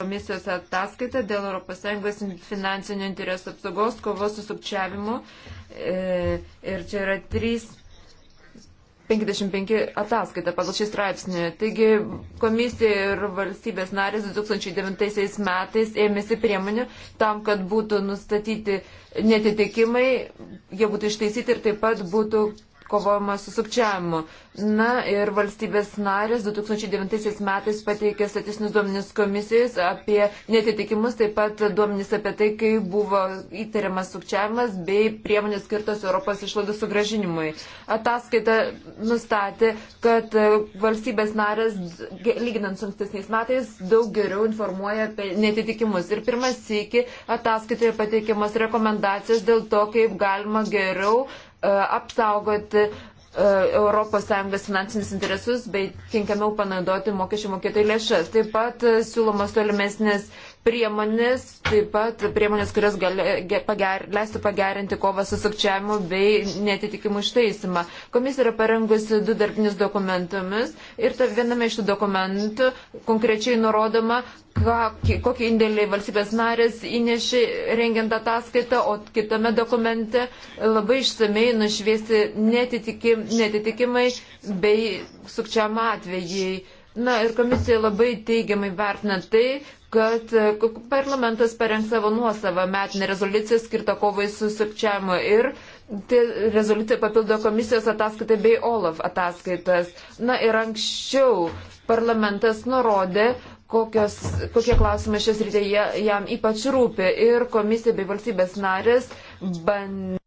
komisijos ataskaita dėl ES finansinio interesų apsaugos, kovos su sukčiavimu. E, ir čia yra 355 ataskaita pagal šį straipsnį. Taigi komisija ir valstybės narės 2009 metais ėmėsi priemonių tam, kad būtų nustatyti netitikimai, jie būtų ištaisyti ir taip pat būtų kovojama su sukčiavimu. Na ir valstybės narės 2009 metais pateikė statistinius duomenis komisijos apie netitikimus, taip pat duomenis apie tai, kai buvo įtariamas sukčiavimas bei priemonės skirtos Europos išlaidų sugražinimui. Ataskaita nustatė, kad valstybės narės, lyginant su ankstesniais metais, daug geriau informuoja apie netitikimus. Ir pirmas iki ataskaitoje pateikiamas rekomendacijos dėl to, kaip galima geriau E, apsaugoti ES finansinius interesus bei tinkamiau panaudoti mokesčių mokėtojų lėšas. Taip pat e, siūlomas tolimesnis uh, priemonės, taip pat priemonės, kurios gali, pager, leistų pagerinti kovą su sukčiavimu bei netitikimu ištaisimą. Komisija yra parengusi du darbinius dokumentumis ir ta, viename iš tų dokumentų konkrečiai nurodoma, kokį indėlį valstybės narės įneši rengiant ataskaitą, o kitame dokumente labai išsamei nušviesti netitikim, netitikimai bei sukčiam atvejai. Na ir komisija labai teigiamai vertina tai, kad e, parlamentas parengs savo nuosavą metinę rezoliuciją skirtą kovai su sukčiavimu ir rezoliucija papildo komisijos ataskaitą bei OLAF ataskaitas. Na ir anksčiau parlamentas nurodė, kokios, kokie klausimai šios rytėje jam ypač rūpi ir komisija bei valstybės narės bandė.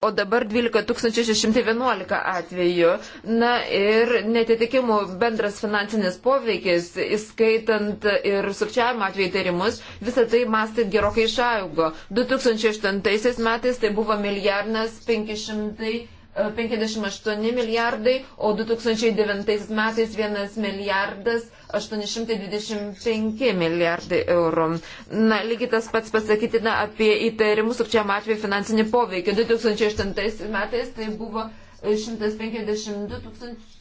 O dabar 12611 atveju. Na ir netitikimų bendras finansinis poveikis, įskaitant ir sukčiavimo atveju įtarimus, visą tai mastai gerokai išaugo. 2008 metais tai buvo milijardas 500 58 milijardai, o 2009 metais 1 milijardas 825 milijardai eurų. Na, lygiai tas pats pasakytina apie įtarimus sukčiam atveju finansinį poveikį. 2008 metais tai buvo 152 tūkstančiai.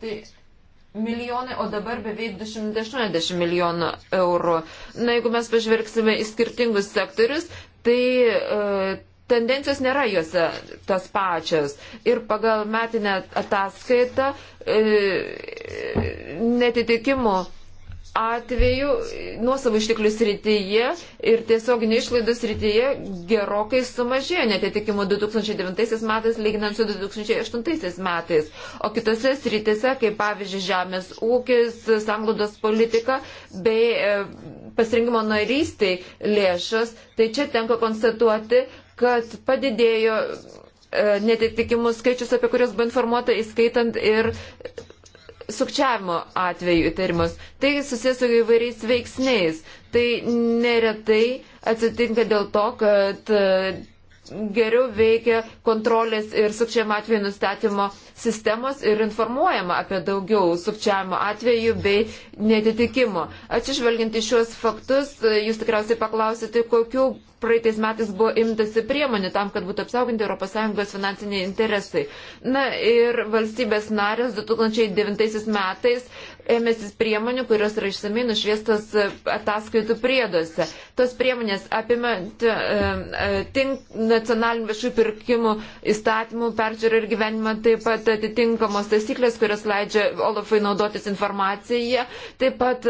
Tai milijonai, o dabar beveik 280 milijonų eurų. Na, jeigu mes pažvelgsime į skirtingus sektorius, tai e, tendencijos nėra juose tos pačios. Ir pagal metinę ataskaitą e, netitikimų atveju nuosavų išteklių srityje ir tiesioginių išlaidų srityje gerokai sumažėjo netitikimų 2009 metais lyginant su 2008 metais. O kitose srityse, kaip pavyzdžiui, žemės ūkis, sanglaudos politika bei e, pasirinkimo narystiai lėšas, tai čia tenka konstatuoti, kad padidėjo e, netitikimų skaičius, apie kurios buvo informuota, įskaitant ir sukčiavimo atveju įtarimus. Tai susijęs su įvairiais veiksniais. Tai neretai atsitinka dėl to, kad geriau veikia kontrolės ir sukčiavimo atveju nustatymo sistemos ir informuojama apie daugiau sukčiavimo atvejų bei netitikimo. Atsižvelgiant į šios faktus, jūs tikriausiai paklausite, kokiu praeitais metais buvo imtasi priemonių tam, kad būtų apsauginti ES finansiniai interesai. Na ir valstybės narės 2009 metais ėmėsis priemonių, kurios yra išsamei nušviestos e, ataskaitų prieduose. Tos priemonės apima e, e, tink nacionalinių viešų pirkimų įstatymų peržiūrą ir gyvenimą, taip pat atitinkamos taisyklės, kurios leidžia Olafui naudotis informaciją, taip pat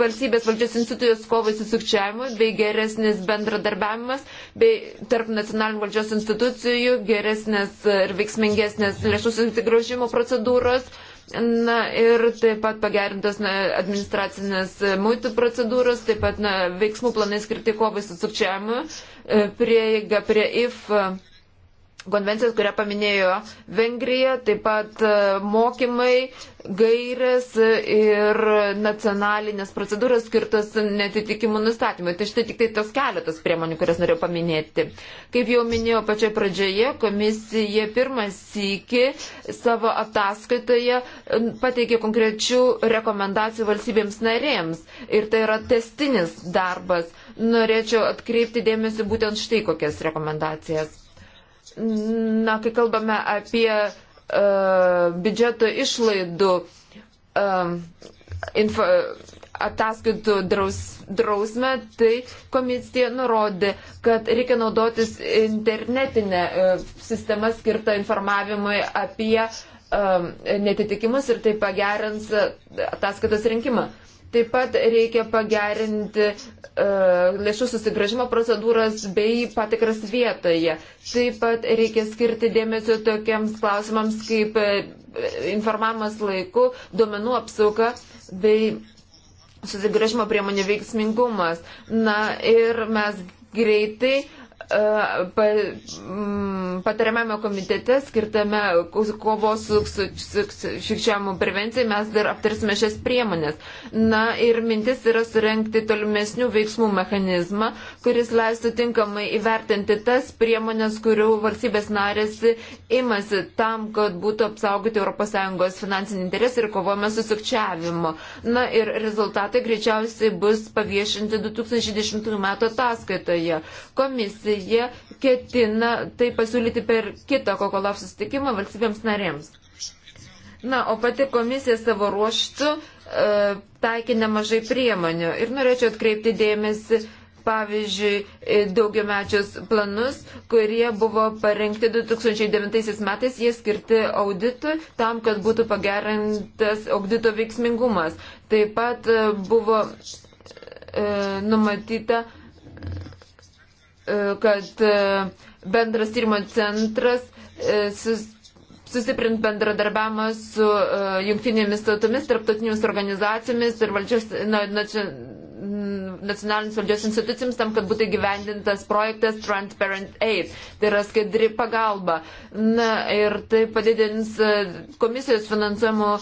valstybės valdžios institucijos kovai su sukčiavimu bei geresnis bendradarbiavimas, bei tarp nacionalinių valdžios institucijų geresnės ir veiksmingesnės lėšų susigražimo procedūros. Na ir taip pat pagerintos na, administracinės muitų procedūros, taip pat na, veiksmų planai skirti kovai su sukčiavimu, e, prieiga prie IF. E, konvencijas, kurią paminėjo Vengrija, taip pat e, mokymai, gairės ir nacionalinės procedūros skirtos netitikimų nustatymui. Tai štai tik tai tos keletas priemonių, kurias norėjau paminėti. Kaip jau minėjau pačioje pradžioje, komisija pirmas iki savo ataskaitoje e, pateikė konkrečių rekomendacijų valstybėms narėms. Ir tai yra testinis darbas. Norėčiau atkreipti dėmesį būtent štai kokias rekomendacijas na, kai kalbame apie uh, biudžeto išlaidų uh, info, ataskaitų draus, drausmę, tai komisija nurodė, kad reikia naudotis internetinę uh, sistemą skirtą informavimui apie uh, netitikimus ir tai pagerins ataskaitos rinkimą. Uh, Taip pat reikia pagerinti uh, lėšų susigražimo procedūras bei patikras vietoje. Taip pat reikia skirti dėmesio tokiems klausimams kaip e, informavimas laiku, duomenų apsauga bei susigražimo priemonių veiksmingumas. Na ir mes greitai E, pa, mm, patariamame komitete skirtame kovos su, su, su, su šikščiavimu prevencijai mes dar aptarsime šias priemonės. Na ir mintis yra surenkti tolimesnių veiksmų mechanizmą, kuris leistų tinkamai įvertinti tas priemonės, kurių valstybės narės imasi tam, kad būtų apsaugoti ES finansinį interesą ir kovojame su sukčiavimu. Na ir rezultatai greičiausiai bus paviešinti 2010 m. ataskaitoje. Komisija jie ketina tai pasiūlyti per kitą kokolaf susitikimą valstybėms narėms. Na, o pati komisija savo ruoštų e, taikė nemažai priemonių ir norėčiau atkreipti dėmesį pavyzdžiui, daugiamečius planus, kurie buvo parengti 2009 metais, jie skirti auditui, tam, kad būtų pagerintas audito veiksmingumas. Taip pat e, buvo e, numatyta E, kad e, bendras tyrimo centras e, sustiprint bendradarbiavimą su jungtinėmis tautomis, tarptautinėmis organizacijomis ir valdžios, na, na, nacionalinis valdžios institucijams tam, kad būtų įgyvendintas projektas Transparent Aid. Tai yra skaidri pagalba. Na, ir tai padidins komisijos finansuojamų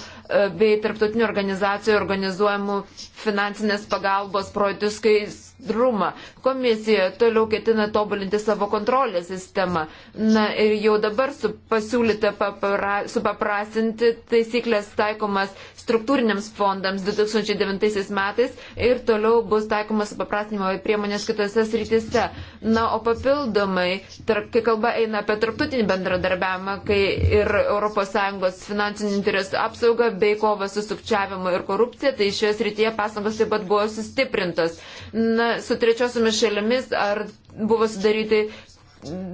bei tarptautinių organizacijų organizuojamų finansinės pagalbos projektus, kai skaidrumą. Komisija toliau ketina tobulinti savo kontrolės sistemą. Na ir jau dabar su pasiūlyta papra, supaprasinti taisyklės taikomas struktūriniams fondams 2009 metais ir toliau bus taikomas supaprastinimo priemonės kitose srityse. Na, o papildomai, tarp, kai kalba eina apie tarptautinį bendradarbiavimą, kai ir ES finansinių interesų apsauga bei kova su sukčiavimu ir korupcija, tai šioje srityje pasangos taip pat buvo sustiprintos. Na, na, su trečiosiomis šalimis, ar buvo sudaryti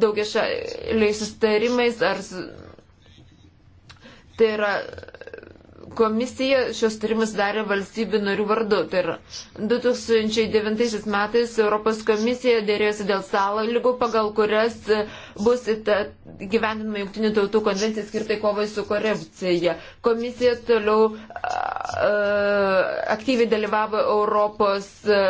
daugia šaliai sustarimais, ar su... tai yra komisija šios tyrimus darė valstybių narių vardu. Tai yra 2009 metais Europos komisija dėrėjosi dėl sąlygų, pagal kurias bus gyvendinama Junktinių tautų konvencija skirtai kovai su korupcija. Komisija toliau a, a, aktyviai dalyvavo Europos a,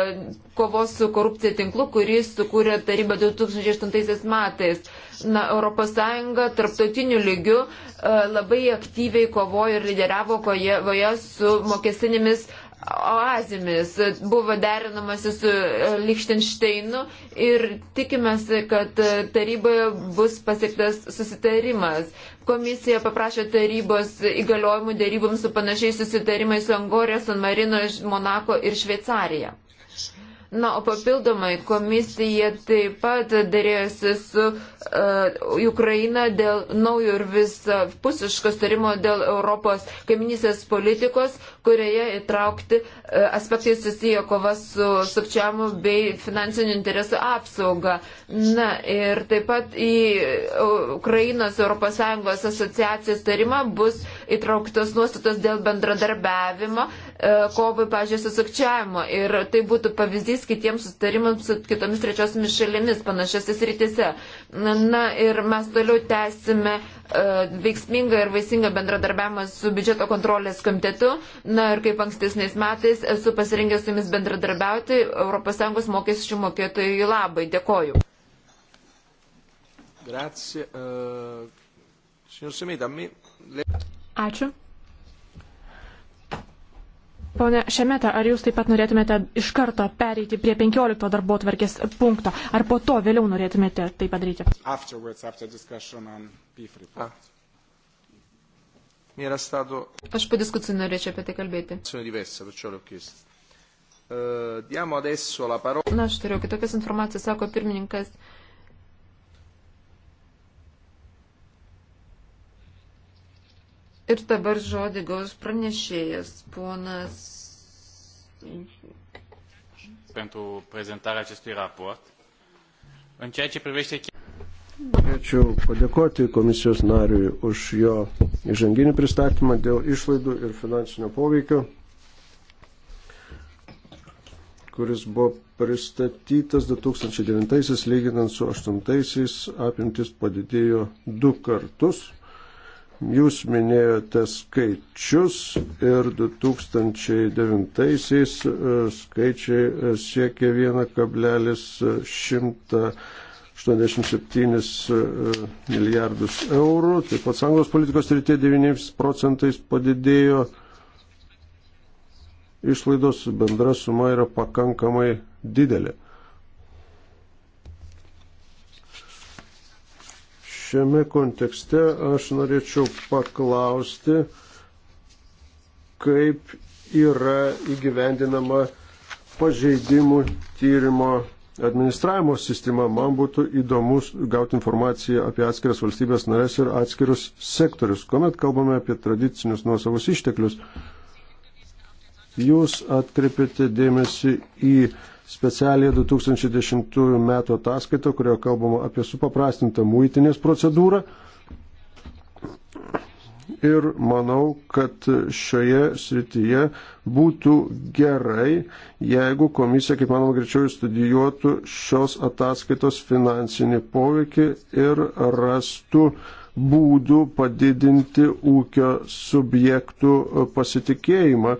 kovos su korupcija tinklu, kuris sukūrė taryba 2008 metais. Na, Europos Sąjunga tarptautiniu lygiu labai aktyviai kovojo ir lyderiavo kovoje su mokestinėmis oazėmis. Buvo derinamasi su e, Lichtensteinu ir tikimės, kad e, taryboje bus pasiektas susitarimas. Komisija paprašė tarybos įgaliojimų dėrybams su panašiais susitarimais su Angorija, San Marino, Monako ir Šveicarija. Na, o papildomai komisija taip pat dėrėjosi su uh, e, Ukraina dėl naujo ir visapusiško starimo dėl Europos kaiminysės politikos, kurioje įtraukti uh, aspektai susiję kova su sukčiamu bei finansinių interesų apsauga. Na, ir taip pat į e, Ukrainos ES asociacijos tarimą bus įtrauktos nuostatos dėl bendradarbiavimo E, kovai, pažiūrėjau, su sukčiavimo ir tai būtų pavyzdys kitiems sustarimams su kitomis trečiosiomis šalimis panašiose sritise. Na ir mes toliau tęsime e, veiksmingą ir vaisingą bendradarbiavimą su biudžeto kontrolės komitetu. Na ir kaip ankstesniais metais esu pasirengęs su jumis bendradarbiauti ES mokesčių mokėtojų labai. Dėkoju. Grazie. Uh, signor Semita, mi... Le... Ačiū. Pone Šemeta, ar jūs taip pat norėtumėte iš karto pereiti prie 15 darbo tvarkės punkto, ar po to vėliau norėtumėte tai padaryti? Ah. Aš po diskusijų norėčiau apie tai kalbėti. Eh, Na, aš turėjau kitokias informacijas, sako pirmininkas. Ir dabar žodį gaus pranešėjas, ponas. Pentru prezentarea acestui raport. În ceea ce privește. Norėčiau padėkoti komisijos nariui už jo įžanginį pristatymą dėl išlaidų ir finansinio poveikio, kuris buvo pristatytas 2009-aisiais lyginant su 2008-aisiais, apimtis padidėjo du kartus. Jūs minėjote skaičius ir 2009-aisiais e, skaičiai e, siekė 1,187 e, milijardus eurų, taip pat sąjungos politikos rytė 9 procentais padidėjo išlaidos, bendra suma yra pakankamai didelė. Šiame kontekste aš norėčiau paklausti, kaip yra įgyvendinama pažeidimų tyrimo administravimo sistema. Man būtų įdomu gauti informaciją apie atskiras valstybės narės ir atskirus sektorius. Komet kalbame apie tradicinius nuosavus išteklius, jūs atkreipėte dėmesį į specialiai 2010 metų ataskaitą, kurioje kalbama apie supaprastintą muitinės procedūrą. Ir manau, kad šioje srityje būtų gerai, jeigu komisija, kaip manoma, greičiau studijuotų šios ataskaitos finansinį poveikį ir rastų būdų padidinti ūkio subjektų pasitikėjimą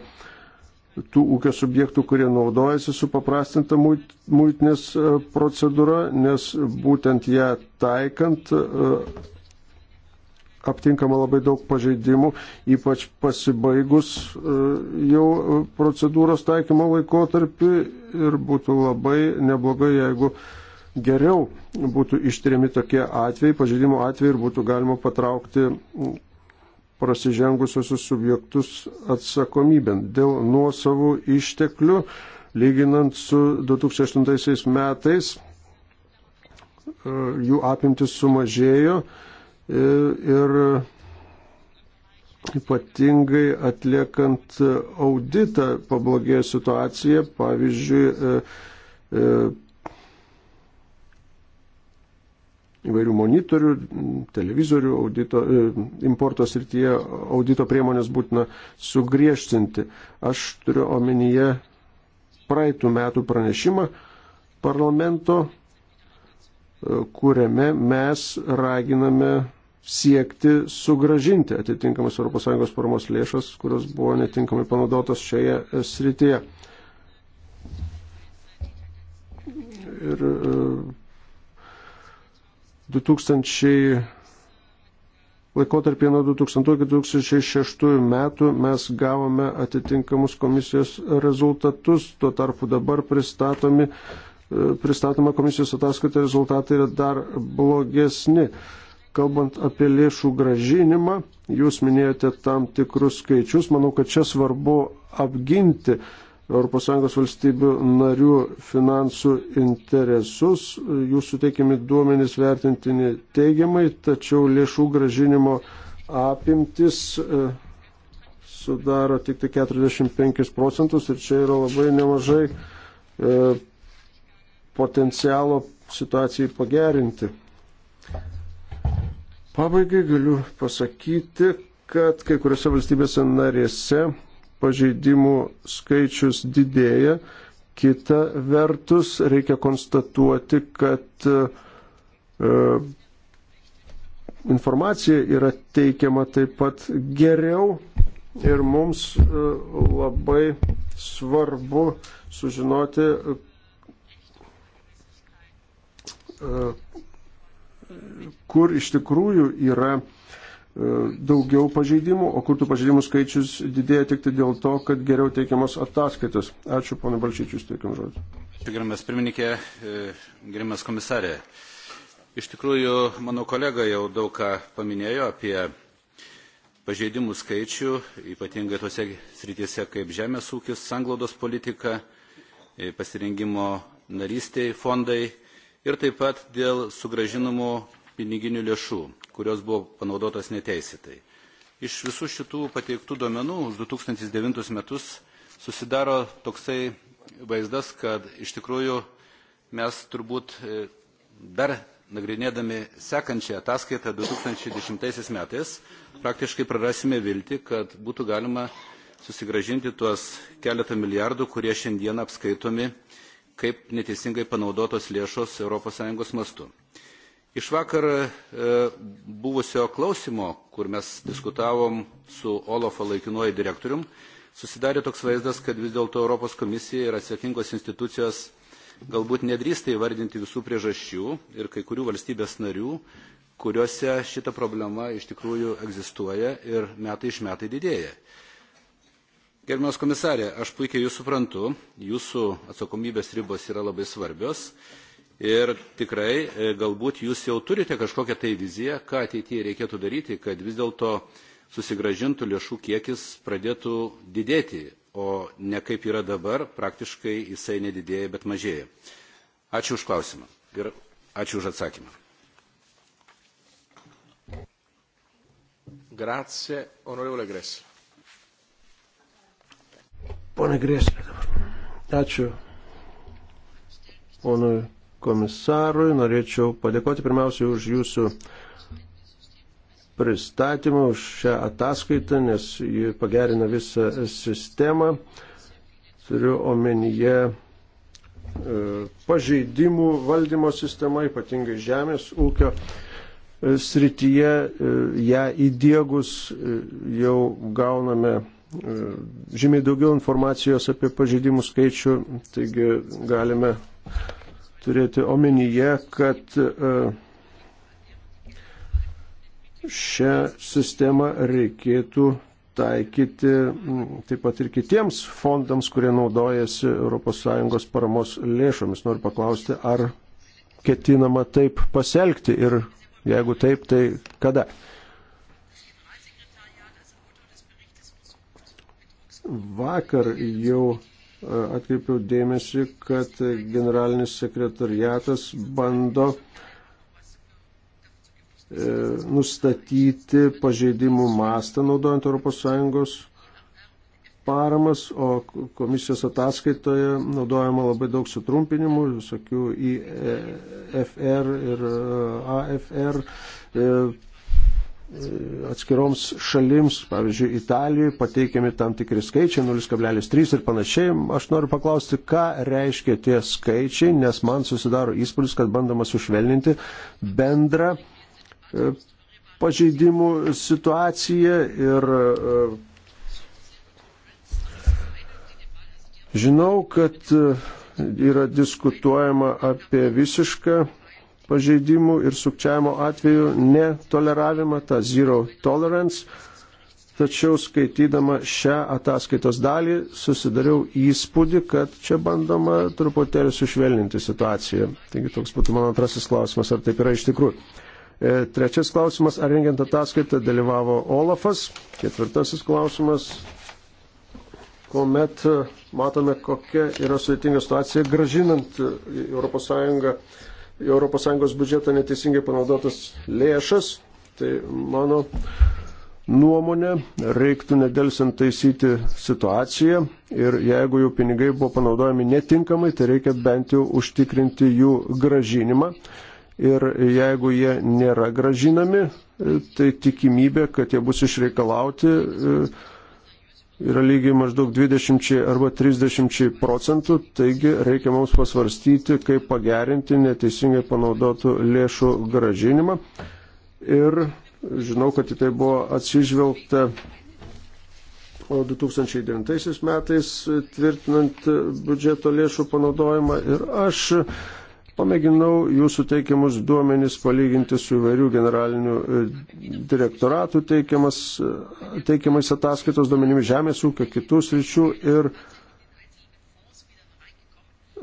tų ūkio subjektų, kurie naudojasi su paprastinta muitinės e, procedūra, nes būtent ją taikant e, aptinkama labai daug pažeidimų, ypač pasibaigus e, jau procedūros taikymo laikotarpį ir būtų labai neblogai, jeigu geriau būtų ištyriami tokie atvejai, pažeidimo atvejai ir būtų galima patraukti prasižengusiosius subjektus atsakomybėn dėl nuosavų išteklių, lyginant su 2008 metais e, jų apimtis sumažėjo e, ir ypatingai atliekant auditą pablogėjo situacija, pavyzdžiui, e, įvairių monitorių, televizorių, audito, e, importo srityje audito priemonės būtina sugriežtinti. Aš turiu omenyje praeitų metų pranešimą parlamento, e, kuriame mes raginame siekti sugražinti atitinkamas ES paramos lėšas, kurios buvo netinkamai panaudotos šioje e, srityje. Ir 2000 laikotarpį nuo 2000-2006 metų mes gavome atitinkamus komisijos rezultatus, tuo tarpu dabar pristatomi, pristatoma komisijos ataskaita rezultatai yra dar blogesni. Kalbant apie lėšų gražinimą, jūs minėjote tam tikrus skaičius, manau, kad čia svarbu apginti ES valstybių narių finansų interesus. Jūsų teikiami duomenys vertintini teigiamai, tačiau lėšų gražinimo apimtis e, sudaro tik tai 45 procentus ir čia yra labai nemažai e, potencialo situacijai pagerinti. Pabaigai galiu pasakyti, kad kai kuriuose valstybėse narėse pažeidimų skaičius didėja. Kita vertus, reikia konstatuoti, kad e, informacija yra teikiama taip pat geriau ir mums e, labai svarbu sužinoti, e, kur iš tikrųjų yra E, daugiau pažeidimų, o kur tų pažeidimų skaičius didėja tik tai dėl to, kad geriau teikiamos ataskaitos. Ačiū, ponai Balčyčiai, teikiam žodį. Gerimas pirmininkė, e, gerimas komisarė. Iš tikrųjų, mano kolega jau daug ką paminėjo apie pažeidimų skaičių, ypatingai tose srityse kaip žemės ūkis, sanglaudos politika, e, pasirengimo narystiai fondai ir taip pat dėl sugražinamų piniginių lėšų, kurios buvo panaudotos neteisėtai. Iš visų šitų pateiktų duomenų už 2009 metus susidaro toksai vaizdas, kad iš tikrųjų mes turbūt e, dar nagrinėdami sekančią ataskaitą 2010 metais praktiškai prarasime viltį, kad būtų galima susigražinti tuos keletą milijardų, kurie šiandien apskaitomi kaip neteisingai panaudotos lėšos ES mastu. Iš vakar e, buvusio klausimo, kur mes diskutavom su Olofo laikinuoju direktorium, susidarė toks vaizdas, kad vis dėlto Europos komisija ir atsakingos institucijos galbūt nedrįsta įvardinti visų priežasčių ir kai kurių valstybės narių, kuriuose šita problema iš tikrųjų egzistuoja ir metai iš metai didėja. Gerbiamas komisarė, aš puikiai jūs suprantu, jūsų atsakomybės ribos yra labai svarbios Ir tikrai e, galbūt jūs jau turite kažkokią tai viziją, ką ateityje reikėtų daryti, kad vis dėlto susigražintų lėšų kiekis pradėtų didėti, o ne kaip yra dabar, praktiškai jisai nedidėja, bet mažėja. Ačiū už klausimą ir ačiū už atsakymą. Grazie, onorevole Gresle. Pone Gresle, ačiū. Ponui komisarui. Norėčiau padėkoti pirmiausiai už jūsų pristatymą, už šią ataskaitą, nes ji pagerina visą sistemą. Turiu omenyje e, pažeidimų valdymo sistema, ypatingai žemės ūkio e, srityje, e, ją įdėgus jau gauname žymiai daugiau informacijos apie pažeidimų skaičių, taigi galime turėti omenyje, kad e, šią sistemą reikėtų taikyti taip pat ir kitiems fondams, kurie naudojasi ES paramos lėšomis. Noriu paklausti, ar ketinama taip pasielgti ir jeigu taip, tai kada? Vakar jau atkreipiau dėmesį, kad generalinis sekretariatas bando e, nustatyti pažeidimų mastą naudojant ES paramas, o komisijos ataskaitoje naudojama labai daug sutrumpinimų, visokių IFR e ir AFR e, atskiroms šalims, pavyzdžiui, Italijai pateikiami tam tikri skaičiai 0,3 ir panašiai. Aš noriu paklausti, ką reiškia tie skaičiai, nes man susidaro įspūdis, kad bandoma sušvelninti bendrą e, pažeidimų situaciją ir e, žinau, kad e, yra diskutuojama apie visišką pažeidimų ir sukčiavimo atveju netoleravimą, tą zero tolerance. Tačiau skaitydama šią ataskaitos dalį susidariau įspūdį, kad čia bandoma truputėlį sušvelninti situaciją. Taigi toks būtų mano antrasis klausimas, ar taip yra iš tikrųjų. E, trečias klausimas, ar rengiant ataskaitą dalyvavo Olafas. Ketvirtasis klausimas, kuomet matome, kokia yra sudėtinga situacija gražinant ES ES biudžetą neteisingai panaudotas lėšas. Tai mano nuomonė reiktų nedelsiant taisyti situaciją ir jeigu jų pinigai buvo panaudojami netinkamai, tai reikia bent jau užtikrinti jų gražinimą. Ir jeigu jie nėra gražinami, tai tikimybė, kad jie bus išreikalauti yra lygiai maždaug 20 arba 30 procentų, taigi reikia mums pasvarstyti, kaip pagerinti neteisingai panaudotų lėšų gražinimą. Ir žinau, kad į tai buvo atsižvelgta 2009 metais tvirtinant biudžeto lėšų panaudojimą ir aš Pamėginau jūsų teikiamus duomenys palyginti su įvairių generalinių e, direktoratų teikiamas, e, teikiamais ataskaitos duomenimis žemės ūkio kitų sričių ir e,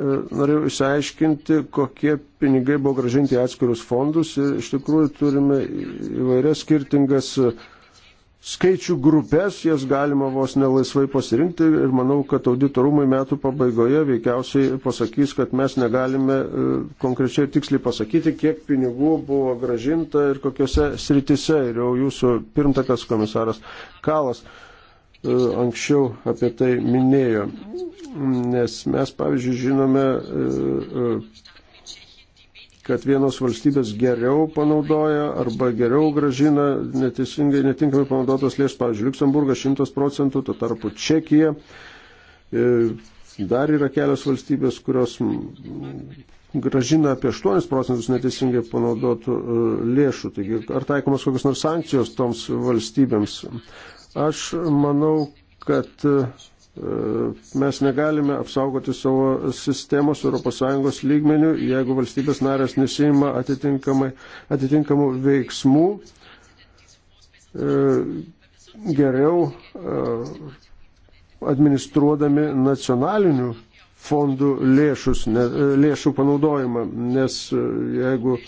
norėjau išsiaiškinti, kokie pinigai buvo gražinti į atskirus fondus ir iš tikrųjų turime įvairias skirtingas uh, skaičių grupės, jas galima vos nelaisvai pasirinkti ir manau, kad auditorumai metų pabaigoje veikiausiai pasakys, kad mes negalime e, konkrečiai ir tiksliai pasakyti, kiek pinigų buvo gražinta ir kokiuose sritise. Ir jau jūsų pirmtakas komisaras Kalas e, anksčiau apie tai minėjo. Nes mes, pavyzdžiui, žinome e, kad vienos valstybės geriau panaudoja arba geriau gražina neteisingai, netinkamai panaudotos lėšas, pavyzdžiui, Luksemburgas 100 procentų, tuo tarpu Čekija. E, dar yra kelios valstybės, kurios gražina apie 8 procentus neteisingai panaudotų e, lėšų. Taigi, ar taikomas kokios nors sankcijos toms valstybėms? Aš manau, kad e, Mes negalime apsaugoti savo sistemos ES lygmenių, jeigu valstybės narės nesima atitinkamų veiksmų. E, geriau e, administruodami nacionalinių fondų lėšus, ne, e, lėšų panaudojimą, nes jeigu uh,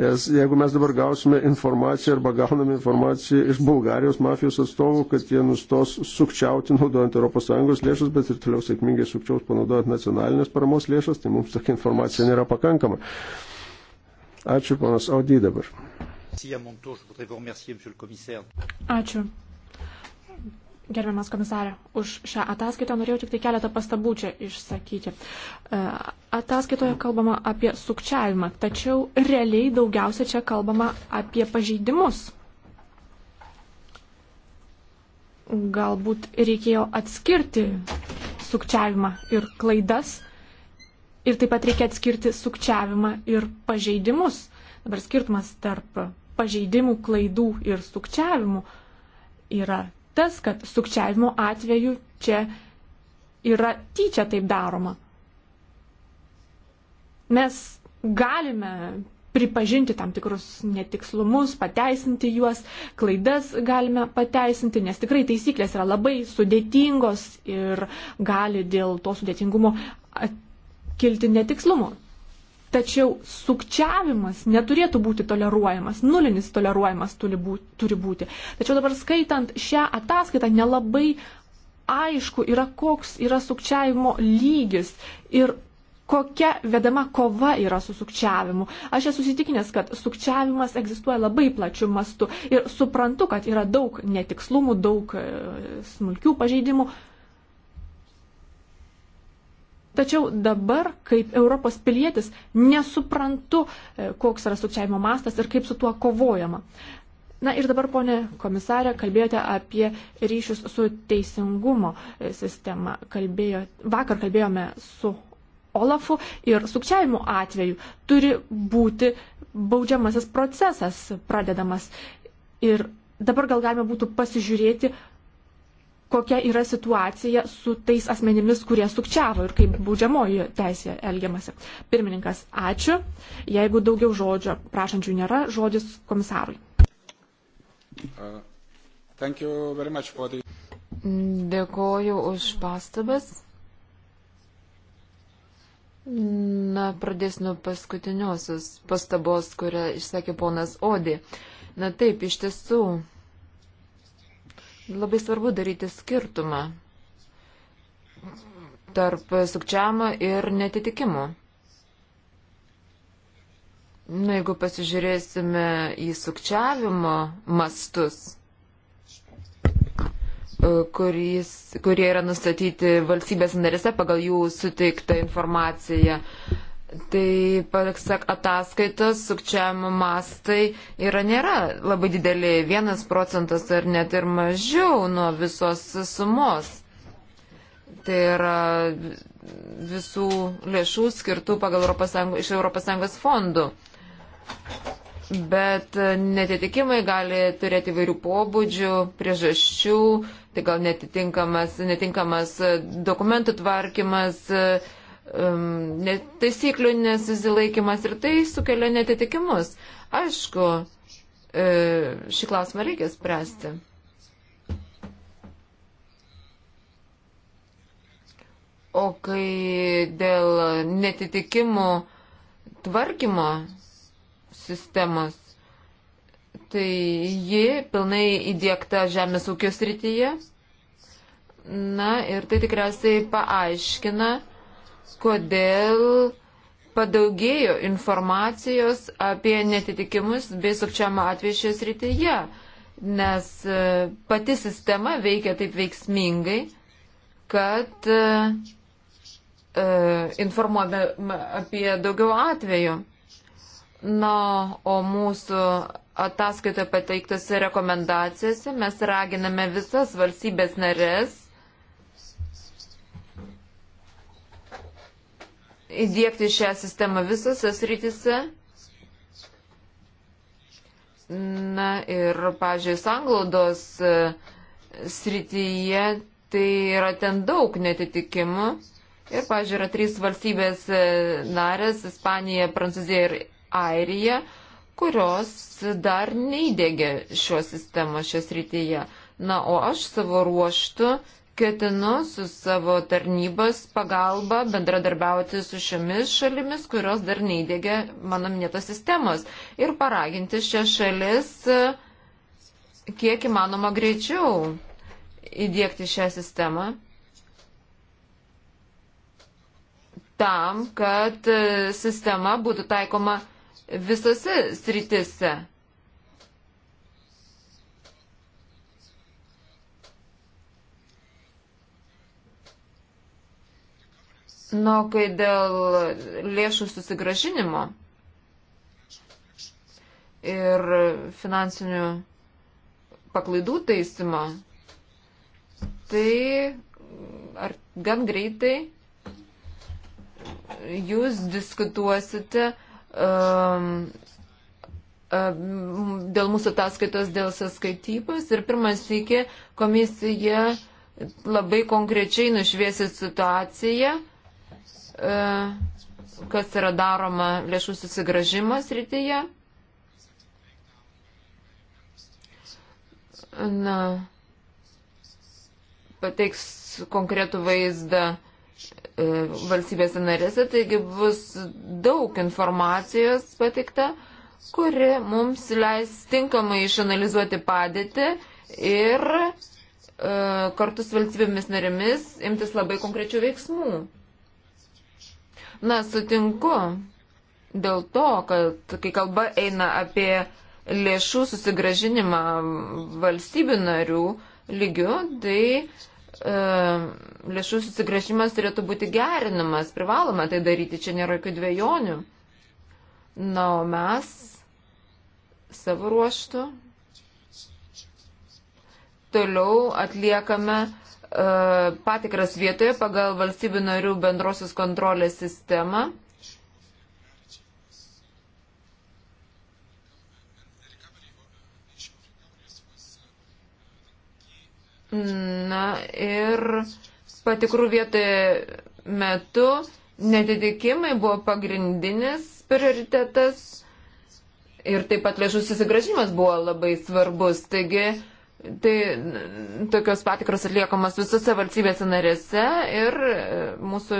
Nes jeigu mes dabar gausime informaciją arba gauname informaciją iš Bulgarijos mafijos atstovų, kad jie nustos sukčiauti naudojant ES lėšas, bet ir toliau sėkmingai sukčiaus panaudojant nacionalinės paramos lėšas, tai mums tokia informacija nėra pakankama. Ačiū, panas Audy dabar. Ačiū. Gerbiamas komisarė, už šią ataskaitą norėjau tik tai keletą pastabų čia išsakyti. E, ataskaitoje kalbama apie sukčiavimą, tačiau realiai daugiausia čia kalbama apie pažeidimus. Galbūt reikėjo atskirti sukčiavimą ir klaidas ir taip pat reikia atskirti sukčiavimą ir pažeidimus. Dabar skirtumas tarp pažeidimų, klaidų ir sukčiavimų yra tas, kad sukčiavimo atveju čia yra tyčia taip daroma. Mes galime pripažinti tam tikrus netikslumus, pateisinti juos, klaidas galime pateisinti, nes tikrai taisyklės yra labai sudėtingos ir gali dėl to sudėtingumo kilti netikslumo. Tačiau sukčiavimas neturėtų būti toleruojamas, nulinis toleruojamas turi būti. Turi būti. Tačiau dabar skaitant šią ataskaitą nelabai aišku yra, koks yra sukčiavimo lygis ir kokia vedama kova yra su sukčiavimu. Aš esu susitikinęs, kad sukčiavimas egzistuoja labai plačiu mastu ir suprantu, kad yra daug netikslumų, daug e, smulkių pažeidimų, Tačiau dabar, kaip Europos pilietis, nesuprantu, e, koks yra sukčiavimo mastas ir kaip su tuo kovojama. Na ir dabar, ponė komisarė, kalbėjote apie ryšius su teisingumo e, sistema. Kalbėjo, vakar kalbėjome su Olafu ir sukčiavimo atveju turi būti baudžiamasis procesas pradedamas. Ir dabar gal galima būtų pasižiūrėti, kokia yra situacija su tais asmenimis, kurie sukčiavo ir kaip baudžiamoji teisė elgiamasi. Pirmininkas, ačiū. Jeigu daugiau žodžio prašančių nėra, žodis komisarui. Uh, the... Dėkoju už pastabas. Na, pradės nuo paskutiniosios pastabos, kurią išsakė ponas Odi. Na taip, iš tiesų, Labai svarbu daryti skirtumą tarp sukčiamo ir netitikimų. Na, nu, jeigu pasižiūrėsime į sukčiavimo mastus, kuris, kurie yra nustatyti valstybės narėse pagal jų suteiktą informaciją, Tai pasak ataskaitas, sukčiavimo mastai yra nėra labai dideli, vienas procentas ar net ir mažiau nuo visos sumos. Tai yra visų lėšų skirtų pagal ES, iš ES fondų. Bet netitikimai gali turėti vairių pobūdžių, priežasčių, tai gal netitinkamas, netinkamas dokumentų tvarkymas, um, taisyklių nesusilaikimas ir tai sukelia netitikimus. Aišku, e, šį klausimą reikia spręsti. O kai dėl netitikimų tvarkymo sistemos, tai ji pilnai įdėkta žemės ūkio srityje. Na ir tai tikriausiai paaiškina, kodėl padaugėjo informacijos apie netitikimus bei sukčiamą atveju šioje srityje, nes e, pati sistema veikia taip veiksmingai, kad e, e informuodama apie daugiau atvejų. Na, o mūsų ataskaitoje pateiktas rekomendacijose mes raginame visas valstybės narės įdėkti šią sistemą visose srityse. Na ir, pažiūrėjau, sanglaudos e, srityje tai yra ten daug netitikimų. Ir, pažiūrėjau, yra trys valstybės e, narės - Ispanija, Prancūzija ir Airija, kurios dar neįdėgė šios sistemos šios rytyje. Na, o aš savo ruoštų ketinu su savo tarnybos pagalba bendradarbiauti su šiomis šalimis, kurios dar neįdėgė mano minėtos sistemos ir paraginti šias šalis e, kiek įmanoma greičiau įdėkti šią sistemą tam, kad e, sistema būtų taikoma visose sritise. Na, kai dėl lėšų susigražinimo ir finansinių paklaidų taisimo, tai ar gan greitai jūs diskutuosite um, um, dėl mūsų ataskaitos dėl saskaitybos ir pirmas iki komisija labai konkrečiai nušviesi situaciją E, kas yra daroma lėšų susigražimo srityje. Na, pateiks konkretų vaizdą e, valstybėse narėse, taigi bus daug informacijos pateikta, kuri mums leis tinkamai išanalizuoti padėtį ir e, kartu su valstybėmis narėmis imtis labai konkrečių veiksmų. Na, sutinku dėl to, kad kai kalba eina apie lėšų susigražinimą valstybių narių lygių, tai e, lėšų susigražimas turėtų būti gerinamas, privaloma tai daryti, čia nėra jokių dviejonių. Na, o mes savo ruoštų toliau atliekame E, patikras vietoje pagal valstybių narių bendrosios kontrolės sistemą. Na ir patikrų vietoje metu netitikimai buvo pagrindinis prioritetas ir taip pat lėšų susigražimas buvo labai svarbus. Taigi Tai tokios patikros atliekamos visose valstybėse narėse ir e, mūsų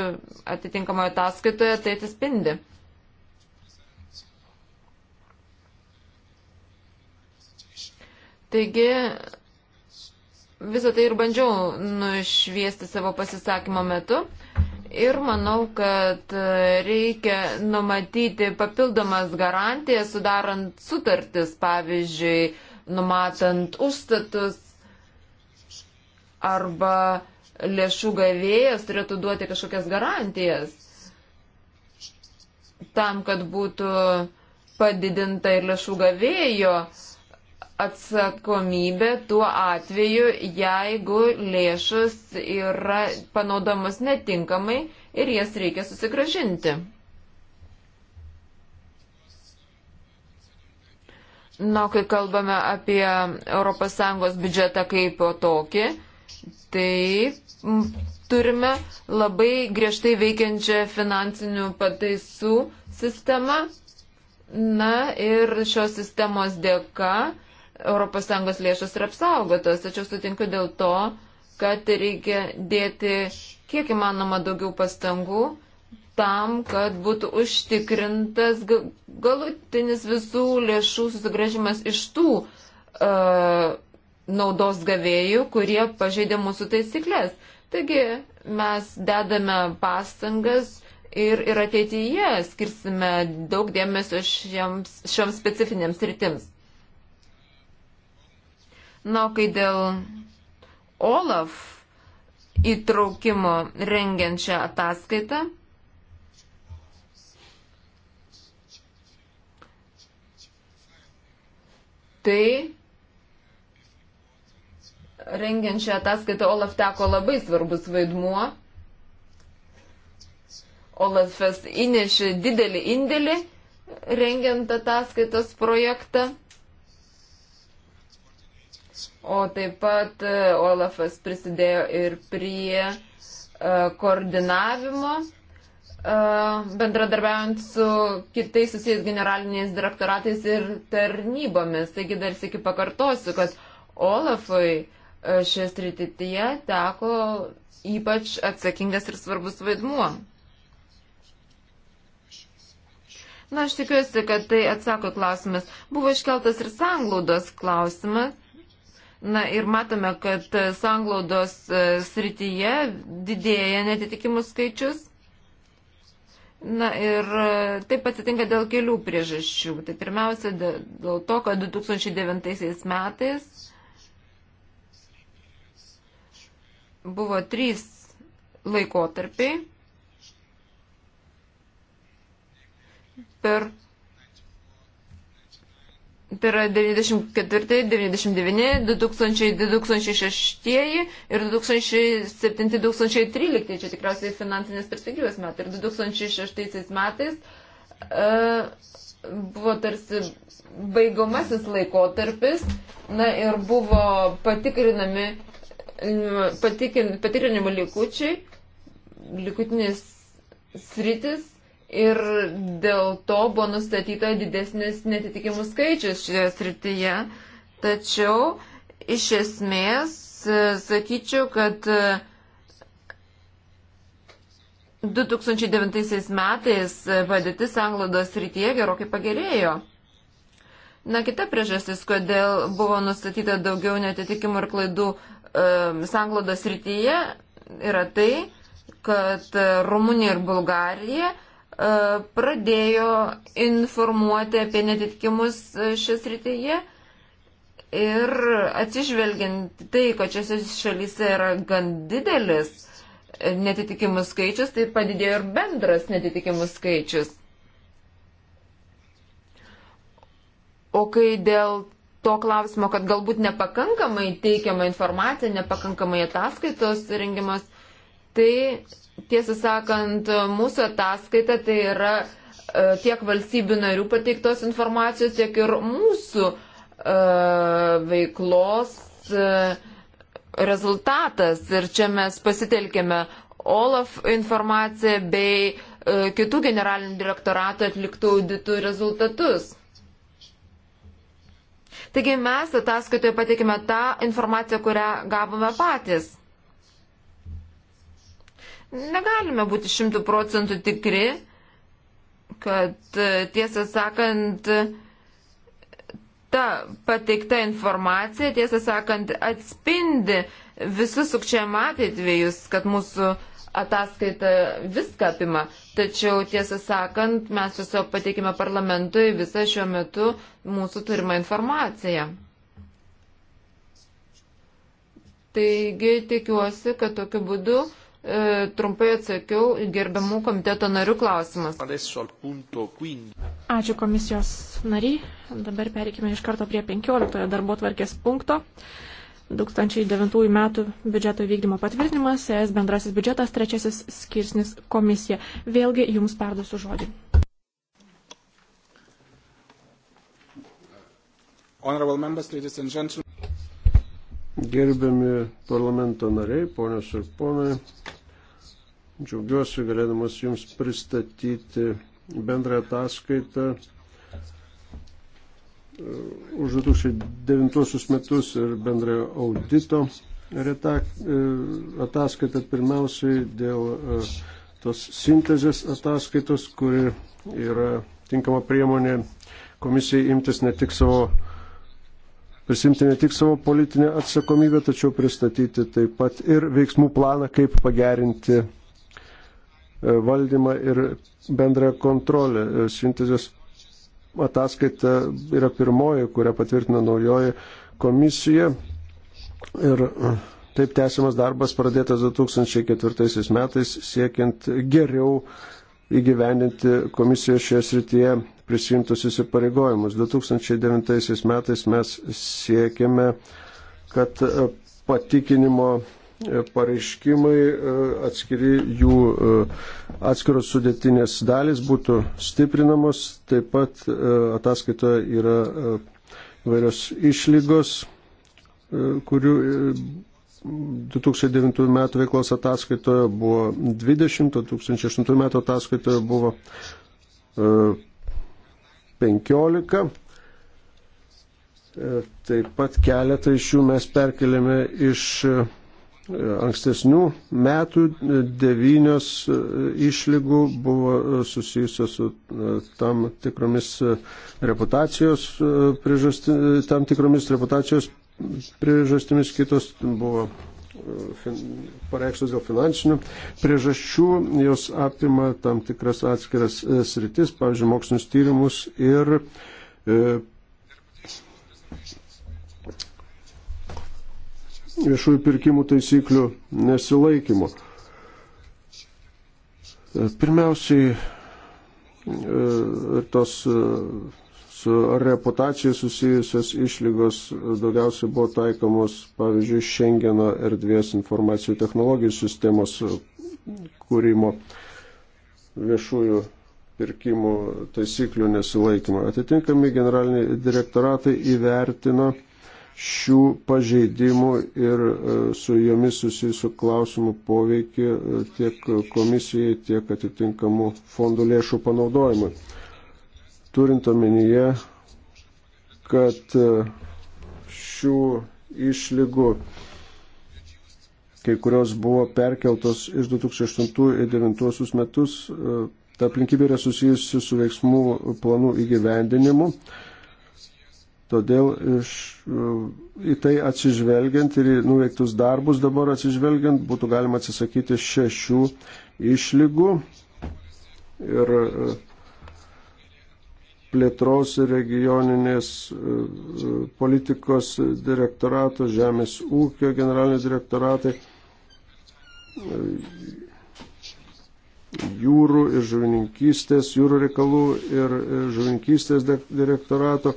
atitinkamoje ataskaitoje tai atsispindi. Taigi visą tai ir bandžiau nušviesti savo pasisakymo metu. Ir manau, kad e, reikia numatyti papildomas garantijas, sudarant sutartis, pavyzdžiui, numatant užstatus arba lėšų gavėjas turėtų duoti kažkokias garantijas tam, kad būtų padidinta ir lėšų gavėjo atsakomybė tuo atveju, jeigu lėšas yra panaudomas netinkamai ir jas reikia susigražinti. Na, kai kalbame apie ES biudžetą kaip tokį, tai turime labai griežtai veikiančią finansinių pataisų sistemą. Na ir šios sistemos dėka ES lėšos yra apsaugotos, tačiau sutinku dėl to, kad reikia dėti kiek įmanoma daugiau pastangų tam, kad būtų užtikrintas galutinis visų lėšų susigražimas iš tų uh, naudos gavėjų, kurie pažeidė mūsų taisyklės. Taigi mes dedame pastangas ir, ir ateityje skirsime daug dėmesio šiems, šioms specifinėms rytims. Na, kai dėl OLAF įtraukimo rengiančią ataskaitą, tai rengiant šią ataskaitą Olaf teko labai svarbus vaidmuo. Olafas įnešė didelį indėlį rengiant ataskaitos projektą. O taip pat e, Olafas prisidėjo ir prie e, koordinavimo bendradarbiaujant su kitais susijęs generaliniais direktoratais ir tarnybomis. Taigi dar sėki pakartosiu, kad Olafui šioje srityje teko ypač atsakingas ir svarbus vaidmuo. Na, aš tikiuosi, kad tai atsako klausimas. Buvo iškeltas ir sanglaudos klausimas. Na ir matome, kad sanglaudos srityje didėja netitikimų skaičius. Na ir e, taip atsitinka dėl kelių priežasčių. Tai pirmiausia dėl to, kad 2009 metais buvo trys laikotarpiai, per tai yra 94, 99, 2000, 2006 ir 2007, 2013, čia tikriausiai finansinės perspektyvos metai. Ir 2006 metais uh, buvo tarsi baigomasis laikotarpis, na ir buvo patikrinami, e, patikin, patikrinimo likučiai, likutinės sritis ir dėl to buvo nustatyta didesnis netitikimų skaičius šioje srityje. Tačiau iš esmės sakyčiau, kad 2009 e, metais padėtis anglodos srityje gerokai pagerėjo. Na, kita priežastis, kodėl buvo nustatyta daugiau netitikimų ir klaidų e, sanglodos srityje, yra tai, kad e, Rumunija ir Bulgarija e, E, pradėjo informuoti apie netitikimus e, šios rytyje ir atsižvelgiant tai, kad šiose šalyse yra gan didelis netitikimų skaičius, tai padidėjo ir bendras netitikimų skaičius. O kai dėl to klausimo, kad galbūt nepakankamai teikiama informacija, nepakankamai ataskaitos rengimas, tai tiesą sakant, mūsų ataskaita tai yra e, tiek valstybių narių pateiktos informacijos, tiek ir mūsų e, veiklos e, rezultatas. Ir čia mes pasitelkėme OLAF informaciją bei kitų generalinių direktoratų atliktų auditų rezultatus. Taigi mes ataskaitoje pateikime tą informaciją, kurią gavome patys. Negalime būti šimtų procentų tikri, kad e, tiesą sakant, ta pateikta informacija, tiesą sakant, atspindi visus sukčiam ateitvėjus, kad mūsų ataskaita viską apima. Tačiau, tiesą sakant, mes tiesiog pateikime parlamentui visą šiuo metu mūsų turimą informaciją. Taigi, tikiuosi, kad tokiu būdu E, trumpai atsakiau gerbiamų komiteto narių klausimas. Ačiū komisijos nariai. Dabar pereikime iš karto prie 15 darbo tvarkės punkto. 2009 metų biudžeto vykdymo patvirtinimas, ES bendrasis biudžetas, trečiasis skirsnis komisija. Vėlgi jums perduosiu žodį. Honorable members, ladies and gentlemen. Gerbiami parlamento nariai, ponios ir ponai, džiaugiuosi galėdamas Jums pristatyti bendrą ataskaitą e, už 2009 metus ir bendrojo audito e, ataskaitą pirmiausiai dėl e, tos sintezės ataskaitos, kuri yra tinkama priemonė komisijai imtis ne tik savo prisimti ne tik savo politinę atsakomybę, tačiau pristatyti taip pat ir veiksmų planą, kaip pagerinti e, valdymą ir bendrą kontrolę. E, sintezės ataskaita yra pirmoji, kurią patvirtina naujoji komisija. Ir e, taip tęsiamas darbas pradėtas 2004 metais siekiant geriau įgyvendinti komisijos šioje srityje prisimtus įsipareigojimus. 2009 metais mes siekėme, kad e, patikinimo e, pareiškimai, e, atskiri jų atskiros sudėtinės dalis būtų stiprinamos. Taip pat ataskaitoje yra vairios išlygos, kurių 2009 metų veiklos ataskaitoje buvo 20, 2008 metų ataskaitoje buvo 15. E, e, taip pat keletą iš jų mes perkeliame iš e, ankstesnių metų. Devynios išlygų buvo susijusios su tam tikromis reputacijos priežasti, tam tikromis reputacijos priežastimis, kitos buvo e, pareikštos dėl finansinių priežasčių, jos apima tam tikras atskiras e, sritis, pavyzdžiui, mokslinius tyrimus ir e, viešųjų pirkimų taisyklių nesilaikymo. E, pirmiausiai tos su reputacija susijusios išlygos daugiausiai buvo taikomos, pavyzdžiui, Schengeno erdvės informacijų technologijų sistemos kūrimo viešųjų pirkimų taisyklių nesilaikymą. Atitinkami generaliniai direktoratai įvertino šių pažeidimų ir e, su jomis susijusių klausimų poveikį e, tiek komisijai, tiek atitinkamų fondų lėšų panaudojimui turint omenyje, kad e, šių išlygų kai kurios buvo perkeltos iš 2008 ir 2009 metus, e, ta aplinkybė yra susijusi su veiksmų planų įgyvendinimu. Todėl iš, e, į tai atsižvelgiant ir į nuveiktus darbus dabar atsižvelgiant būtų galima atsisakyti šešių išlygų. Ir uh, plėtros regioninės e, e, politikos direktorato, žemės ūkio generaliniai direktoratai, e, jūrų ir žuvininkystės, jūrų reikalų ir žuvininkystės direktorato,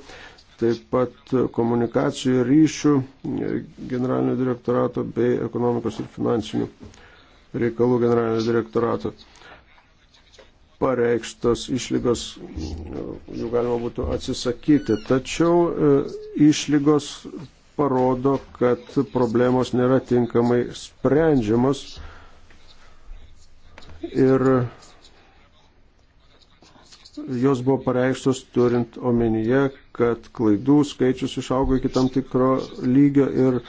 taip pat komunikacijų ryšių generalinio direktorato bei ekonomikos ir finansinių reikalų generalinio direktorato pareikštos išlygos, jų galima būtų atsisakyti. Tačiau e, išlygos parodo, kad problemos nėra tinkamai sprendžiamos ir jos buvo pareikštos turint omenyje, kad klaidų skaičius išaugo iki tam tikro lygio ir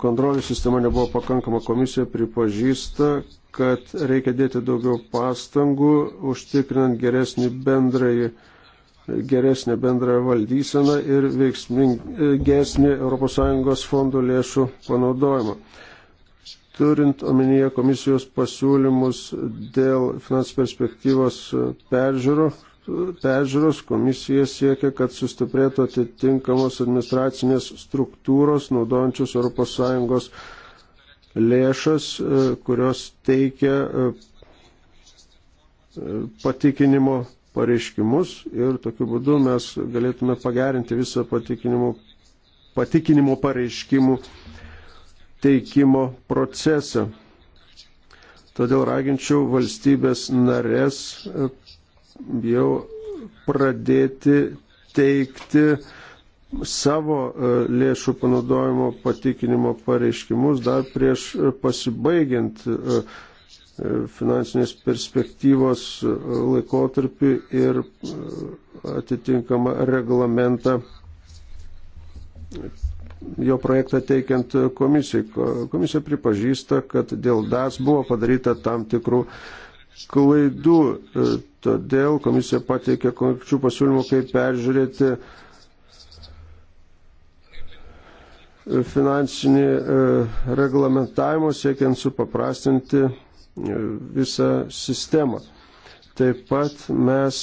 kontrolės sistema nebuvo pakankama, komisija pripažįsta, kad reikia dėti daugiau pastangų, užtikrinant geresnį bendrąjį geresnė bendra valdysena ir veiksmingesnė ES fondų lėšų panaudojimo. Turint omenyje komisijos pasiūlymus dėl finansų perspektyvos peržiūro, peržiūros komisija siekia, kad sustiprėtų atitinkamos administracinės struktūros, naudojančios ES lėšas, e, kurios teikia e, e, patikinimo pareiškimus ir tokiu būdu mes galėtume pagerinti visą patikinimo, patikinimo pareiškimų teikimo procesą. Todėl raginčiau valstybės narės jau pradėti teikti savo e, lėšų panaudojimo patikinimo pareiškimus dar prieš e, pasibaigiant e, finansinės perspektyvos laikotarpį ir atitinkamą reglamentą jo projektą teikiant komisijai. Komisija pripažįsta, kad dėl DAS buvo padaryta tam tikrų klaidų Todėl komisija pateikė konkrečių pasiūlymų, kaip peržiūrėti finansinį e, reglamentavimą, siekiant supaprastinti e, visą sistemą. Taip pat mes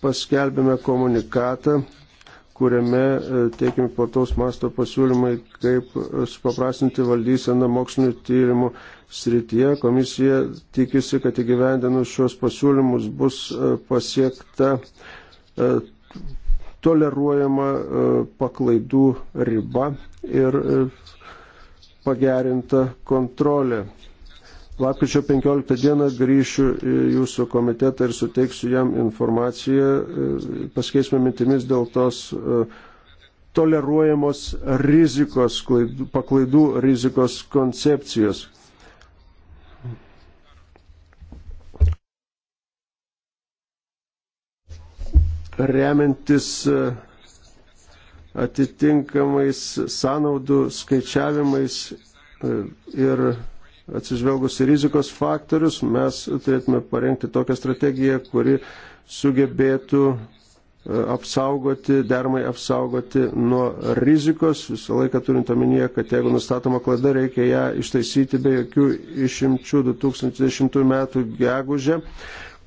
paskelbėme komunikatą, kuriame e, teikiami plataus masto pasiūlymai, kaip supaprastinti valdyseną mokslinių tyrimų srityje. Komisija tikisi, kad įgyvendinus šios pasiūlymus bus e, pasiekta e, toleruojama e, paklaidų riba ir pagerinta kontrolė. Lapkričio 15 dieną grįšiu į jūsų komitetą ir suteiksiu jam informaciją, paskeisime mintimis dėl tos toleruojamos rizikos, paklaidų rizikos koncepcijos. remiantis e, atitinkamais sąnaudų skaičiavimais e, ir atsižvelgus į rizikos faktorius, mes turėtume parengti tokią strategiją, kuri sugebėtų e, apsaugoti, dermai apsaugoti nuo rizikos, visą laiką turint omenyje, kad jeigu nustatoma klaida, reikia ją ištaisyti be jokių išimčių 2010 m. gegužę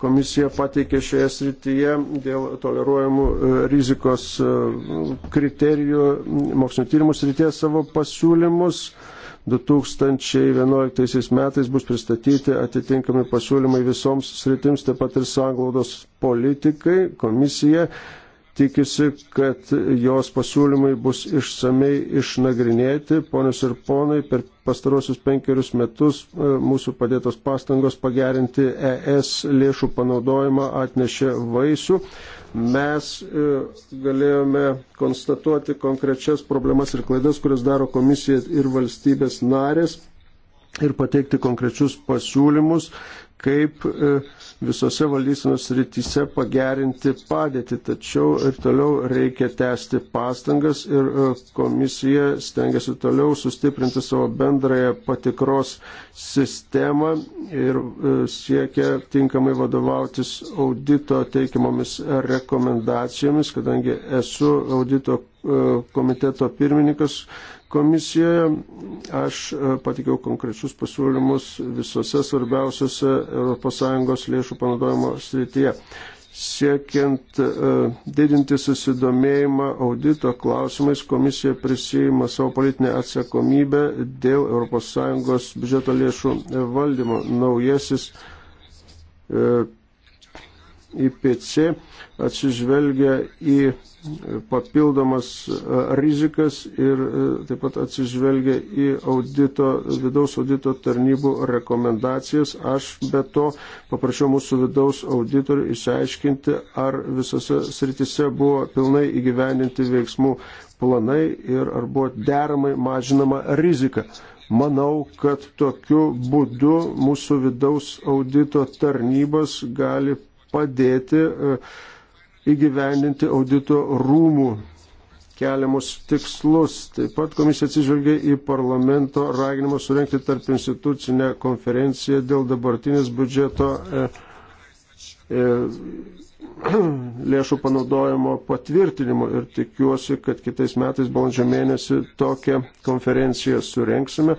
komisija pateikė šioje srityje dėl toleruojamų e, rizikos e, kriterijų mokslinio tyrimų srityje savo pasiūlymus. 2011 metais bus pristatyti atitinkami pasiūlymai visoms sritims, taip pat ir sanglaudos politikai, komisija tikisi, kad jos pasiūlymai bus išsamei išnagrinėti. Ponius ir ponai, per pastarosius penkerius metus e, mūsų padėtos pastangos pagerinti ES lėšų panaudojimą atnešė vaisių. Mes e, galėjome konstatuoti konkrečias problemas ir klaidas, kurias daro komisija ir valstybės narės ir pateikti konkrečius pasiūlymus, kaip e, visose valdysenos rytise pagerinti padėtį. Tačiau ir toliau reikia tęsti pastangas ir e, komisija stengiasi toliau sustiprinti savo bendrąją patikros sistemą ir e, siekia tinkamai vadovautis audito teikiamomis rekomendacijomis, kadangi esu audito komiteto pirmininkas komisijoje. Aš e, patikiau konkrečius pasiūlymus visose svarbiausiose ES lėšų panaudojimo srityje. Siekiant e, didinti susidomėjimą audito klausimais, komisija prisijima savo politinę atsakomybę dėl ES biudžeto lėšų valdymo. Naujasis e, IPC atsižvelgia į papildomas e, rizikas ir e, taip pat atsižvelgia į audito, vidaus audito tarnybų rekomendacijas. Aš be to paprašiau mūsų vidaus auditorių išsiaiškinti, ar visose sritise buvo pilnai įgyveninti veiksmų planai ir ar buvo deramai mažinama rizika. Manau, kad tokiu būdu mūsų vidaus audito tarnybos gali padėti e, įgyvendinti audito rūmų keliamus tikslus. Taip pat komisija atsižvelgia į parlamento raginimą surenkti tarp institucinę konferenciją dėl dabartinės biudžeto e, e, lėšų panaudojimo patvirtinimu ir tikiuosi, kad kitais metais balandžio mėnesį tokią konferenciją surenksime.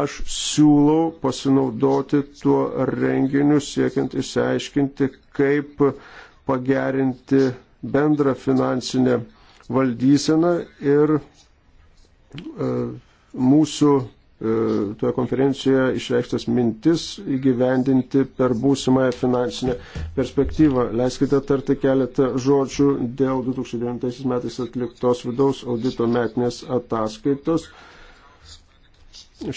Aš siūlau pasinaudoti tuo renginiu siekiant išsiaiškinti, kaip pagerinti bendrą finansinę valdyseną ir e, mūsų E, toje konferencijoje išreikštas mintis įgyvendinti per būsimąją finansinę perspektyvą. Leiskite tarti keletą žodžių dėl 2009 metais atliktos vidaus audito metinės ataskaitos.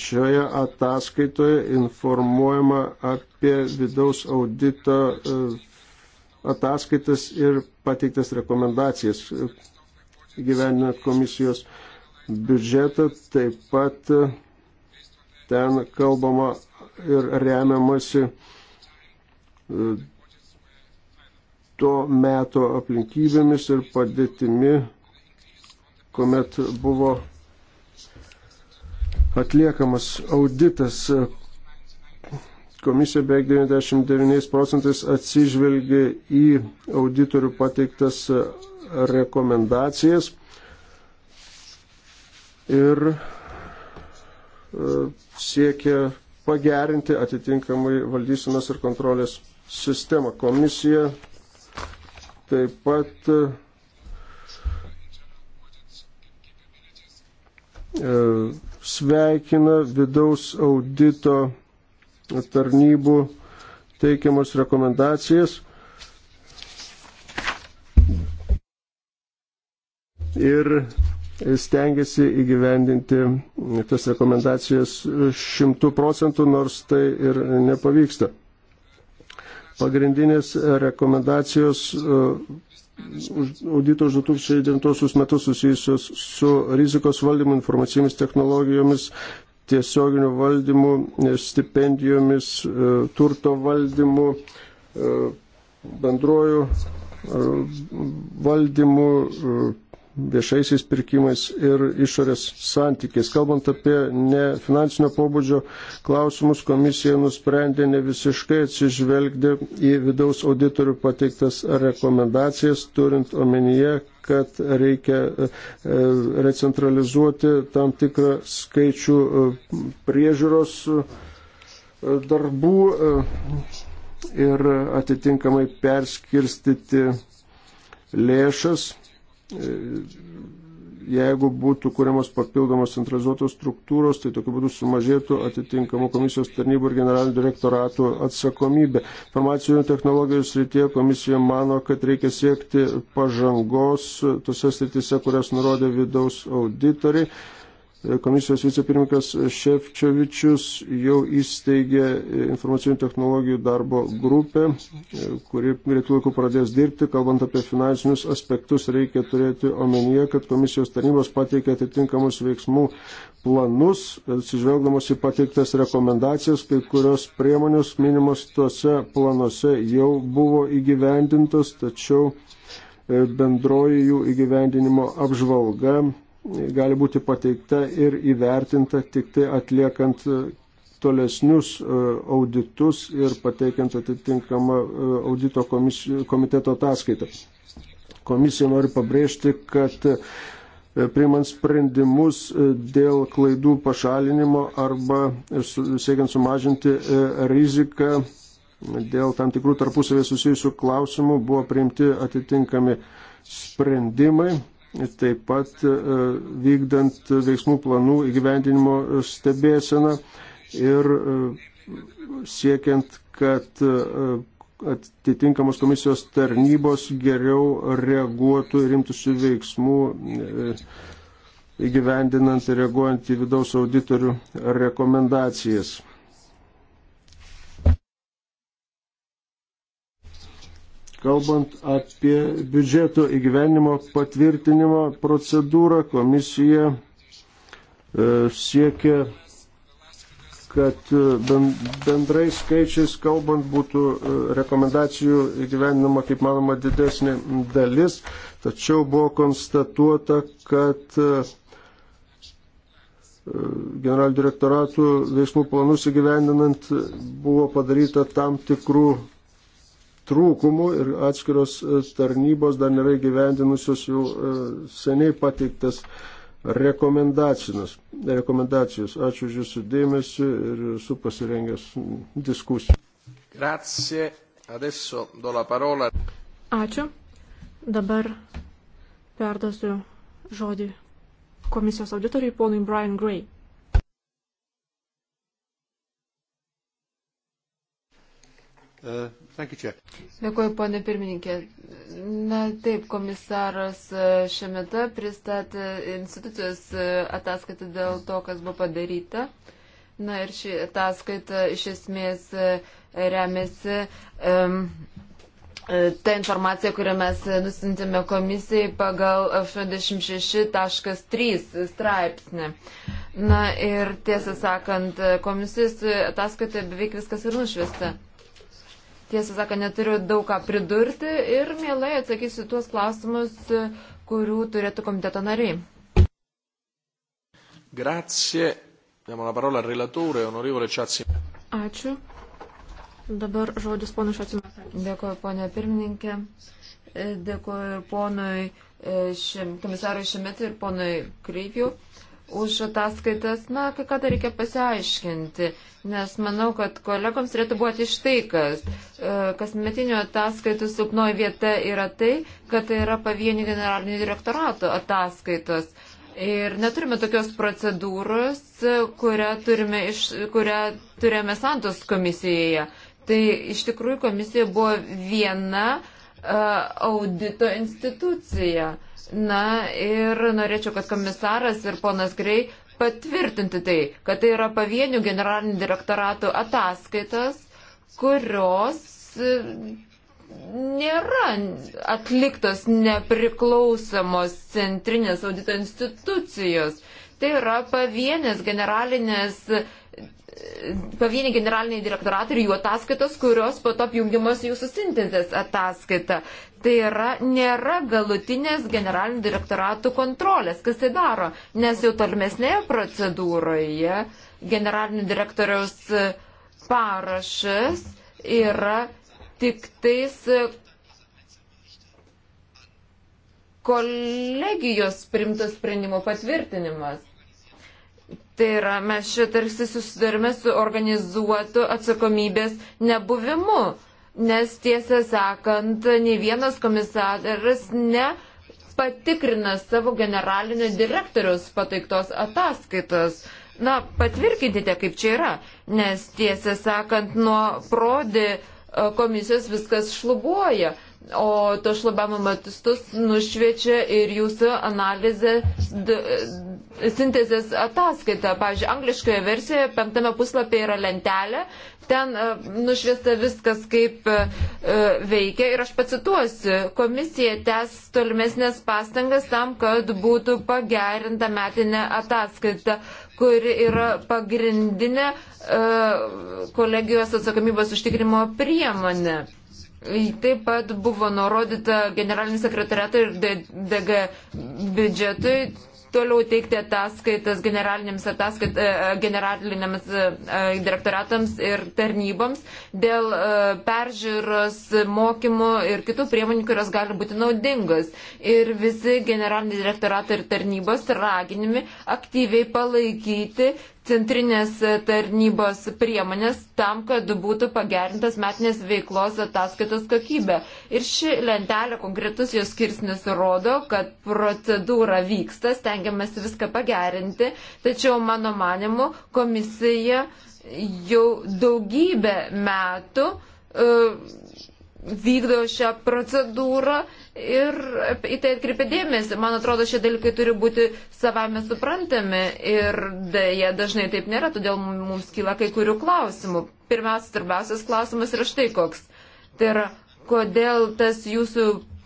Šioje ataskaitoje informuojama apie vidaus audito e, ataskaitas ir pateiktas rekomendacijas gyvenant komisijos biudžetą. Taip pat Ten kalbama ir remiamasi e, to meto aplinkybėmis ir padėtimi, kuomet buvo atliekamas auditas. Komisija beveik 99 procentais atsižvelgė į auditorių pateiktas rekomendacijas ir siekia pagerinti atitinkamai valdysenos ir kontrolės sistemą. Komisija taip pat e, sveikina vidaus audito tarnybų teikiamas rekomendacijas ir stengiasi įgyvendinti tas rekomendacijas šimtų procentų, nors tai ir nepavyksta. Pagrindinės rekomendacijos e, audito už 2009 metus susijusios su rizikos valdymo informacijomis technologijomis, tiesioginiu valdymu, stipendijomis, e, turto valdymu, e, bendruoju valdymu, viešaisiais pirkimais ir išorės santykiais. Kalbant apie nefinansinio pobūdžio klausimus, komisija nusprendė ne visiškai atsižvelgti į vidaus auditorių pateiktas rekomendacijas, turint omenyje, kad reikia e, e, recentralizuoti tam tikrą skaičių e, priežiūros darbų ir atitinkamai perskirstyti lėšas jeigu būtų kuriamos papildomos centralizuotos struktūros, tai tokiu būdu sumažėtų atitinkamų komisijos tarnybų ir generalinių direktoratų atsakomybė. Informacijų technologijų srityje komisija mano, kad reikia siekti pažangos tose srityse, kurias nurodė vidaus auditoriai. Komisijos vicepirmininkas Šefčiovičius jau įsteigė informacinių technologijų darbo grupę, kuri greitų laikų pradės dirbti. Kalbant apie finansinius aspektus, reikia turėti omenyje, kad komisijos tarnybos pateikė atitinkamus veiksmų planus, atsižvelgdamos į pateiktas rekomendacijas, kai kurios priemonės minimos tuose planuose jau buvo įgyvendintos, tačiau e, bendroji jų įgyvendinimo apžvalga gali būti pateikta ir įvertinta tik tai atliekant e, tolesnius e, auditus ir pateikiant atitinkamą e, audito komiteto ataskaitą. Komisija nori pabrėžti, kad priimant sprendimus dėl klaidų pašalinimo arba siekiant sumažinti riziką dėl tam tikrų tarpusavės susijusių klausimų buvo priimti atitinkami sprendimai taip pat e, vykdant veiksmų planų įgyvendinimo stebėseną ir e, siekiant, kad e, atitinkamos komisijos tarnybos geriau reaguotų ir imtųsi veiksmų įgyvendinant ir reaguojant į vidaus auditorių rekomendacijas. Kalbant apie biudžeto įgyvenimo patvirtinimo procedūrą, komisija e, siekia, kad e, bendrai skaičiais kalbant būtų e, rekomendacijų įgyvenimo, kaip manoma, didesnė dalis, tačiau buvo konstatuota, kad generalinių direktoratų veiksmų planus įgyvendinant buvo padaryta tam tikrų trūkumų ir atskiros e, tarnybos dar nėra gyvendinusios jau e, seniai pateiktas rekomendacijos. Ačiū už Jūsų dėmesį ir esu pasirengęs diskusijų. Grazie. Adesso do la parola. Ačiū. Dabar perdosiu žodį komisijos auditoriui ponui Brian Gray. Dėkuoju, ponė pirmininkė. Na taip, komisaras e, šiame metu pristatė institucijos e, ataskaitą dėl to, kas buvo padaryta. Na ir ši ataskaita iš esmės e, remiasi. Um, Ta informacija, kurią mes nusintėme komisijai pagal 86.3 straipsnį. Na ir tiesą sakant, komisijos ataskaitoje beveik viskas ir nušviesta. Uh, tiesą sakant, neturiu daug ką pridurti ir mielai atsakysiu tuos klausimus, kurių turėtų komiteto nariai. Grazie. Diamo la parola al relatore, onorevole Čiatsi. Ačiū. Dabar žodis ponui Šacimas. Dėkuoju, ponė pirmininkė. Dėkuoju ir ponui e, komisarui Šemetui ir ponui Kreiviu už ataskaitas. Na, kai ką tai reikia pasiaiškinti, nes manau, kad kolegoms turėtų būti iš tai, kas e, kasmetinių ataskaitų silpnoji vieta yra tai, kad tai yra pavienių generalinių direktorato ataskaitos. Ir neturime tokios procedūros, kurią, turime iš, kurią turėjome Santos komisijoje. Tai iš tikrųjų komisija buvo viena uh, audito institucija. Uh, Na ir norėčiau, kad komisaras ir ponas Grei patvirtinti tai, kad tai yra pavienių generalinių direktoratų ataskaitas, kurios e, nėra atliktos nepriklausomos centrinės audito institucijos. Tai yra pavienės generalinės pavieniai generaliniai direktoratai ir jų ataskaitos, kurios po to apjungimas jų susintintis ataskaita. Tai yra, nėra galutinės generalinių direktoratų kontrolės. Kas tai daro? Nes jau tolimesnėje procedūroje generalinių direktoriaus e, parašas yra tik tais e, kolegijos primtų sprendimų patvirtinimas. Tai yra, mes čia tarsi susidarime su organizuotu atsakomybės nebuvimu, nes tiesą sakant, nei vienas komisaras ne patikrina savo generalinio direktoriaus pateiktos ataskaitos. Na, patvirkinkite, kaip čia yra, nes tiesą sakant, nuo prodi e, komisijos viskas šlubuoja o to šlubamo matistus nušviečia ir jūsų analizė sintezės ataskaita. Pavyzdžiui, angliškoje versijoje penktame puslapyje yra lentelė, ten e, nušviesta viskas, kaip e, e, veikia. Ir aš pacituosiu, komisija tęs tolimesnės pastangas tam, kad būtų pagerinta metinė ataskaita kuri yra pagrindinė kolegijos atsakomybės užtikrimo priemonė. Taip pat buvo nurodyta generalinis sekretariatai ir DG biudžetui toliau teikti ataskaitas generaliniams, ataskait, e, e, generaliniams e, direktoratams ir tarnyboms dėl peržiūros mokymų ir kitų priemonių, kurios gali būti naudingos. Ir visi generaliniai direktoratai ir tarnybos raginimi aktyviai palaikyti centrinės tarnybos priemonės tam, kad būtų pagerintas metinės veiklos ataskaitos kokybė. Ir ši lentelė, konkretus jos skirsnis, rodo, kad procedūra vyksta, stengiamės viską pagerinti, tačiau mano manimu komisija jau daugybę metų uh, vykdo šią procedūrą ir į tai atkreipia dėmesį. Man atrodo, šie dalykai turi būti savame suprantami ir dėja dažnai taip nėra, todėl mums kyla kai kurių klausimų. Pirmiausias, svarbiausias klausimas yra štai koks. Tai yra, kodėl tas jūsų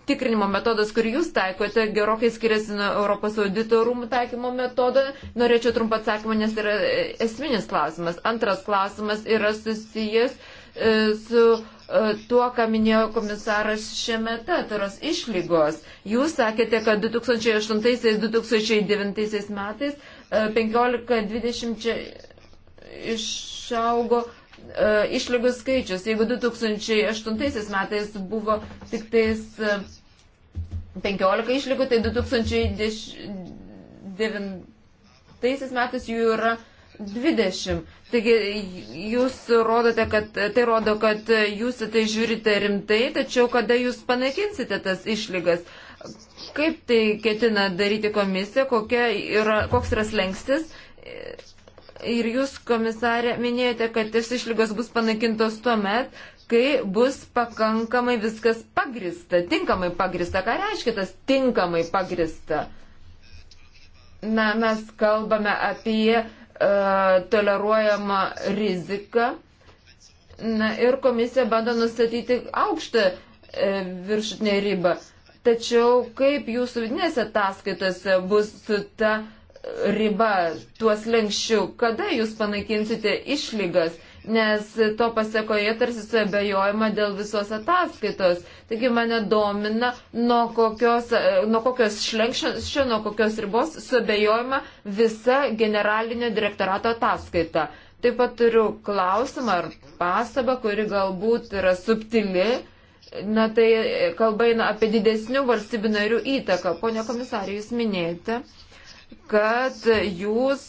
tikrinimo metodas, kurį jūs taikote, gerokai skiriasi nuo Europos audito rūmų taikymo metodo. Norėčiau trumpą atsakymą, nes yra e, esminis klausimas. Antras klausimas yra susijęs e, su E, tuo, ką minėjo komisaras šiame tatoros išlygos. Jūs sakėte, kad 2008-2009 metais 15-20 e, išaugo e, išlygų skaičius. Jeigu 2008 metais buvo tik tais 15 išlygų, tai 2009 metais jų yra 20. Taigi jūs rodote, kad tai rodo, kad jūs tai žiūrite rimtai, tačiau kada jūs panaikinsite tas išlygas? Kaip tai ketina daryti komisija, yra, koks yra slengstis? Ir jūs, komisarė, minėjote, kad tas išlygos bus panaikintos tuo met, kai bus pakankamai viskas pagrista, tinkamai pagrista. Ką reiškia tas tinkamai pagrista? Na, mes kalbame apie toleruojama rizika. Na ir komisija bando nustatyti aukštą e, viršutinę ribą. Tačiau kaip jūsų vidinėse ataskaitose bus su ta riba, tuos lenkščių, kada jūs panaikinsite išlygas, nes to pasiekoje tarsi suabejojama dėl visos ataskaitos. Taigi mane domina, nuo kokios, e, nuo kokios šlenkščio, nuo kokios ribos subejojama visa generalinio direktorato ataskaita. Taip pat turiu klausimą ar pastabą, kuri galbūt yra subtili. Na tai e, kalba eina apie didesnių valstybių narių įtaką. Pone komisarė, jūs minėjote, kad jūs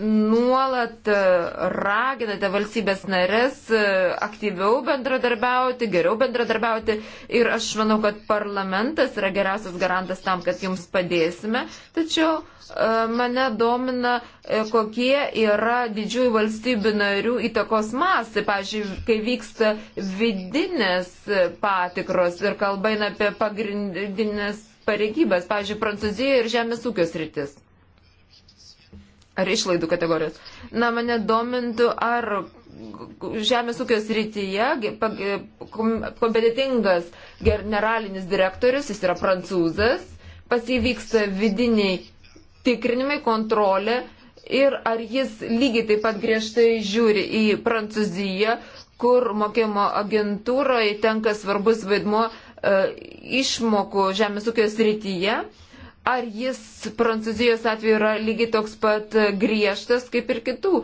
nuolat e, raginate valstybės narės e, aktyviau bendradarbiauti, geriau bendradarbiauti ir aš manau, kad parlamentas yra geriausias garantas tam, kad jums padėsime. Tačiau e, mane domina, kokie yra didžiųjų valstybių narių įtakos masai. Pavyzdžiui, kai vyksta vidinės patikros ir kalba eina apie pagrindinės pareigybės, pavyzdžiui, Prancūzija ir žemės ūkio sritis ar išlaidų kategorijos. Na, mane domintų, ar žemės ūkio srityje e, kompetitingas generalinis direktorius, jis yra prancūzas, pasivyksta vidiniai tikrinimai, kontrolė ir ar jis lygiai taip pat griežtai žiūri į Prancūziją, kur mokėjimo agentūroje tenka svarbus vaidmuo e, išmokų žemės ūkio srityje. E, Ar jis Prancūzijos atveju yra lygiai toks pat griežtas kaip ir kitų,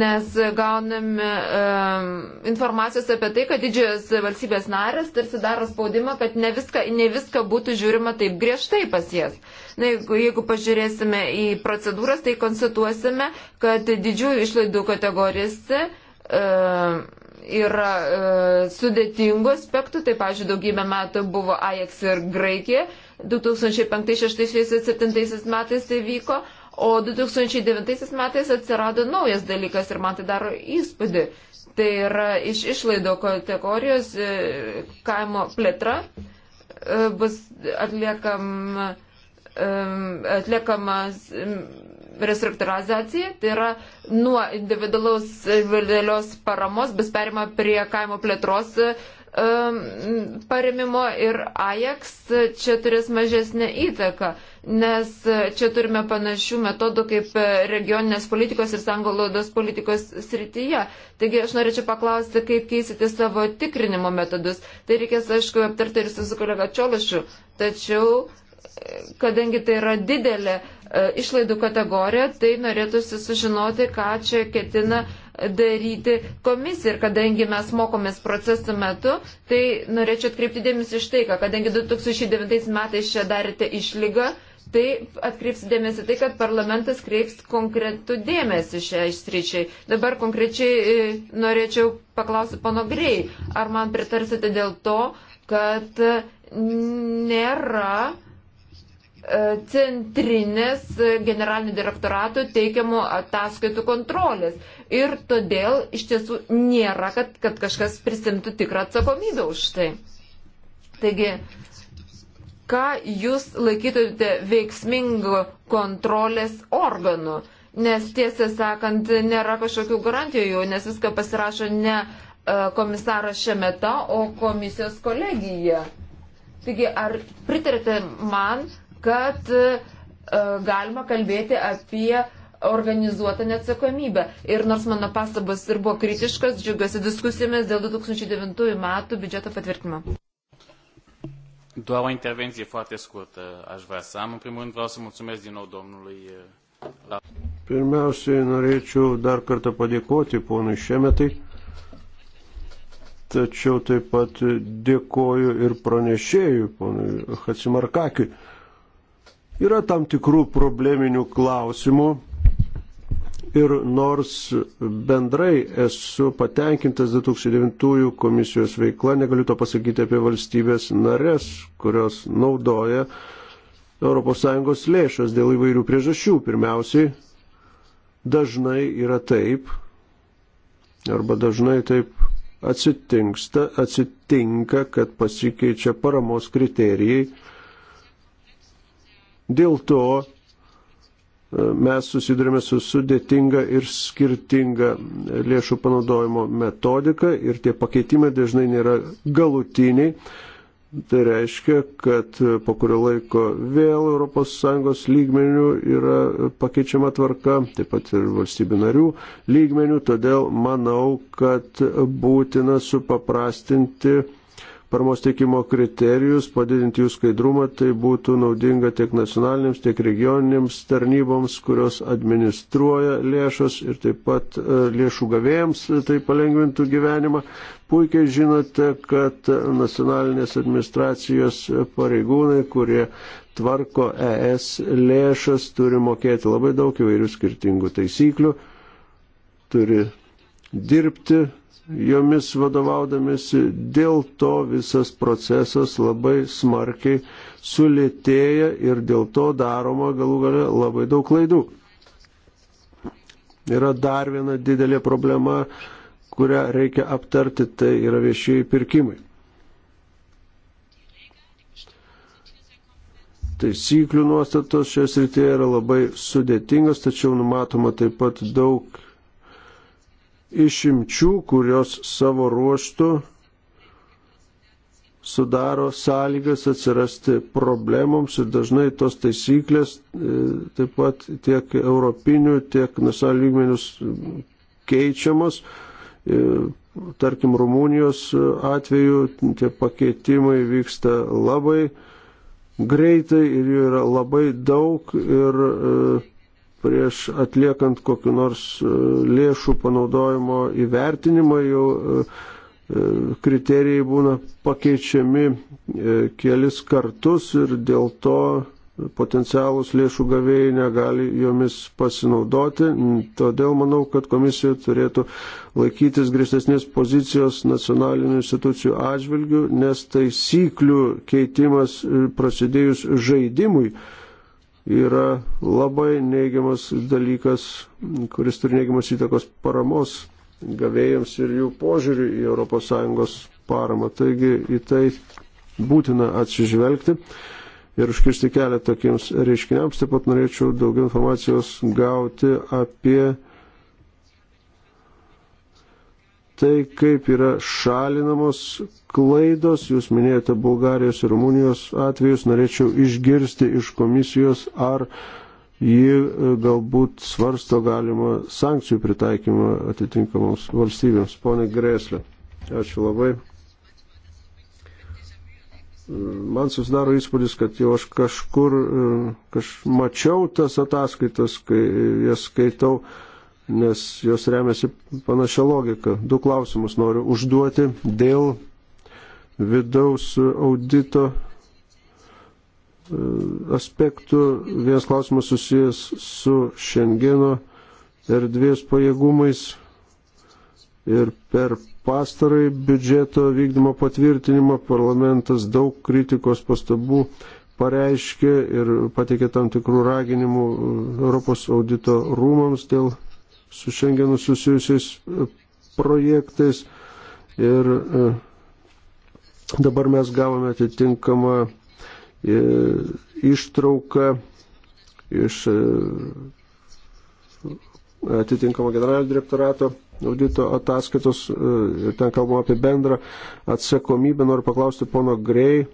nes gauname um, informacijos apie tai, kad didžios valstybės narės tarsi daro spaudimą, kad ne viską, ne viską būtų žiūrima taip griežtai pas jas. Na, jeigu, jeigu pažiūrėsime į procedūras, tai konstatuosime, kad didžiųjų išlaidų kategorijose um, yra e, sudėtingų aspektų, tai, pažiūrėjau, daugybę metų buvo Ajax ir Graikija, 2005-2006-2007 metais tai vyko, o 2009 metais atsirado naujas dalykas ir man tai daro įspūdį. Tai yra iš išlaido kategorijos e, kaimo plėtra e, bus atliekam, e, atliekamas restruktūrizacija, tai yra nuo individualios paramos bus perima prie kaimo plėtros Um, paremimo ir Ajax čia turės mažesnę įtaką, nes čia turime panašių metodų kaip regioninės politikos ir sangalaudos politikos srityje. Taigi aš norėčiau paklausti, kaip keisite savo tikrinimo metodus. Tai reikės, aišku, aptarti ir su kolega Čiolišu, tačiau kadangi tai yra didelė e, išlaidų kategorija, tai norėtųsi sužinoti, ką čia ketina uh, daryti komisija. Ir kadangi mes mokomės procesų metu, tai norėčiau atkreipti dėmesį iš tai, kad kadangi 2009 metais čia darėte išlygą, tai atkreipsi dėmesį tai, kad parlamentas kreips konkretų dėmesį šiai sričiai. Dabar konkrečiai e, norėčiau paklausyti pono Grei, ar man pritarsite dėl to, kad nėra E, centrinės generalinių direktoratų teikiamų ataskaitų kontrolės. Ir todėl iš tiesų nėra, kad, kad kažkas prisimtų tikrą atsakomybę už tai. Taigi, ką jūs laikytumėte veiksmingų kontrolės organų? Nes tiesą sakant, nėra kažkokių garantijų, nes viską pasirašo ne e, komisaras Šemeta, o komisijos kolegija. Taigi, ar pritarėte man, kad e, galima kalbėti apie organizuotą neatsakomybę. Ir nors mano pastabas ir buvo kritiškas, džiugiuosi diskusijomis dėl 2009 metų biudžeto patvirtinimo. Doar o intervenție foarte scurtă aș vrea să am. În primul rând vreau să mulțumesc din nou domnului e, la... Pirmiausiai norėčiau dar kartą padėkoti ponui Šemetai, tačiau taip pat dėkoju ir pranešėjui, ponui Hatsimarkakiui. Yra tam tikrų probleminių klausimų ir nors bendrai esu patenkintas 2009 komisijos veikla, negaliu to pasakyti apie valstybės narės, kurios naudoja ES lėšas dėl įvairių priežasčių. Pirmiausiai, dažnai yra taip, arba dažnai taip atsitinka, kad pasikeičia paramos kriterijai Dėl to e, mes susidurime su sudėtinga ir skirtinga lėšų panaudojimo metodika ir tie pakeitimai dažnai nėra galutiniai. Tai reiškia, kad po kurio laiko vėl ES lygmenių yra pakeičiama tvarka, taip pat ir valstybių narių lygmenių, todėl manau, kad būtina supaprastinti paramos teikimo kriterijus, padidinti jų skaidrumą, tai būtų naudinga tiek nacionalinėms, tiek regioninėms tarnyboms, kurios administruoja lėšas ir taip pat e, lėšų gavėjams tai palengvintų gyvenimą. Puikiai žinote, kad nacionalinės administracijos pareigūnai, kurie tvarko ES lėšas, turi mokėti labai daug įvairių skirtingų taisyklių, turi dirbti jomis vadovaudamėsi, dėl to visas procesas labai smarkiai sulėtėja ir dėl to daroma galų gale labai daug klaidų. Yra dar viena didelė problema, kurią reikia aptarti, tai yra viešieji pirkimai. Taisyklių nuostatos šios rytėje yra labai sudėtingos, tačiau numatoma taip pat daug išimčių, kurios savo ruoštų sudaro sąlygas atsirasti problemoms ir dažnai tos taisyklės e, taip pat tiek europinių, tiek nacionalinių lygmenius keičiamos. E, tarkim, Rumunijos atveju tie pakeitimai vyksta labai greitai ir jų yra labai daug ir e, prieš atliekant kokiu nors e, lėšų panaudojimo įvertinimą jau e, e, kriterijai būna pakeičiami kelis kartus ir dėl to potencialus lėšų gavėjai negali jomis pasinaudoti. Todėl manau, kad komisija turėtų laikytis grįstesnės pozicijos nacionalinių institucijų atžvilgių, nes taisyklių keitimas prasidėjus žaidimui yra labai neigiamas dalykas, kuris turi neigiamas įtakos paramos gavėjams ir jų požiūrių į ES paramą. Taigi į tai būtina atsižvelgti ir užkirsti kelią tokiems reiškiniams. Taip pat norėčiau daugiau informacijos gauti apie tai, kaip yra šalinamos klaidos. Jūs minėjote Bulgarijos ir Rumunijos atvejus. Norėčiau išgirsti iš komisijos, ar ji e, galbūt svarsto galima sankcijų pritaikymą atitinkamoms valstybėms. Pone Greslė, ačiū labai. Man susidaro įspūdis, kad jau aš kažkur e, kaž, mačiau tas ataskaitas, kai jas skaitau nes jos remiasi panašia logika. Du klausimus noriu užduoti dėl vidaus audito e, aspektų. Vienas klausimas susijęs su Šengeno erdvės pajėgumais ir per pastarai biudžeto vykdymo patvirtinimą parlamentas daug kritikos pastabų pareiškė ir pateikė tam tikrų raginimų e, Europos audito rūmams dėl su šiandienu susijusiais e, projektais. Ir e, dabar mes gavome atitinkamą e, ištrauką iš atitinkamo generalinio direktorato audito ataskaitos ir ten kalbama apie bendrą atsakomybę. Noriu paklausti pono Grei,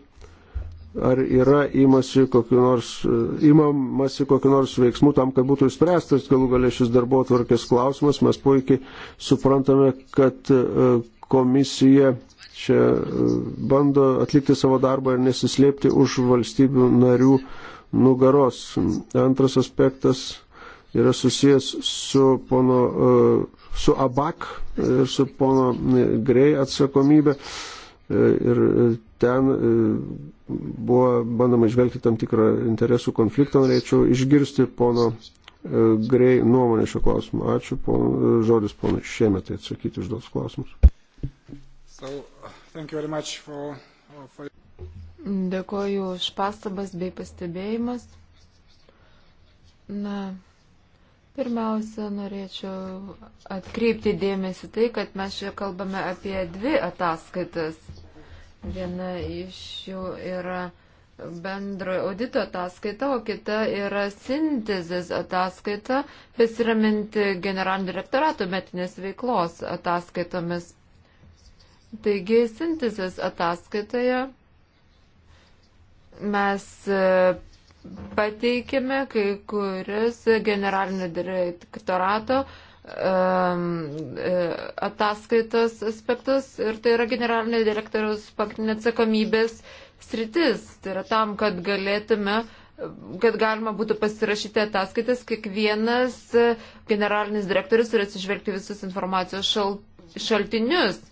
ar yra imasi kokiu nors, e, imamasi kokiu nors veiksmu tam, kad būtų išspręstas galų galia šis darbo atvarkės klausimas. Mes puikiai suprantame, kad e, komisija čia e, bando atlikti savo darbą ir nesislėpti už valstybių narių nugaros. Antras aspektas yra susijęs su pono, su ABAK ir su pono Grei atsakomybė ir ten e, buvo bandoma išvelgti tam tikrą interesų konfliktą, norėčiau išgirsti pono e, grei nuomonę šio klausimu. Ačiū, pon, e, žodis ponui šiemet atsakyti užduos klausimus. So, for, for... Dėkoju už pastabas bei pastebėjimas. Na, Pirmiausia, norėčiau atkreipti dėmesį tai, kad mes čia kalbame apie dvi ataskaitas. Viena iš jų yra bendrojo audito ataskaita, o kita yra sintezės ataskaita, besiraminti generalinio direktorato metinės veiklos ataskaitomis. Taigi, sintezės ataskaitoje mes pateikėme kai kurias generalinio direktorato um, e, ataskaitos aspektus ir tai yra generalinio direktoriaus pagrindinė atsakomybės sritis. Tai yra tam, kad galėtume kad galima būtų pasirašyti ataskaitas, kiekvienas e, generalinis direktorius turi atsižvelgti visus informacijos šal, šaltinius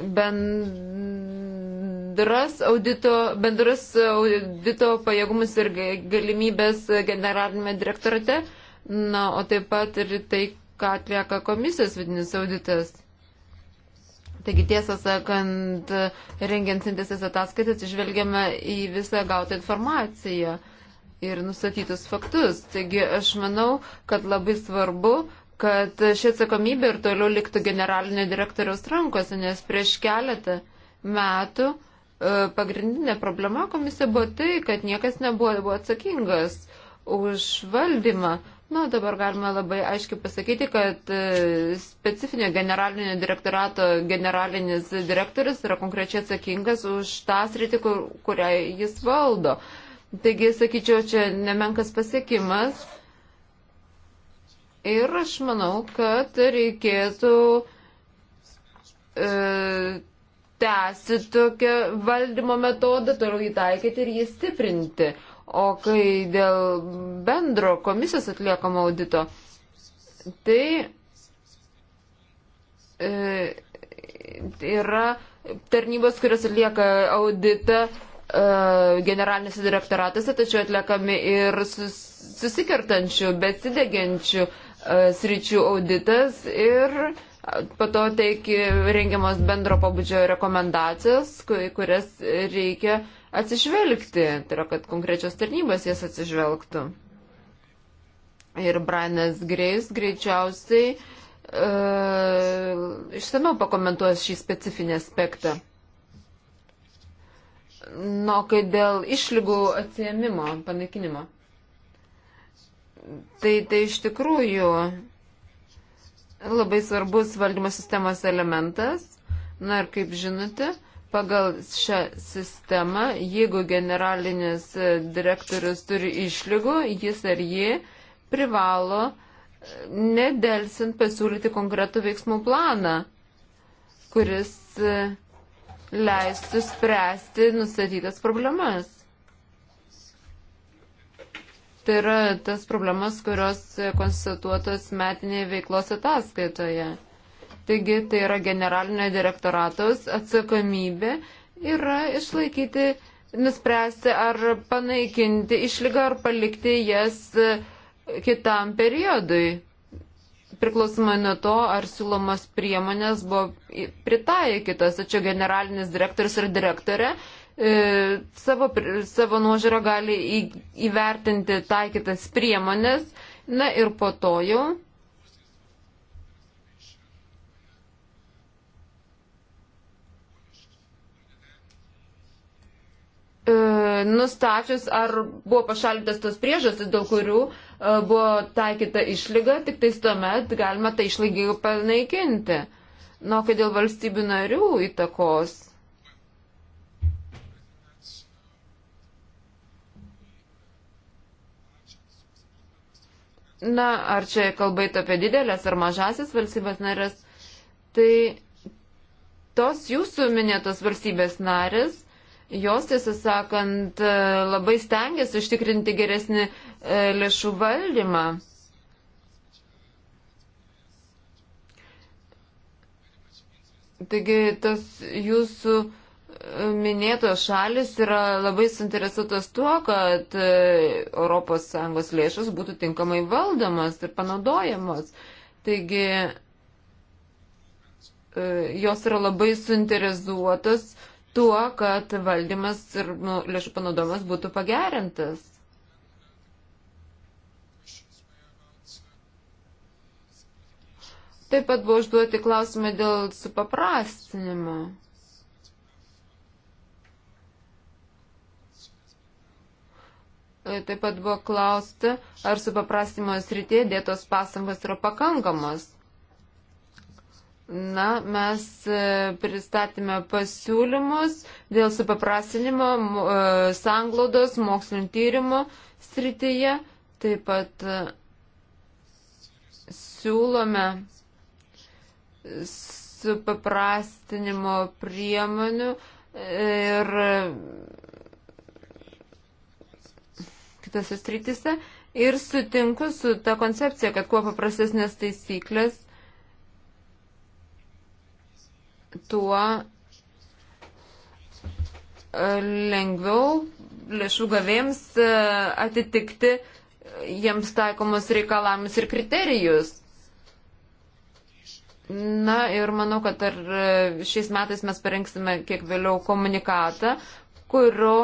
bendras audito, bendras audito pajėgumus ir galimybės generalinėme direktorate, na, o taip pat ir tai, ką atlieka komisijos vidinis auditas. Taigi tiesą sakant, rengiant sintesės ataskaitas, išvelgiame į visą gautą informaciją ir nustatytus faktus. Taigi aš manau, kad labai svarbu, kad ši atsakomybė ir toliau liktų generalinio direktoriaus rankose, nes prieš keletą metų e, pagrindinė problema komisija buvo tai, kad niekas nebuvo buvo atsakingas už valdymą. Na, dabar galima labai aiškiai pasakyti, kad e, specifinio generalinio direktorato generalinis direktorius yra konkrečiai atsakingas už tą sritį, kur, kurią jis valdo. Taigi, sakyčiau, čia nemenkas pasiekimas Ir aš manau, kad reikėtų e, tęsti tokią valdymo metodą, toliau jį taikyti ir jį stiprinti. O kai dėl bendro komisijos atliekamo audito, tai e, yra tarnybos, kurios atlieka auditą e, generalinėse direktoratuose, tačiau atliekami ir sus, susikertančių, besidegiančių E, sričių auditas ir po to teiki rengiamas bendro pabudžio rekomendacijos, kurias reikia atsižvelgti. Tai yra, kad konkrečios tarnybos jas atsižvelgtų. Ir Brianas Greis greičiausiai uh, e, išsameu pakomentuos šį specifinį aspektą. Nu, kai dėl išlygų atsijėmimo, panaikinimo. Tai, tai iš tikrųjų labai svarbus valdymo sistemos elementas. Na ir kaip žinote, pagal šią sistemą, jeigu generalinis direktorius turi išlygų, jis ar ji privalo nedelsint pasiūlyti konkretų veiksmų planą, kuris leistų spręsti nustatytas problemas. Tai yra tas problemas, kurios konstatuotos metinėje veiklos ataskaitoje. Taigi tai yra generalinio direktoratos atsakomybė yra išlaikyti, nuspręsti ar panaikinti išlygą ar palikti jas kitam periodui. Priklausomai nuo to, ar siūlomas priemonės buvo pritaikytos, tačiau generalinis direktorius ir direktorė E, savo, savo nuožiūro gali į, įvertinti taikytas priemonės. Na ir po to jau. E, nustačius, ar buvo pašalintas tos priežastys, dėl kurių e, buvo taikyta išlyga, tik tais tuomet galima tą išlygį panaikinti. Nu, kai dėl valstybių narių įtakos na, ar čia kalbait apie didelės ar mažasis valstybės narės, tai tos jūsų minėtos valstybės narės, jos tiesą sakant, e, labai stengiasi užtikrinti geresnį e, lėšų valdymą. Taigi tas jūsų uh, minėtos šalis yra labai suinteresuotos tuo, kad ES lėšos būtų tinkamai valdomas ir panaudojamos. Taigi e, jos yra labai suinteresuotos tuo, kad valdymas ir nu, lėšų panaudojimas būtų pagerintas. Taip pat buvo užduoti klausimai dėl supaprastinimo. E, taip pat buvo klausta, ar supaprastimo srityje dėtos pastangos yra pakankamos. Na, mes e, pristatėme pasiūlymus dėl supaprastinimo e, sanglaudos mokslinio tyrimo srityje. Taip pat siūlome supaprastinimo priemonių ir kitose strytise ir sutinku su ta koncepcija, kad kuo paprastesnės taisyklės, tuo e, lengviau lėšų gavėjams e, atitikti jiems taikomus reikalavimus ir kriterijus. Na ir manau, kad ar e, šiais metais mes parengsime kiek vėliau komunikatą, kurio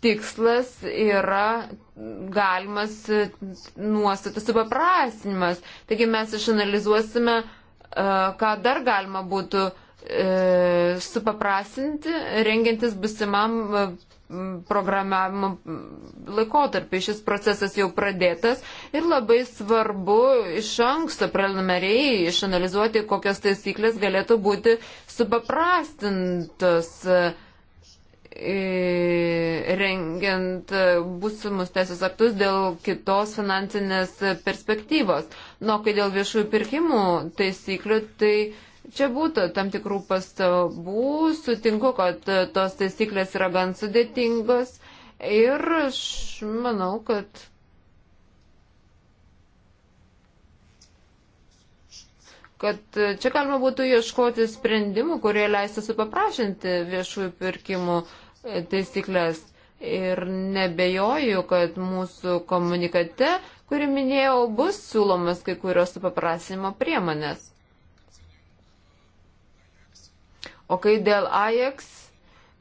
tikslas yra galimas e, nuostatų supaprasinimas. Taigi mes išanalizuosime, e, ką dar galima būtų e, supaprasinti, rengiantis busimam programavimo laikotarpį. Šis procesas jau pradėtas ir labai svarbu iš anksto preliminariai išanalizuoti, kokios taisyklės galėtų būti supaprastintos. Uh, rengiant būsimus teisės aktus dėl kitos finansinės perspektyvos. Nu, kai dėl viešųjų pirkimų taisyklių, tai čia būtų tam tikrų pastabų, sutinku, kad tos taisyklės yra gan sudėtingos ir aš manau, kad. kad čia galima būtų ieškoti sprendimų, kurie leistų supaprašinti viešųjų pirkimų uh, taisyklės. Ir nebejoju, kad mūsų komunikate, kurį minėjau, bus siūlomas kai kurios supaprasimo priemonės. O kai dėl AJAX,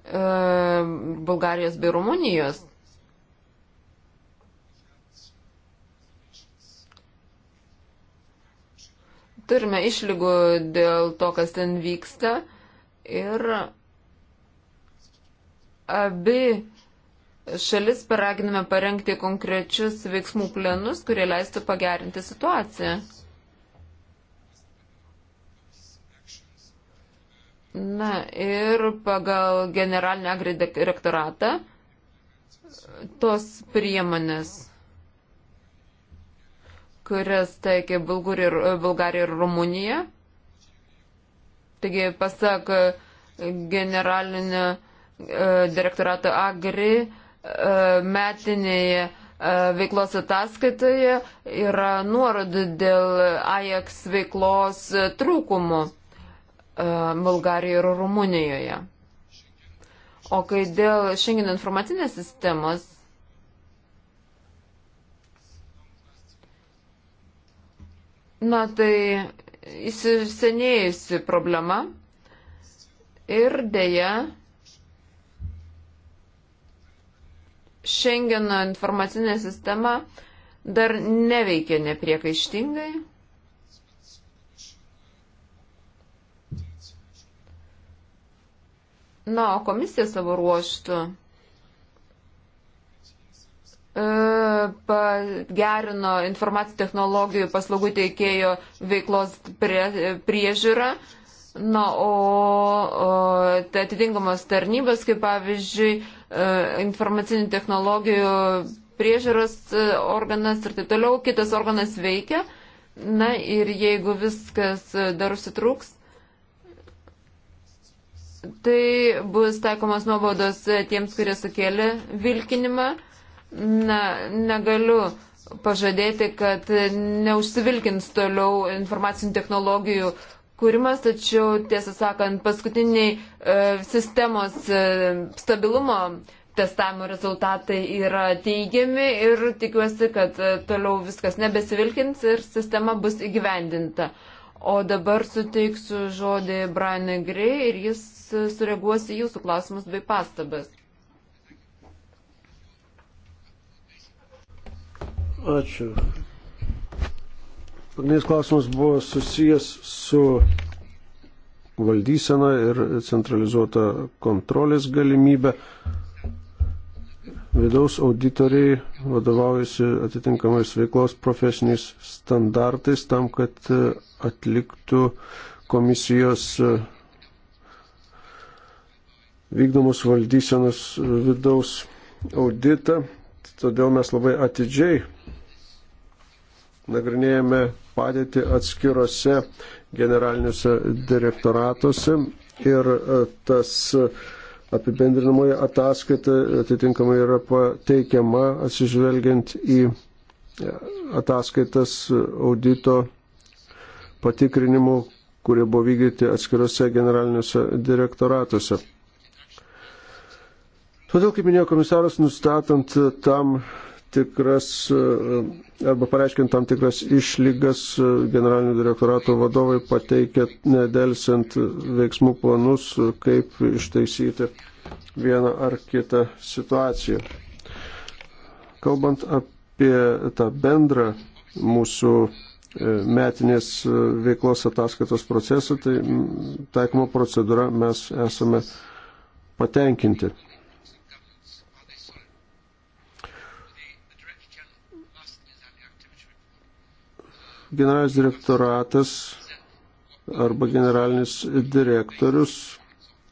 e, Bulgarijos bei Rumunijos, turime išlygų dėl to, kas ten vyksta ir abi šalis paraginame parengti konkrečius veiksmų planus, kurie leistų pagerinti situaciją. Na ir pagal generalinę agridirektoratą tos priemonės, kurias taikė Bulgarija ir, Bulgarija ir Rumunija, taigi pasak generalinio E, direktorato Agri e, metinėje e, veiklos ataskaitoje yra nuorodų dėl AJAX veiklos trūkumų Bulgarijoje ir Rumunijoje. O kai dėl šiandien informacinės sistemos, na tai įsisenėjusi problema ir dėja Šengeno informacinė sistema dar neveikia nepriekaištingai. Na, o komisija savo ruoštų e, pagerino informacijų technologijų paslaugų teikėjo veiklos prie, priežiūrą. Na, o, o tai atitinkamos tarnybos, kaip pavyzdžiui, E, informacinių technologijų priežiūros e, organas ir taip toliau, kitas organas veikia. Na ir jeigu viskas e, dar užsitruks, tai bus taikomas nuobaudos tiems, kurie sukėlė vilkinimą. Na, negaliu pažadėti, kad neužsivilkins toliau informacinių technologijų uh, kūrimas, tačiau tiesą sakant, paskutiniai e, sistemos e, stabilumo testavimo rezultatai yra teigiami ir tikiuosi, kad e, toliau viskas nebesivilkins ir sistema bus įgyvendinta. O dabar suteiksiu žodį Brianui Grey ir jis e, sureaguos į jūsų klausimus bei pastabas. Ačiū. Pagrindinis klausimas buvo susijęs su valdysena ir centralizuota kontrolės galimybė. Vidaus auditoriai vadovaujasi atitinkamais veiklos profesiniais standartais tam, kad e, atliktų komisijos e, vykdomus valdysenos e, vidaus auditą. Todėl mes labai atidžiai nagrinėjame padėtį atskirose generaliniuose direktoratuose ir e, tas apibendrinamoje ataskaita atitinkamai yra pateikiama atsižvelgiant į e, ataskaitas audito patikrinimų, kurie buvo vykdyti atskirose generaliniuose direktoratuose. Todėl, kaip minėjo komisaras, nustatant tam tikras e, arba pareiškiant tam tikras išlygas e, generalinio direktorato vadovai pateikia nedelsiant veiksmų planus, e, kaip ištaisyti vieną ar kitą situaciją. Kalbant apie tą bendrą mūsų metinės veiklos ataskaitos procesą, tai taikoma procedūra mes esame patenkinti. generalinis direktoratas arba generalinis direktorius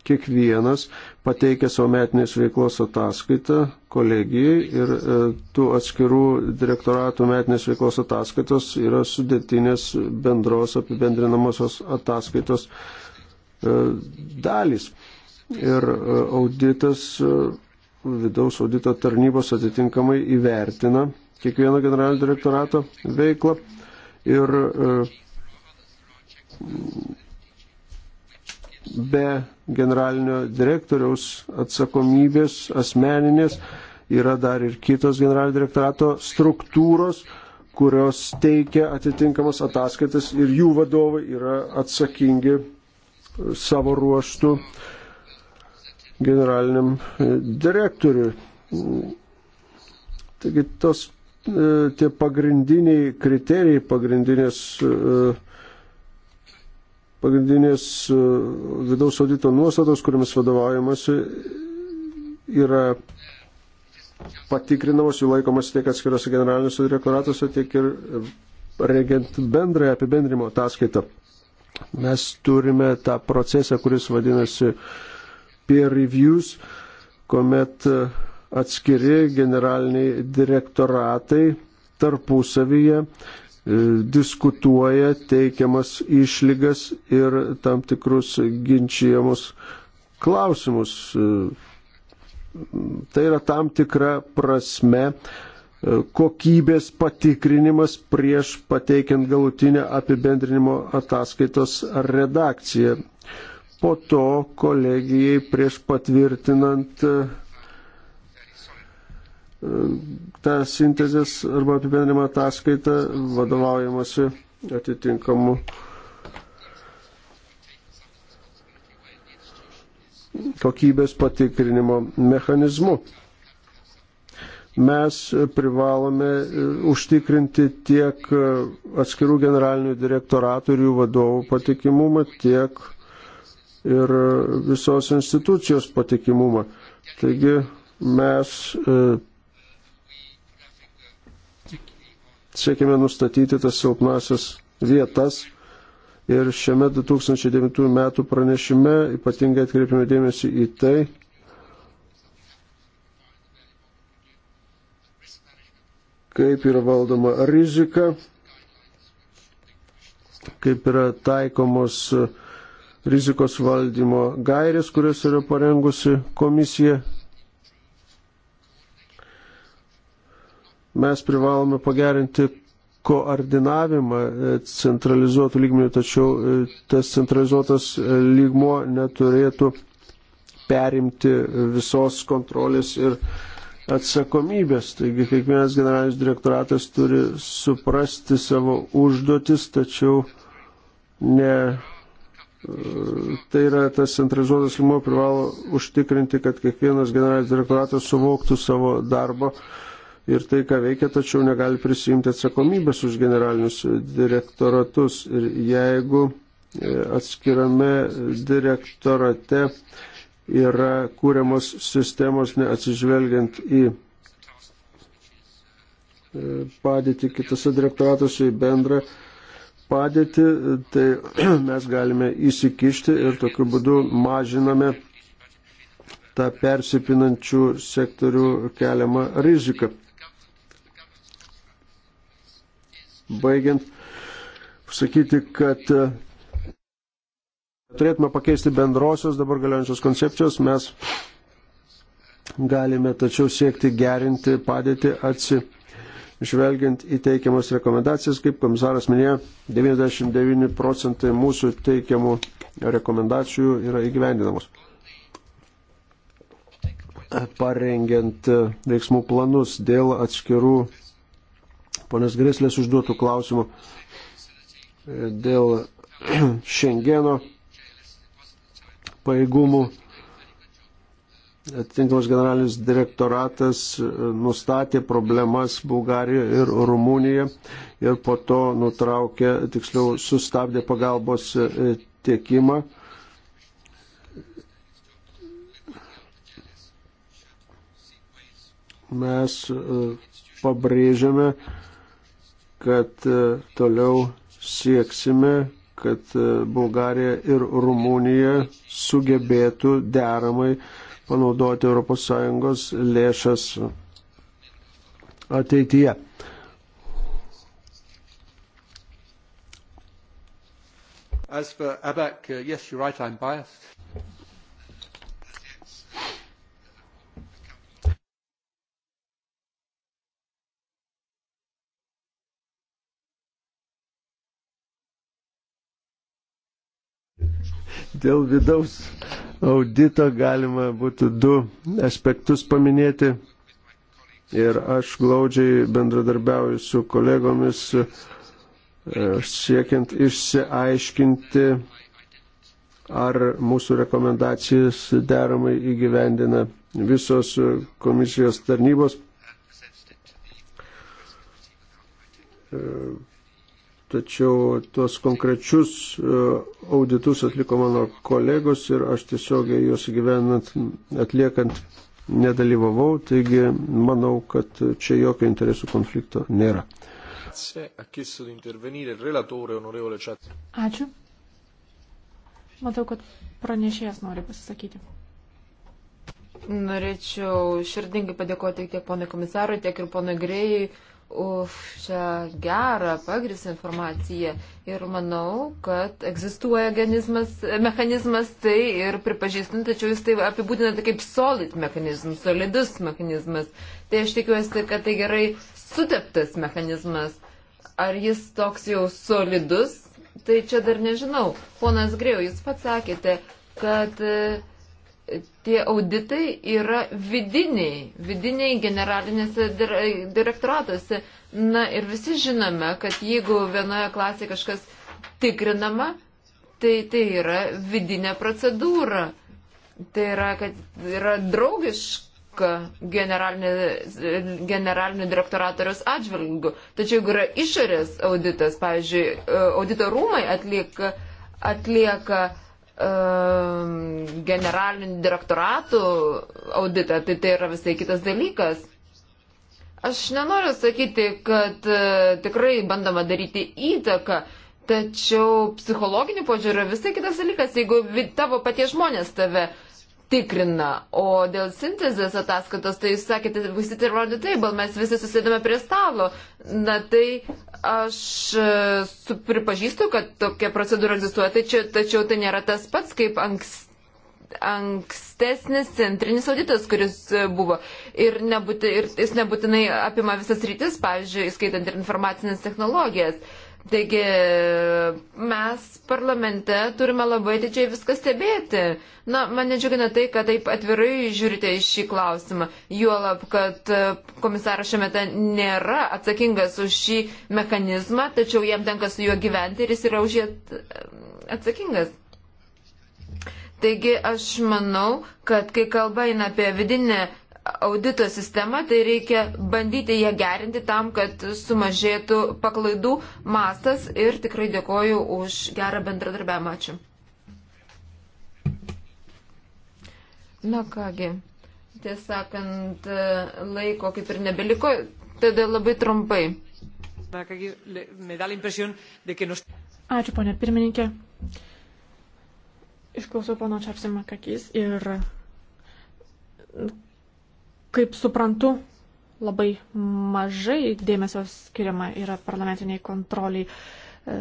kiekvienas pateikia savo metinės veiklos ataskaitą kolegijai ir e, tų atskirų direktoratų metinės veiklos ataskaitos yra sudėtinės bendros apibendrinamosios ataskaitos e, dalys. Ir e, auditas, vidaus audito tarnybos atitinkamai įvertina kiekvieno generalinio direktorato veiklą ir e, be generalinio direktoriaus atsakomybės asmeninės yra dar ir kitos generalinio direktorato struktūros, kurios teikia atitinkamas ataskaitas ir jų vadovai yra atsakingi savo ruoštų generaliniam e, direktoriui. Taigi tos E, tie pagrindiniai kriterijai, pagrindinės, e, pagrindinės e, vidaus audito nuostatos, kuriamis vadovaujamasi, yra patikrinamos, jų laikomas tiek atskirose generaliniuose direktoratuose, tiek ir rengiant bendrąją apibendrimo ataskaitą. Mes turime tą procesą, kuris vadinasi peer reviews, kuomet uh, atskiri generaliniai direktoratai tarpusavyje e, diskutuoja teikiamas išlygas ir tam tikrus ginčiamus klausimus. E, tai yra tam tikra prasme e, kokybės patikrinimas prieš pateikiant galutinę apibendrinimo ataskaitos redakciją. Po to kolegijai prieš patvirtinant tą sintezės arba apibendrimą ataskaitą vadovaujamasi atitinkamu kokybės patikrinimo mechanizmu. Mes privalome e, užtikrinti tiek e, atskirų generalinių direktoratų ir jų vadovų patikimumą, tiek ir e, visos institucijos patikimumą. Taigi mes siekime nustatyti tas silpnasias vietas. Ir šiame 2009 metų pranešime ypatingai atkreipime dėmesį į tai, kaip yra valdoma rizika, kaip yra taikomos rizikos valdymo gairės, kurias yra parengusi komisija Mes privalome pagerinti koordinavimą e, centralizuotų lygmenių, tačiau e, tas centralizuotas e, lygmo neturėtų perimti visos kontrolės ir atsakomybės. Taigi kiekvienas generalinis direktoratas turi suprasti savo užduotis, tačiau ne. Tai yra tas centralizuotas lygmo privalo užtikrinti, kad kiekvienas generalinis direktoratas suvoktų savo darbo ir tai, ką veikia, tačiau negali prisijimti atsakomybės už generalinius direktoratus. Ir jeigu e, atskirame direktorate yra kūriamos sistemos neatsižvelgiant į e, padėti kitose direktoratuose į bendrą padėtį, tai mes galime įsikišti ir tokiu būdu mažiname tą persipinančių sektorių keliamą riziką. baigiant, sakyti, kad e, turėtume pakeisti bendrosios dabar galiojančios koncepcijos, mes galime tačiau siekti gerinti padėtį atsi. Žvelgiant į teikiamas rekomendacijas, kaip komisaras minėjo, 99 procentai mūsų teikiamų rekomendacijų yra įgyvendinamos. Parengiant e, veiksmų planus dėl atskirų ponės Greslės užduotų klausimų e, dėl Šengeno paėgumų. Atitinkamas generalinis direktoratas e, nustatė problemas Bulgarijoje ir Rumunijoje ir po to nutraukė, tiksliau, sustabdė pagalbos e, tiekimą. Mes pabrėžiame, kad e, toliau sieksime, kad e, Bulgarija ir Rumunija sugebėtų deramai panaudoti ES lėšas ateityje. As for ABAC, uh, yes, you're right, I'm biased. Dėl vidaus audito galima būtų du aspektus paminėti. Ir aš glaudžiai bendradarbiauju su kolegomis e, siekiant išsiaiškinti, ar mūsų rekomendacijas deramai įgyvendina visos komisijos tarnybos e, tačiau tuos konkrečius e, auditus atliko mano kolegos ir aš tiesiog juos gyvenant atliekant nedalyvavau, taigi manau, kad čia jokio interesų konflikto nėra. Ačiū. Matau, kad pranešėjas nori pasisakyti. Norėčiau širdingai padėkoti tiek ponui komisarui, tiek ir ponui Grėjai už šią gerą pagrįstą informaciją ir manau, kad egzistuoja mechanizmas tai ir pripažįstant, tačiau jis tai apibūdinate tai kaip solid mechanizmas, solidus mechanizmas. Tai aš tikiuosi, kad tai gerai suteptas mechanizmas. Ar jis toks jau solidus, tai čia dar nežinau. Ponas Grėjau, jūs pats sakėte, kad uh, tie auditai yra vidiniai, vidiniai generalinėse direktoratuose. Na ir visi žinome, kad jeigu vienoje klasėje kažkas tikrinama, tai tai yra vidinė procedūra. Tai yra, kad yra draugiška generalinio direktoratoriaus atžvilgių. Tačiau jeigu yra išorės auditas, pavyzdžiui, e, audito rūmai atlieka, atlieka uh, Um, generalinių direktoratų auditą, tai tai yra visai kitas dalykas. Aš nenoriu sakyti, kad e, tikrai bandoma daryti įtaką, tačiau psichologinių požiūrių visai kitas dalykas, jeigu tavo paties žmonės tave tikrina. O dėl sintezės ataskaitos, tai jūs sakėte, visi tai rodo taip, mes visi susėdame prie stalo. Na tai aš e, pripažįstu, kad tokia procedūra egzistuoja, tačiau, tačiau tai nėra tas pats kaip anksti ankstesnis centrinis auditas, kuris e, buvo. Ir, nebūti, ir jis nebūtinai apima visas rytis, pavyzdžiui, skaitant ir informacinės technologijas. Uh, Taigi mes parlamente turime labai didžiai viską stebėti. Na, mane džiugina tai, kad taip atvirai žiūrite į šį klausimą. Juolab, kad e, komisaras šiame ten nėra atsakingas už šį mechanizmą, tačiau jam tenka su juo gyventi ir jis yra už jį atsakingas. Taigi aš manau, kad kai kalba eina apie vidinę audito sistemą, tai reikia bandyti ją gerinti tam, kad sumažėtų paklaidų mastas ir tikrai dėkoju už gerą bendradarbiavimą. Ačiū. Na kągi, tiesąkant, laiko kaip ir nebeliko, tada labai trumpai. Ačiū, ponė pirmininkė. Išklausiau pono Čapsimą Kakys ir Kaip suprantu, labai mažai dėmesio skiriama yra parlamentiniai kontroliai. E,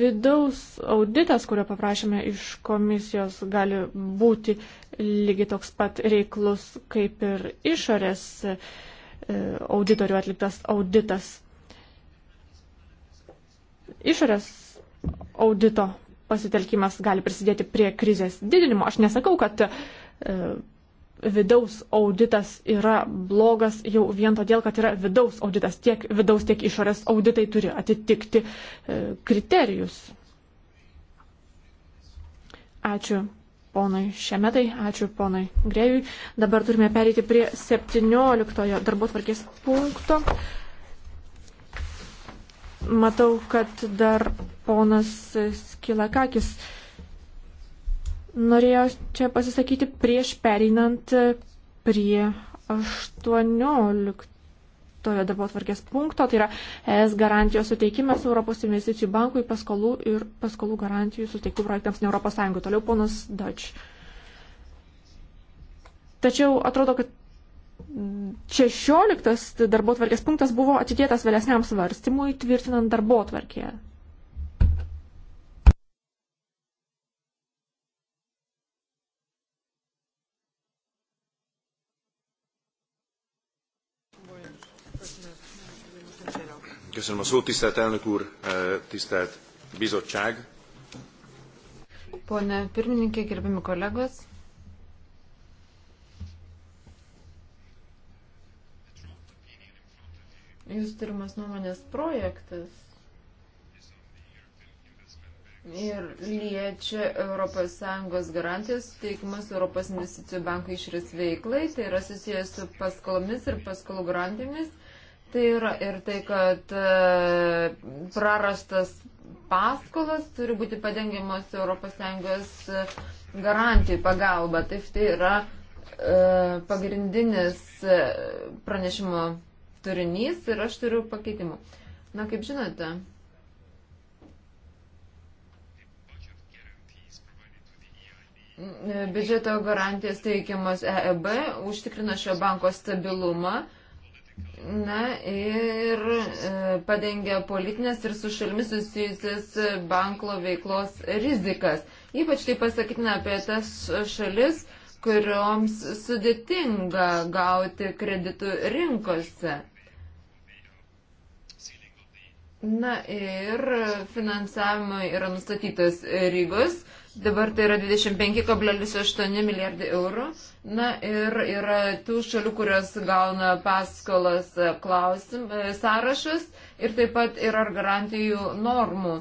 vidaus auditas, kurio paprašėme iš komisijos, gali būti lygiai toks pat reiklus kaip ir išorės e, auditorių atliktas auditas. Išorės audito pasitelkimas gali prisidėti prie krizės didinimo. Aš nesakau, kad e, vidaus auditas yra blogas jau vien todėl, kad yra vidaus auditas. Tiek vidaus, tiek išorės auditai turi atitikti e, kriterijus. Ačiū ponai Šemetai, ačiū ponai Grėjui. Dabar turime pereiti prie 17 darbo tvarkės punkto. Matau, kad dar ponas Skilakakis norėjo čia pasisakyti prieš pereinant prie 18 darbo tvarkės punkto, tai yra ES garantijos suteikimas Europos investicijų bankui paskolų ir paskolų garantijų suteiktų projektams ne Europos Sąjungoje. Toliau ponas Dač. Tačiau atrodo, kad 16 darbo tvarkės punktas buvo atidėtas vėlesniam svarstymui, tvirtinant darbo tvarkėje Köszönöm a szót, tisztelt elnök úr, eh, tisztelt bizottság. Pone pirmininkė, gerbimi kolegos. Jūs turimas nuomonės projektas ir liečia ES garantijos teikimas ES investicijų banko išrės veiklai, tai yra susijęs su paskolomis ir paskolų garantijomis Tai yra ir tai, kad e, prarastas paskolas turi būti padengiamas ES garantijų pagalba. Taip tai yra e, pagrindinis e, pranešimo turinys ir aš turiu pakeitimų. Na, kaip žinote, biudžeto garantijas teikiamas EEB užtikrina šio banko stabilumą Na ir e, padengia politinės ir su šalmi susijusias banko veiklos rizikas. Ypač tai pasakytina apie tas šalis, kurioms sudėtinga gauti kreditų rinkose. Na ir finansavimui yra nustatytas rygos, dabar tai yra 25,8 milijardai eurų Na ir yra tų šalių, kurios gauna paskolas e, klausim, e, sąrašas ir taip pat yra garantijų normų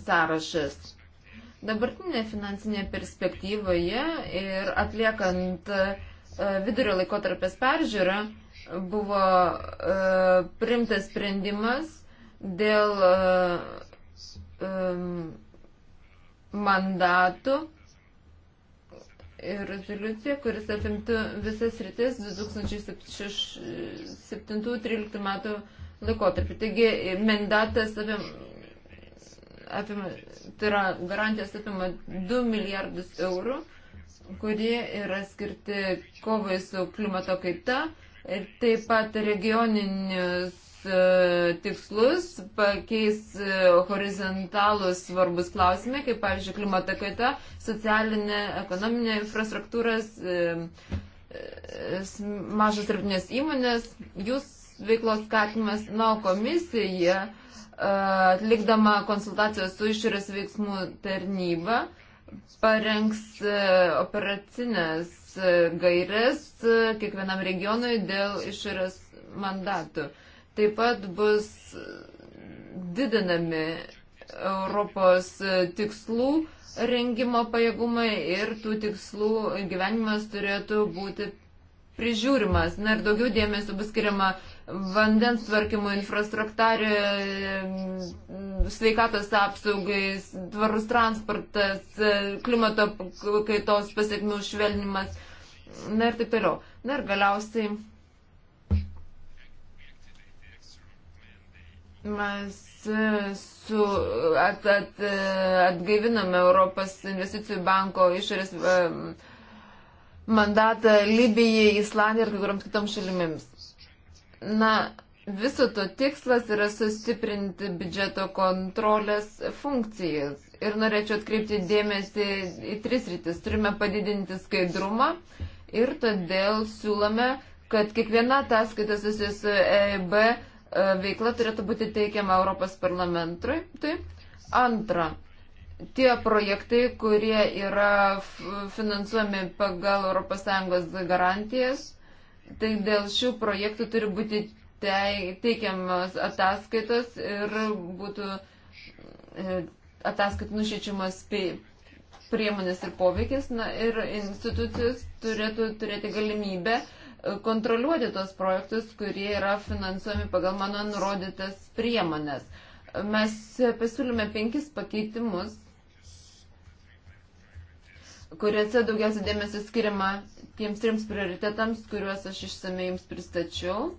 sąrašas. Dabartinė finansinė perspektyvoje ir atliekant e, vidurio laikotarpės peržiūrą buvo primtas sprendimas dėl mandatų rezoliuciją, kuris apimtų visas rytis 2007-2013 metų laikotarpį. Taigi mandatas apima, apima, tai yra garantijos apima 2 milijardus eurų, kurie yra skirti kovai su klimato kaita ir taip pat regioninius E, tikslus, pakeis e, horizontalus svarbus klausimai, kaip pavyzdžiui klimato kaita, socialinė, ekonominė infrastruktūras, e, mažos tarptinės įmonės, jūs veiklos skatimas, na, komisija, atlikdama konsultacijos su išorės veiksmų tarnyba, parengs operacinės gairias kiekvienam regionui dėl išorės mandatų. Uh, taip pat bus didinami Europos tikslų rengimo pajėgumai ir tų tikslų gyvenimas turėtų būti prižiūrimas. Na ir daugiau dėmesio bus skiriama vandens tvarkymo infrastruktūrai, sveikatos apsaugai, tvarus transportas, klimato kaitos pasiekmių švelnimas. Na ir taip toliau. Na ir galiausiai Mes su, at, at, atgaiviname Europos investicijų banko išorės mandatą Libijai, Islandijai ir kai kuriams kitoms šalimims. Na, viso to tikslas yra sustiprinti biudžeto kontrolės funkcijas. Ir norėčiau atkreipti dėmesį į tris rytis. Turime padidinti skaidrumą ir todėl siūlome, kad kiekviena ataskaita susijusi su EIB E, veikla turėtų būti teikiama Europos parlamentui. Antra, tie projektai, kurie yra finansuojami pagal ES garantijas, tai dėl šių projektų turi būti teikiamas ataskaitos ir būtų e, ataskaitų nušyčiamas priemonės ir poveikis. Na ir institucijos turėtų turėti galimybę uh, kontroliuoti tos projektus, kurie yra finansuojami pagal mano nurodytas priemonės. Mes pasiūlėme penkis pakeitimus, kuriuose daugiausia dėmesio skiriama tiems trims prioritetams, kuriuos aš išsamei jums pristačiau.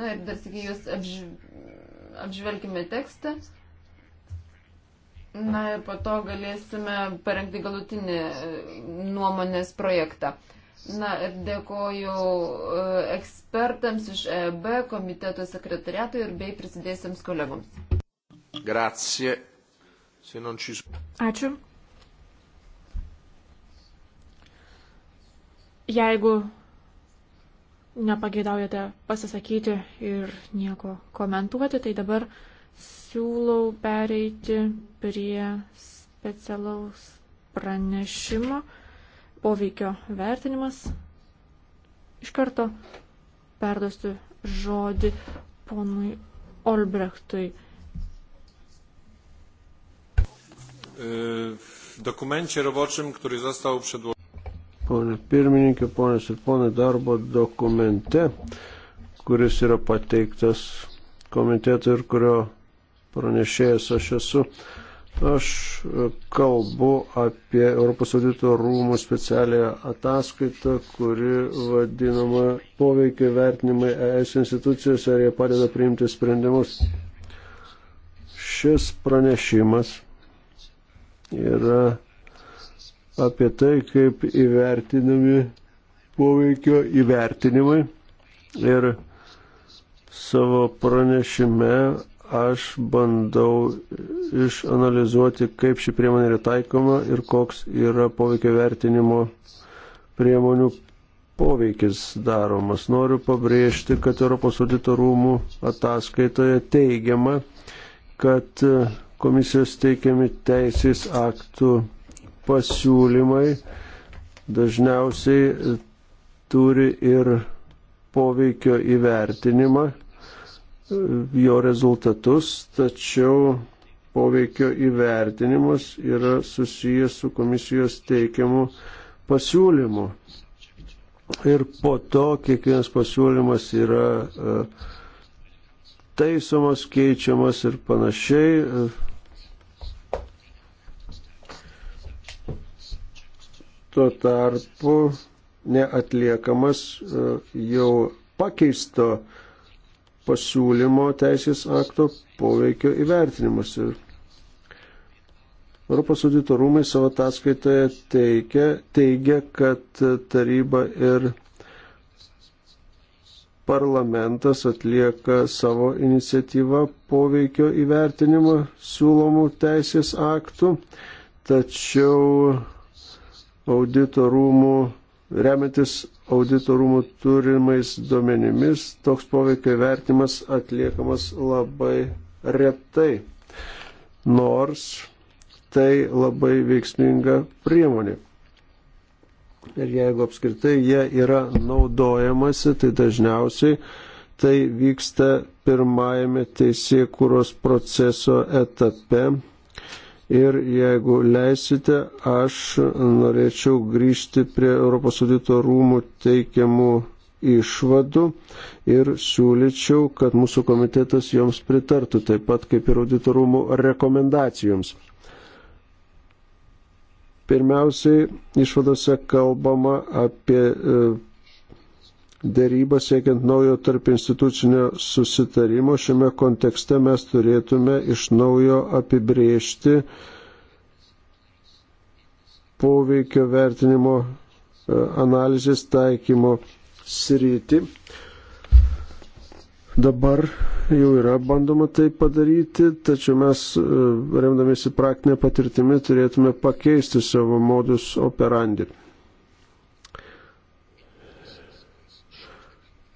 Na ir dar sakai, jūs apž... apžvelgime tekstą. Na ir po to galėsime parengti galutinį e, nuomonės projektą. Na ir dėkoju e, ekspertams iš EB, komiteto sekretariato ir bei prisidėjusiems kolegoms. Grazie. Ci... Ačiū. Jeigu nepageidaujate pasisakyti ir nieko komentuoti, tai dabar siūlau pereiti prie specialaus pranešimo poveikio vertinimas. Iš karto perduosiu žodį ponui Olbrechtui. E, w dokumencie roboczym, który został przedłożony. Pone pirmininkė, ponės ir ponai, darbo dokumente, kuris yra pateiktas komitetui ir kurio pranešėjas aš esu, Aš e, kalbu apie Europos audito rūmų specialią ataskaitą, kuri vadinama poveikiai vertinimai ES institucijose, ar jie padeda priimti sprendimus. Šis pranešimas yra apie tai, kaip įvertinami poveikio įvertinimai ir savo pranešime aš bandau išanalizuoti, kaip ši priemonė yra taikoma ir koks yra poveikio vertinimo priemonių poveikis daromas. Noriu pabrėžti, kad Europos audito rūmų ataskaitoje teigiama, kad komisijos teikiami teisės aktų pasiūlymai dažniausiai turi ir poveikio įvertinimą jo rezultatus, tačiau poveikio įvertinimas yra susijęs su komisijos teikiamu pasiūlymu. Ir po to kiekvienas pasiūlymas yra e, taisomas, keičiamas ir panašiai. E, tuo tarpu neatliekamas e, jau pakeisto uh, pasiūlymo teisės akto poveikio įvertinimas. Ir Europos audito rūmai savo ataskaitoje teikia, teigia, kad taryba ir parlamentas atlieka savo iniciatyvą poveikio įvertinimą siūlomų teisės aktų, tačiau audito rūmų Remiantis auditorumų turimais duomenimis, toks poveikio vertimas atliekamas labai retai, nors tai labai veiksminga priemonė. Ir jeigu apskritai jie yra naudojamasi, tai dažniausiai tai vyksta pirmajame teisėkūros proceso etape, Ir jeigu leisite, aš norėčiau grįžti prie Europos audito rūmų teikiamų išvadų ir siūlyčiau, kad mūsų komitetas joms pritartų, taip pat kaip ir audito rūmų rekomendacijoms. Pirmiausiai, išvadose kalbama apie e, dėrybą siekiant naujo tarp institucinio susitarimo. Šiame kontekste mes turėtume iš naujo apibriežti poveikio vertinimo e, analizės taikymo sritį. Dabar jau yra bandoma tai padaryti, tačiau mes, e, remdamėsi praktinę patirtimį, turėtume pakeisti savo modus operandi.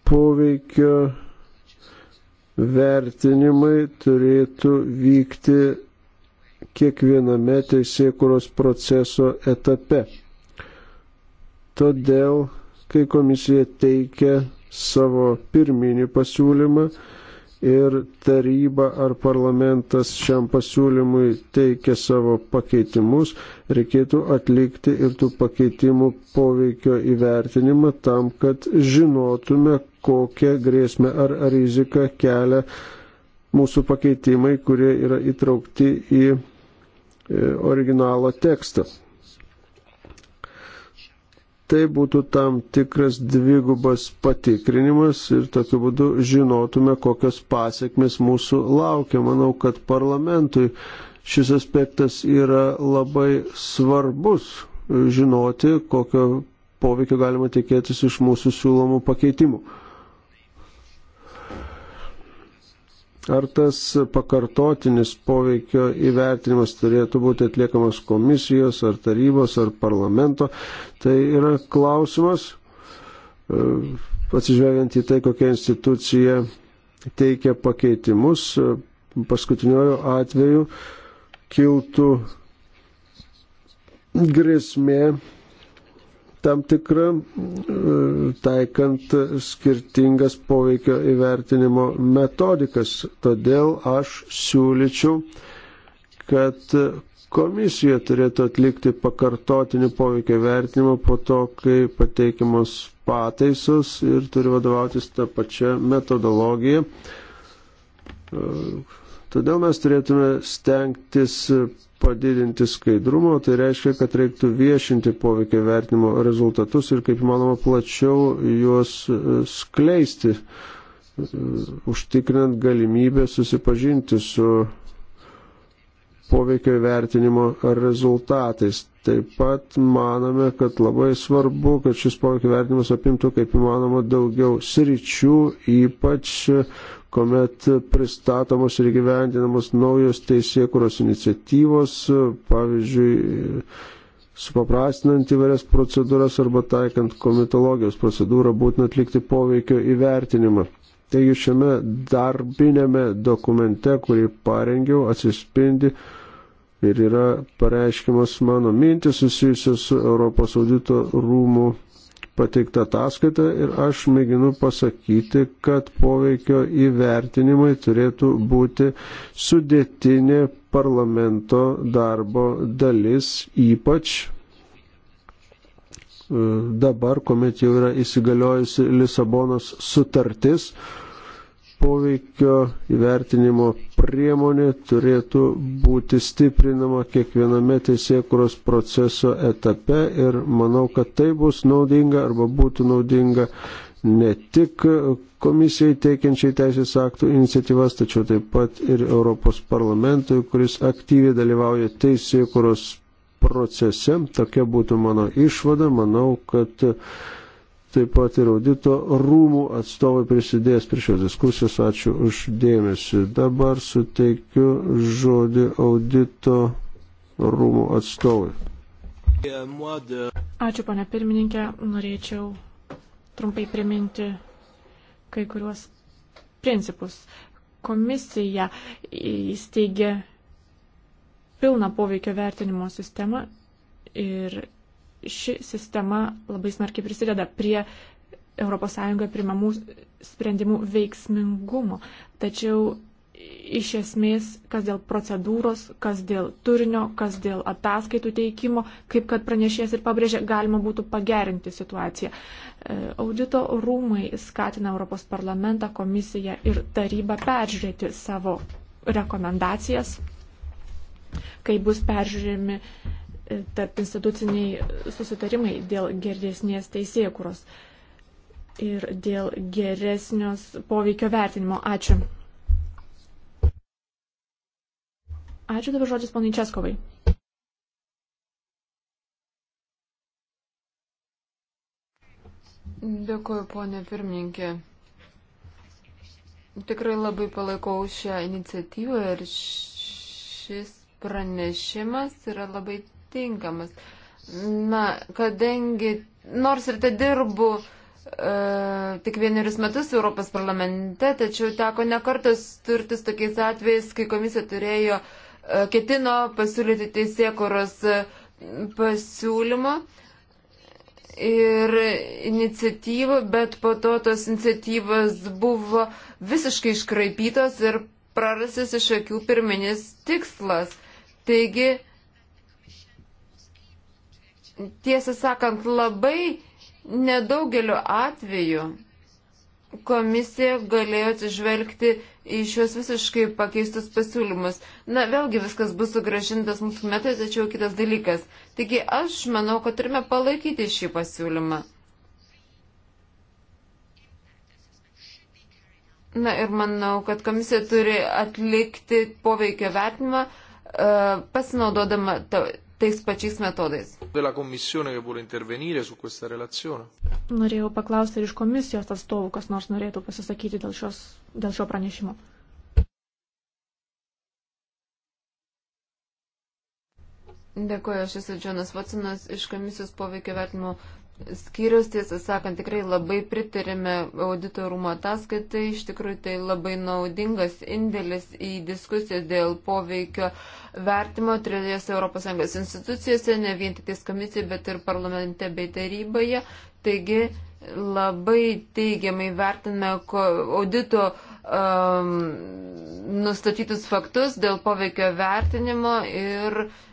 poveikio vertinimai turėtų vykti kiekviename teisėkuros proceso etape. Todėl, kai komisija teikia savo pirminį pasiūlymą ir taryba ar parlamentas šiam pasiūlymui teikia savo pakeitimus, reikėtų atlikti ir tų pakeitimų poveikio įvertinimą tam, kad žinotume, kokią grėsmę ar riziką kelia mūsų pakeitimai, kurie yra įtraukti į e, originalo tekstą. Tai būtų tam tikras dvigubas patikrinimas ir tokiu būdu žinotume, kokios pasiekmes mūsų laukia. Manau, kad parlamentui šis aspektas yra labai svarbus e, žinoti, kokio poveikio galima tikėtis iš mūsų siūlomų pakeitimų. Ar tas pakartotinis poveikio įvertinimas turėtų būti atliekamas komisijos, ar tarybos, ar parlamento? Tai yra klausimas, e, atsižvelgiant į tai, kokia institucija teikia pakeitimus, e, paskutiniojų atveju kiltų grėsmė tam tikrą, e, taikant skirtingas poveikio įvertinimo metodikas. Todėl aš siūlyčiau, kad komisija turėtų atlikti pakartotinį poveikio vertinimą po to, kai pateikiamos pataisos ir turi vadovautis tą pačią metodologiją. E, todėl mes turėtume stengtis padidinti skaidrumą, tai reiškia, kad reiktų viešinti poveikio vertinimo rezultatus ir kaip manoma plačiau juos e, skleisti, e, užtikrinant galimybę susipažinti su poveikio vertinimo rezultatais. Taip pat manome, kad labai svarbu, kad šis poveikio vertinimas apimtų kaip įmanoma daugiau sričių, ypač kuomet pristatomos ir gyvendinamos naujos teisėkuros iniciatyvos, pavyzdžiui, supaprastinant įvairias procedūras arba taikant komitologijos procedūrą, būtina atlikti poveikio įvertinimą. Taigi šiame darbinėme dokumente, kurį parengiau, atsispindi ir yra pareiškimas mano mintis susijusios su Europos audito rūmų pateiktą ataskaitą ir aš mėginu pasakyti, kad poveikio įvertinimai turėtų būti sudėtinė parlamento darbo dalis, ypač e, dabar, kuomet jau yra įsigaliojusi Lisabonos sutartis, poveikio įvertinimo priemonė turėtų būti stiprinama kiekviename teisėkuros proceso etape ir manau, kad tai bus naudinga arba būtų naudinga ne tik komisijai teikiančiai teisės aktų iniciatyvas, tačiau taip pat ir Europos parlamentui, kuris aktyviai dalyvauja teisėkuros procese. Tokia būtų mano išvada. Manau, kad taip pat ir audito rūmų atstovai prisidės prie šios diskusijos. Ačiū už dėmesį. Dabar suteikiu žodį audito rūmų atstovui. Ačiū, ponia pirmininkė. Norėčiau trumpai priminti kai kuriuos principus. Komisija įsteigė pilną poveikio vertinimo sistemą ir ši sistema labai smarkiai prisideda prie ES primamų sprendimų veiksmingumo. Tačiau iš esmės, kas dėl procedūros, kas dėl turinio, kas dėl ataskaitų teikimo, kaip kad pranešėjas ir pabrėžė, galima būtų pagerinti situaciją. E, audito rūmai skatina Europos parlamentą, komisiją ir tarybą peržiūrėti savo rekomendacijas, kai bus peržiūrimi tarp instituciniai susitarimai dėl geresnės teisėkuros ir dėl geresnios poveikio vertinimo. Ačiū. Ačiū dabar žodis ponai Českovai. Dėkuoju, ponė pirmininkė. Tikrai labai palaikau šią iniciatyvą ir šis pranešimas yra labai tinkamas. Na, kadangi nors ir te dirbu e, tik vienerius metus Europos parlamente, tačiau teko nekartas turtis tokiais atvejais, kai komisija turėjo, e, ketino pasiūlyti teisėkuros e, pasiūlymą ir iniciatyvą, bet po to tos iniciatyvas buvo visiškai iškraipytos ir prarasis iš akių pirminis tikslas. Taigi tiesą sakant, labai nedaugeliu atveju komisija galėjo atsižvelgti į šios visiškai pakeistus pasiūlymus. Na, vėlgi viskas bus sugražintas mūsų metai, tačiau kitas dalykas. Taigi aš manau, kad turime palaikyti šį pasiūlymą. Na ir manau, kad komisija turi atlikti poveikio vertinimą, e, pasinaudodama tais pačiais metodais. Norėjau paklausti, ar iš komisijos atstovų kas nors norėtų pasisakyti dėl, šios, dėl šio pranešimo. Dėkuoju, aš esu Džonas Vatsonas iš komisijos poveikio vertinimo skyrius, tiesą sakant, tikrai labai pritarėme audito rūmo ataskaitai. Iš tikrųjų, tai labai naudingas indėlis į diskusijas dėl poveikio vertimo trijose ES institucijose, ne vien tik tais komisija, bet ir parlamente bei taryboje. Taigi labai teigiamai vertiname audito um, nustatytus faktus dėl poveikio vertinimo ir uh,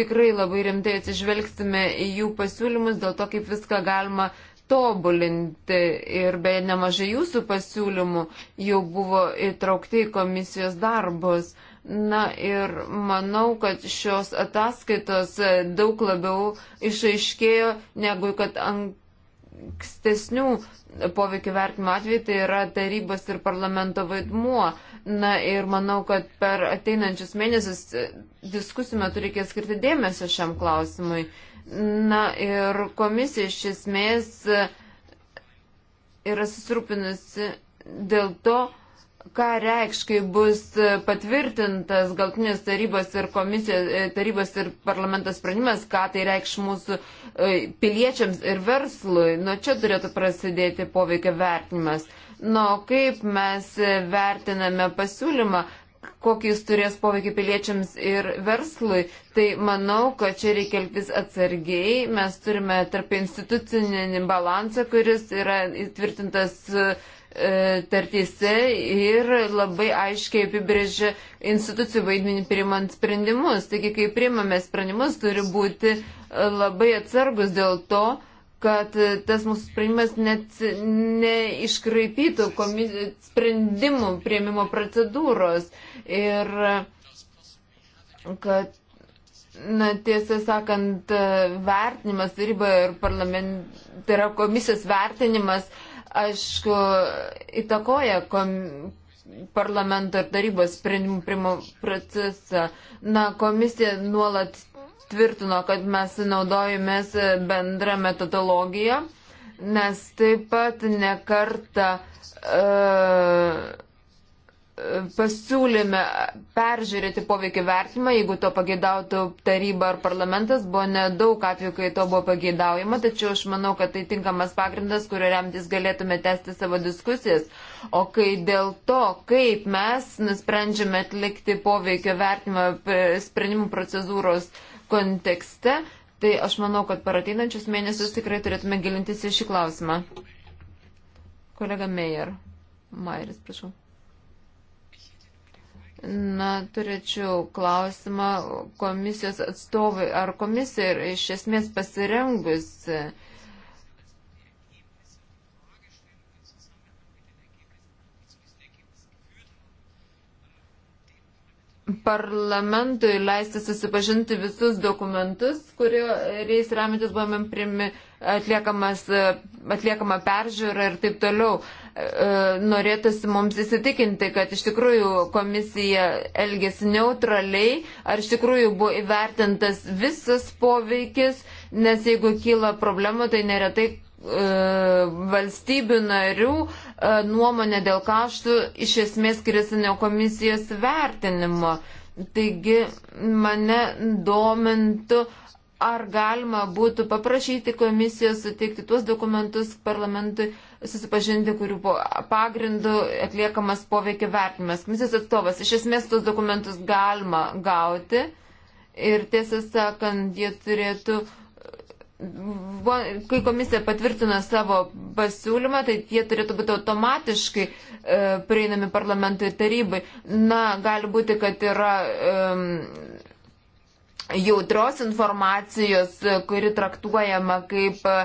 tikrai labai rimtai atsižvelgsime į jų pasiūlymus dėl to, kaip viską galima tobulinti. Ir beje, nemažai jūsų pasiūlymų jau buvo įtraukti į komisijos darbus. Na ir manau, kad šios ataskaitos daug labiau išaiškėjo, negu kad anksčiau ankstesnių poveikių vertinimo atveju, tai yra tarybos ir parlamento vaidmuo. Na ir manau, kad per ateinančius mėnesius e, diskusijų metu reikės skirti dėmesio šiam klausimui. Na ir komisija iš esmės e, yra susirūpinusi dėl to, ką reikš, kai bus patvirtintas galtinis tarybos ir komisijos, e, tarybos ir parlamentos sprendimas, ką tai reikš mūsų e, piliečiams ir verslui. Nuo čia turėtų prasidėti poveikio vertinimas. Nuo kaip mes vertiname pasiūlymą, kokį jis turės poveikį piliečiams ir verslui, tai manau, kad čia reikia elgtis atsargiai. Mes turime tarp institucinį balansą, kuris yra įtvirtintas uh, E, tartyse ir labai aiškiai apibrėžia institucijų vaidmenį priimant sprendimus. Taigi, kai priimame sprendimus, turi būti e, labai atsargus dėl to, kad e, tas mūsų sprendimas net neiškraipytų sprendimų prieimimo procedūros ir kad, na, tiesą sakant, vertinimas taryboje ir parlamente, tai yra komisijos vertinimas uh, aišku, įtakoja kom, parlamento ir tarybos sprendimų primo procesą. Na, komisija nuolat tvirtino, kad mes naudojomės bendrą metodologiją, nes taip pat nekarta. Uh, e, pasiūlyme peržiūrėti poveikį vertimą, jeigu to pageidautų taryba ar parlamentas, buvo nedaug atvejų, kai to buvo pageidaujama, tačiau aš manau, kad tai tinkamas pagrindas, kurio remtis galėtume tęsti savo diskusijas. O kai dėl to, kaip mes nusprendžiame atlikti poveikio vertimą e, sprendimų procedūros kontekste, tai aš manau, kad per ateinančius mėnesius tikrai turėtume gilintis į šį klausimą. Kolega Meijer. Mairis, prašau. Na, turėčiau klausimą komisijos atstovai. Ar komisija yra iš esmės pasirengusi? parlamentui leisti susipažinti visus dokumentus, kuriais remintis buvome primi atliekama peržiūra ir taip toliau. E, e, norėtųsi mums įsitikinti, kad iš tikrųjų komisija elgėsi neutraliai, ar iš tikrųjų buvo įvertintas visas poveikis, nes jeigu kyla problemų, tai neretai E, valstybių narių e, nuomonė dėl kaštų iš esmės skiriasi ne komisijos vertinimo. Taigi mane domintų, ar galima būtų paprašyti komisijos suteikti tuos dokumentus parlamentui susipažinti, kurių pagrindų atliekamas poveikio vertinimas. Komisijos atstovas, iš esmės tuos dokumentus galima gauti ir tiesą sakant, jie turėtų uh, kai komisija patvirtina savo pasiūlymą, tai jie turėtų būti automatiškai e, prieinami parlamentui ir tarybai. Na, gali būti, kad yra e, jautros informacijos, kuri traktuojama kaip e,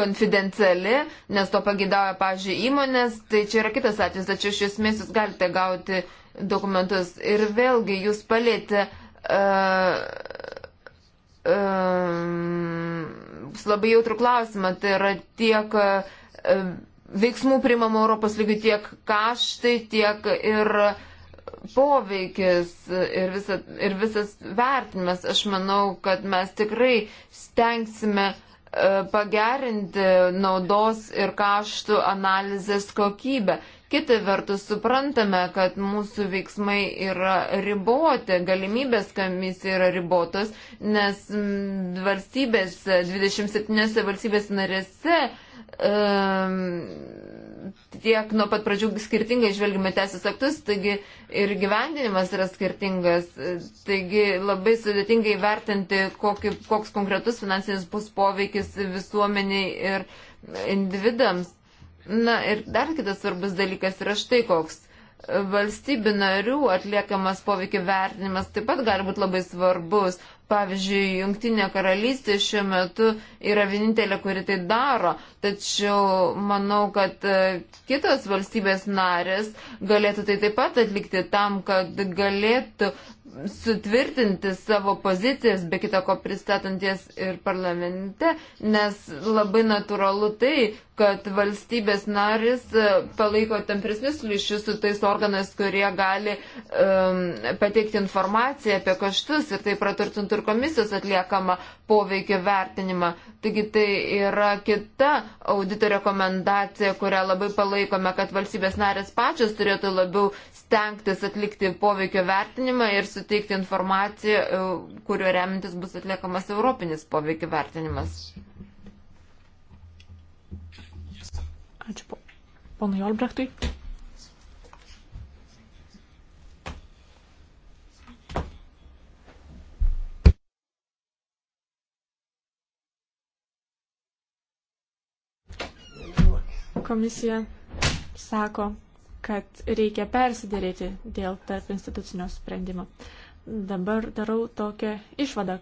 konfidenciali, nes to pagidauja, pažiūrėjau, įmonės, tai čia yra kitas atvejis, tačiau iš esmės jūs galite gauti dokumentus. Ir vėlgi jūs palėtė. Uh, e, um, labai jautrų klausimą. Tai yra tiek um, veiksmų primama Europos lygių, tiek kaštai, tiek ir poveikis ir, visa, ir visas vertinimas. Aš manau, kad mes tikrai stengsime e, pagerinti naudos ir kaštų analizės kokybę. Kita vertus, suprantame, kad mūsų veiksmai yra riboti, galimybės komisija yra ribotos, nes mm, valstybės, 27 valstybės narėse tiek nuo pat pradžių skirtingai žvelgime teisės aktus, taigi ir gyvendinimas yra skirtingas, taigi labai sudėtingai vertinti, kokį, koks konkretus finansinis bus poveikis visuomeniai ir individams. Na ir dar kitas svarbus dalykas yra štai koks. Valstybių narių atliekamas poveikio vertinimas taip pat gali būti labai svarbus. Pavyzdžiui, Junktinė karalystė šiuo metu yra vienintelė, kuri tai daro, tačiau manau, kad e, kitos valstybės narės galėtų tai taip pat atlikti tam, kad galėtų sutvirtinti savo pozicijas, be kita ko pristatanties ir parlamente, nes labai natūralu tai, kad valstybės naris e, palaiko tampresnius ryšius su tais organais, kurie gali um, pateikti informaciją apie kaštus ir tai praturtintų ir komisijos atliekamą poveikio vertinimą. Taigi tai yra kita audito rekomendacija, kurią labai palaikome, kad valstybės narės pačios turėtų labiau stengtis atlikti poveikio vertinimą ir suteikti informaciją, e, kurio remintis bus atliekamas europinis poveikio vertinimas. Ačiū ponui Olbrechtui. Komisija sako, kad reikia persidėrėti dėl tarp institucinio sprendimo. Dabar darau tokią išvadą.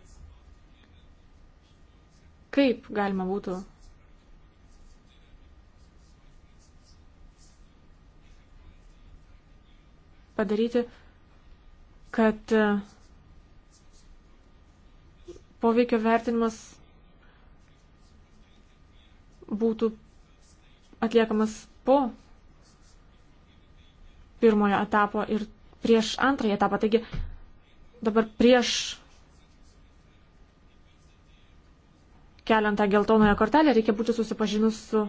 Kaip galima būtų padaryti, kad e, poveikio vertinimas būtų atliekamas po pirmojo etapo ir prieš antrąjį etapą. Taigi dabar prieš keliant tą geltonoją kortelę reikia būti susipažinus su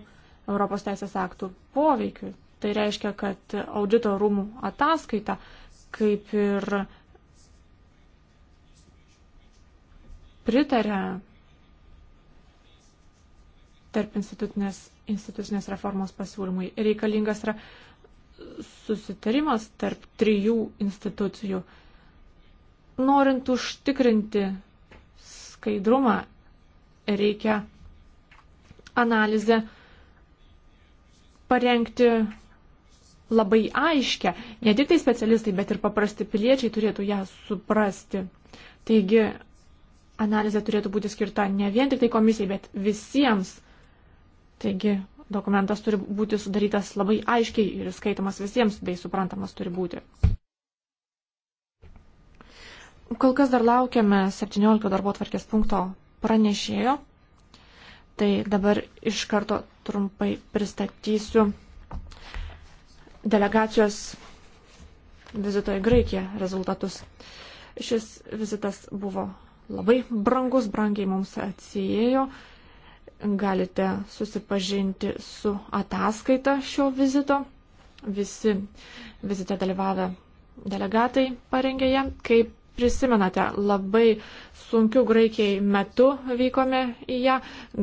Europos teisės aktų poveikiu. Tai reiškia, kad audito rūmų ataskaita, kaip ir pritarė tarp institucinės, institucinės reformos pasiūlymui, reikalingas yra susitarimas tarp trijų institucijų. Norint užtikrinti skaidrumą, reikia analizę parengti labai aiškę. Ne tik tai specialistai, bet ir paprasti piliečiai turėtų ją suprasti. Taigi, analizė turėtų būti skirta ne vien tik tai komisijai, bet visiems. Taigi, Dokumentas turi būti sudarytas labai aiškiai ir skaitamas visiems bei suprantamas turi būti. Kol kas dar laukiame 17 darbo tvarkės punkto pranešėjo. Tai dabar iš karto trumpai pristatysiu delegacijos vizito į Graikiją rezultatus. Šis vizitas buvo labai brangus, brangiai mums atsijėjo galite susipažinti su ataskaita šio vizito. Visi vizite dalyvavę delegatai parengė ją. Kaip prisimenate, labai sunkiu Graikijai metu vykome į ją.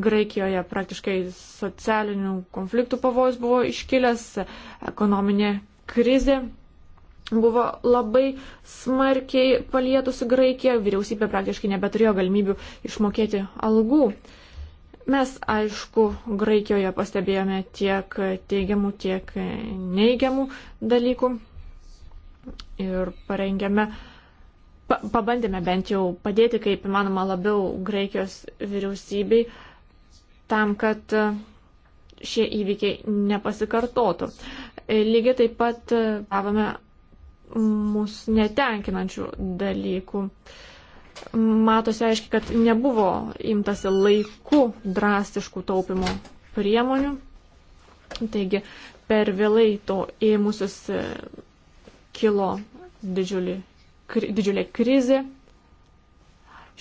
Graikijoje praktiškai socialinių konfliktų pavojus buvo iškilęs, ekonominė krizė buvo labai smarkiai palietusi Graikiją, vyriausybė praktiškai nebeturėjo galimybių išmokėti algų. Uh, Mes, aišku, Graikijoje pastebėjome tiek teigiamų, tiek neigiamų dalykų ir parengėme, pa, pabandėme bent jau padėti, kaip įmanoma, labiau Graikijos vyriausybei tam, kad šie įvykiai nepasikartotų. Lygiai taip pat gavome mus netenkinančių dalykų. Uh, matosi aiškiai, kad nebuvo imtasi laiku drastiškų taupimo priemonių. Taigi per vėlai to ėmusius e, kilo didžiulį, kri, didžiulė krizė.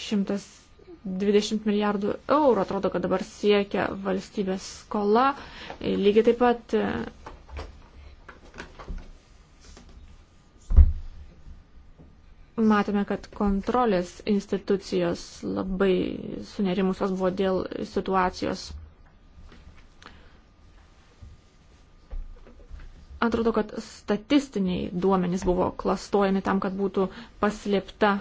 120 milijardų eurų atrodo, kad dabar siekia valstybės skola. E, lygiai taip pat e, Matome, kad kontrolės institucijos labai sunerimusios buvo dėl situacijos. Atrodo, kad statistiniai duomenys buvo klastojami tam, kad būtų, paslėpta,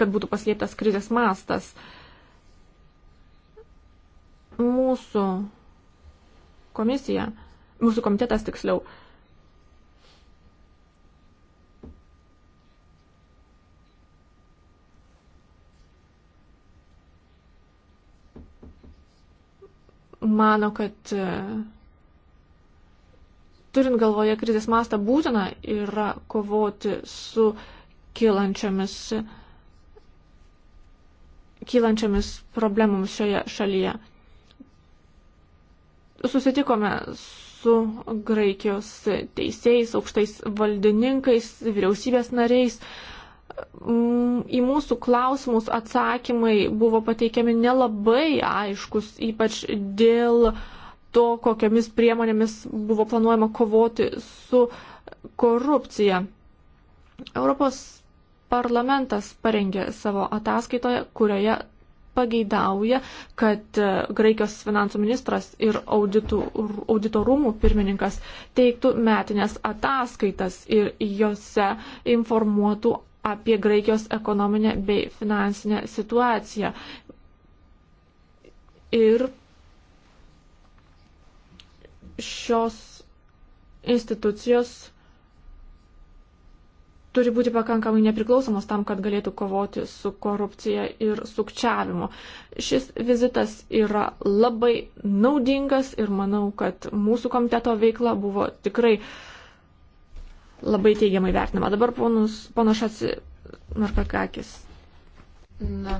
kad būtų paslėptas krizės mastas. Mūsų komisija, mūsų komitetas tiksliau, mano, kad e, turint galvoje krizės mastą būtina yra kovoti su kylančiamis, kylančiamis problemomis šioje šalyje. Susitikome su Graikijos teisėjais, aukštais valdininkais, vyriausybės nariais, uh, į mūsų klausimus atsakymai buvo pateikiami nelabai aiškus, ypač dėl to, kokiamis priemonėmis buvo planuojama kovoti su korupcija. Europos parlamentas parengė savo ataskaitoje, kurioje pageidauja, kad e, Graikijos finansų ministras ir auditų, auditorumų pirmininkas teiktų metinės ataskaitas ir jose informuotų apie Graikijos ekonominę bei finansinę situaciją. Ir šios institucijos turi būti pakankamai nepriklausomos tam, kad galėtų kovoti su korupcija ir sukčiavimu. Šis vizitas yra labai naudingas ir manau, kad mūsų komiteto veikla buvo tikrai uh, labai teigiamai vertinama. Dabar panašas Narkakakis. Na,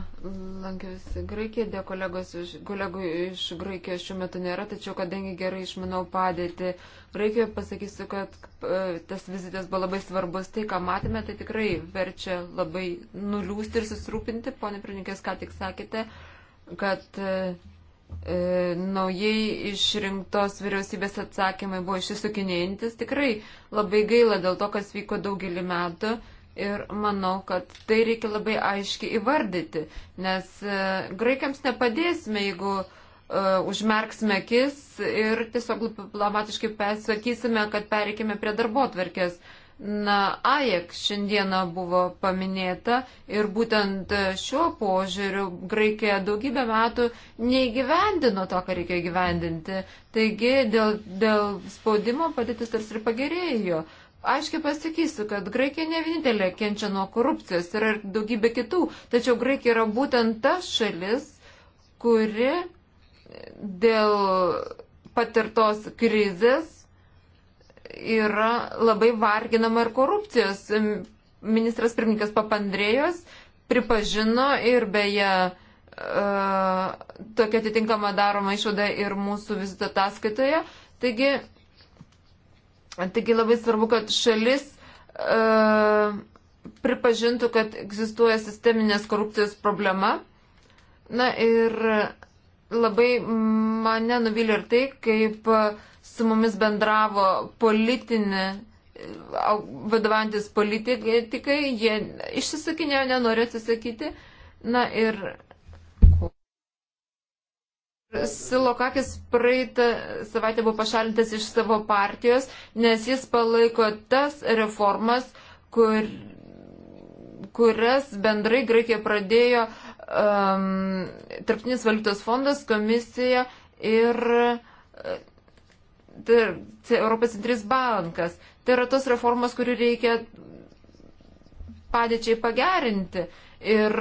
lankiausi Graikiją, dėl kolegos iš, kolegų iš Graikijos šiuo metu nėra, tačiau kadangi gerai išmanau padėti Graikijoje, pasakysiu, kad e, tas vizitas buvo labai svarbus. Tai, ką matėme, tai tikrai verčia labai nuliūsti ir susirūpinti. Pone Prininkės, ką tik sakėte, kad e, E, naujai išrinktos vyriausybės atsakymai buvo išsisukinėjantis. Tikrai labai gaila dėl to, kas vyko daugelį metų. Ir manau, kad tai reikia labai aiškiai įvardyti, nes e, graikiams nepadėsime, jeigu uh, užmerksime akis ir tiesiog diplomatiškai pasakysime, kad pereikime prie darbo tvarkės. Uh, Na, Ajek šiandieną buvo paminėta ir būtent šiuo požiūriu Graikija daugybę metų neįgyvendino to, ką reikėjo gyvendinti. Taigi dėl, dėl spaudimo padėtis tarsi ir pagerėjo. Aiškiai pasakysiu, kad Graikija ne vienintelė kenčia nuo korupcijos, yra ir daugybė kitų, tačiau Graikija yra būtent ta šalis, kuri dėl patirtos krizės yra labai varginama ir korupcijos. Ministras pirmininkas Papandrėjos pripažino ir beje e, tokia atitinkama daroma išvada ir mūsų vizito ataskaitoje. Taigi, taigi labai svarbu, kad šalis e, pripažintų, kad egzistuoja sisteminės korupcijos problema. Na ir labai mane nuvylė ir tai, kaip e, su mumis bendravo politinė, vadovantis politikai, jie išsisakinėjo, nenori atsisakyti. Na ir Silokakis praeitą savaitę buvo pašalintas iš savo partijos, nes jis palaiko tas reformas, kur, kurias bendrai Graikija pradėjo um, Tarptinis valiutos fondas, komisija ir Europos centrinis bankas. Tai yra tos reformos, kurių reikia padėčiai pagerinti. Ir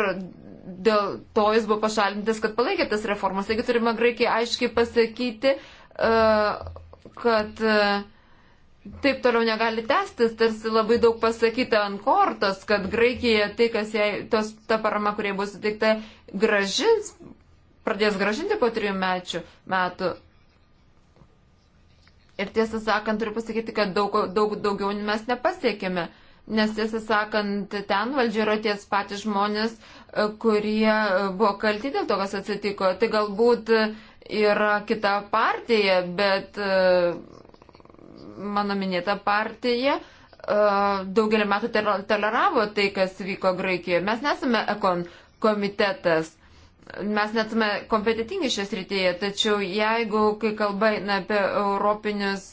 dėl to jis buvo pašalintas, kad palaikė tas reformas. Taigi turime graikiai aiškiai pasakyti, e, kad e, taip toliau negali tęstis, tarsi labai daug pasakyta ant kortos, kad Graikija tai, kas jai, tos, ta parama, kurie bus suteikta, gražins, pradės gražinti po trijų mečių, metų. Ir tiesą sakant, turiu pasakyti, kad daug, daug daugiau mes nepasiekėme, nes tiesą sakant, ten valdžia yra ties patys žmonės, e, kurie e, buvo kalti dėl to, kas atsitiko. Tai galbūt e, yra kita partija, bet mano minėta partija daugelį metų toleravo tai, kas vyko Graikijoje. Mes nesame ekon komitetas mes netume kompetitingi šios rytėje, tačiau jeigu, kai kalba eina apie europinius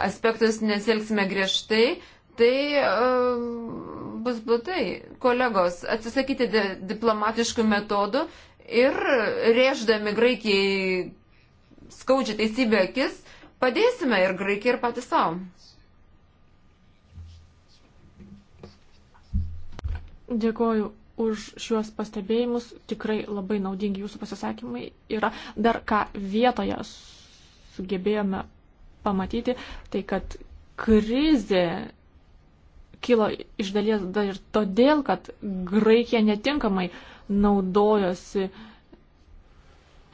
aspektus, nesielgsime griežtai, tai uh, bus blogai. Kolegos, atsisakyti di diplomatiškų metodų ir rėždami Graikijai skaudžią teisybę akis, padėsime ir Graikijai, ir patys savo. Dėkoju už šiuos pastebėjimus. Tikrai labai naudingi jūsų pasisakymai yra. Dar ką vietoje sugebėjome pamatyti, tai kad krizė kilo iš dalies dar ir todėl, kad Graikija netinkamai naudojosi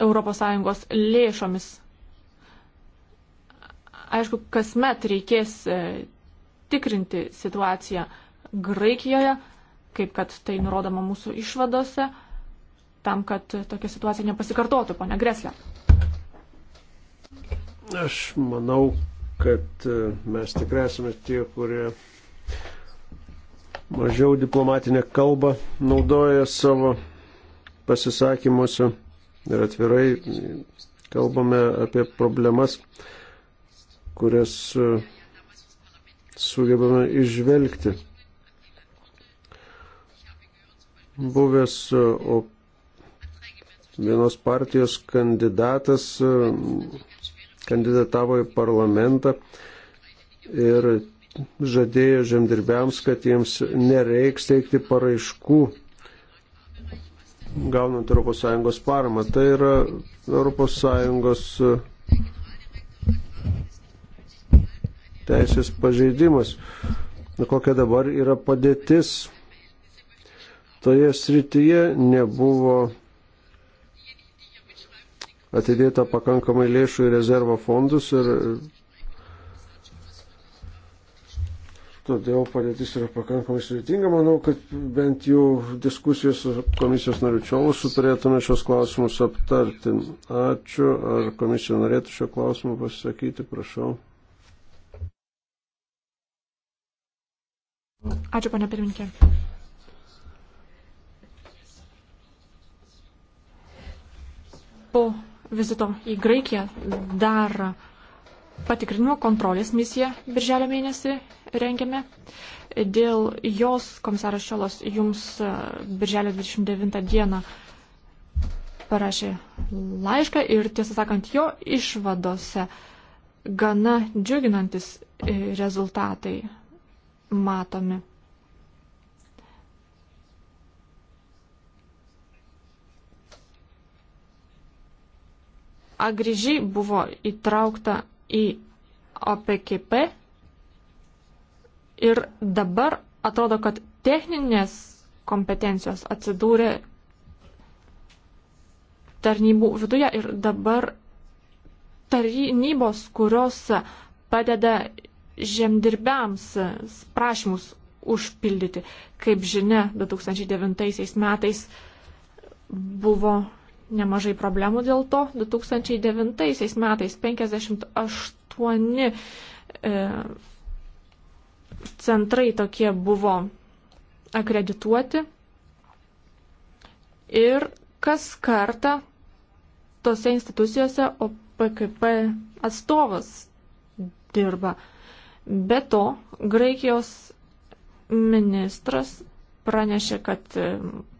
ES lėšomis. Aišku, kasmet reikės e, tikrinti situaciją Graikijoje, kaip kad tai nurodoma mūsų išvadose, tam, kad tokia situacija nepasikartotų, ponia Greslė. Aš manau, kad e, mes tikrai esame tie, kurie mažiau diplomatinę kalbą naudoja savo pasisakymuose ir atvirai kalbame apie problemas, kurias e, sugebame išvelgti. buvęs vienos partijos kandidatas kandidatavo į parlamentą ir žadėjo žemdirbiams, kad jiems nereiks teikti paraiškų gaunant ES paramą. Tai yra ES teisės pažeidimas. Kokia dabar yra padėtis toje srityje nebuvo atidėta pakankamai lėšų į rezervo fondus ir todėl padėtis yra pakankamai sudėtinga. Manau, kad bent jau diskusijos su komisijos nariu Čiolusu turėtume šios klausimus aptarti. Ačiū. Ar komisija norėtų šio klausimu pasisakyti, prašau. Ačiū, pane pirminkė. po vizito į Graikiją dar patikrinimo kontrolės misiją birželio mėnesį rengiame. Dėl jos komisaras Šiolas jums e, birželio 29 dieną parašė laišką ir tiesą sakant, jo išvadose gana džiuginantis e, rezultatai matomi. Agrižiai buvo įtraukta į OPKP ir dabar atrodo, kad techninės kompetencijos atsidūrė tarnybų viduje ir dabar tarnybos, kurios padeda žemdirbiams prašymus užpildyti. Kaip žinia, 2009 metais buvo nemažai problemų dėl to. 2009 metais 58 e, centrai tokie buvo akredituoti ir kas kartą tose institucijose OPKP atstovas dirba. Be to, Graikijos ministras pranešė, kad e,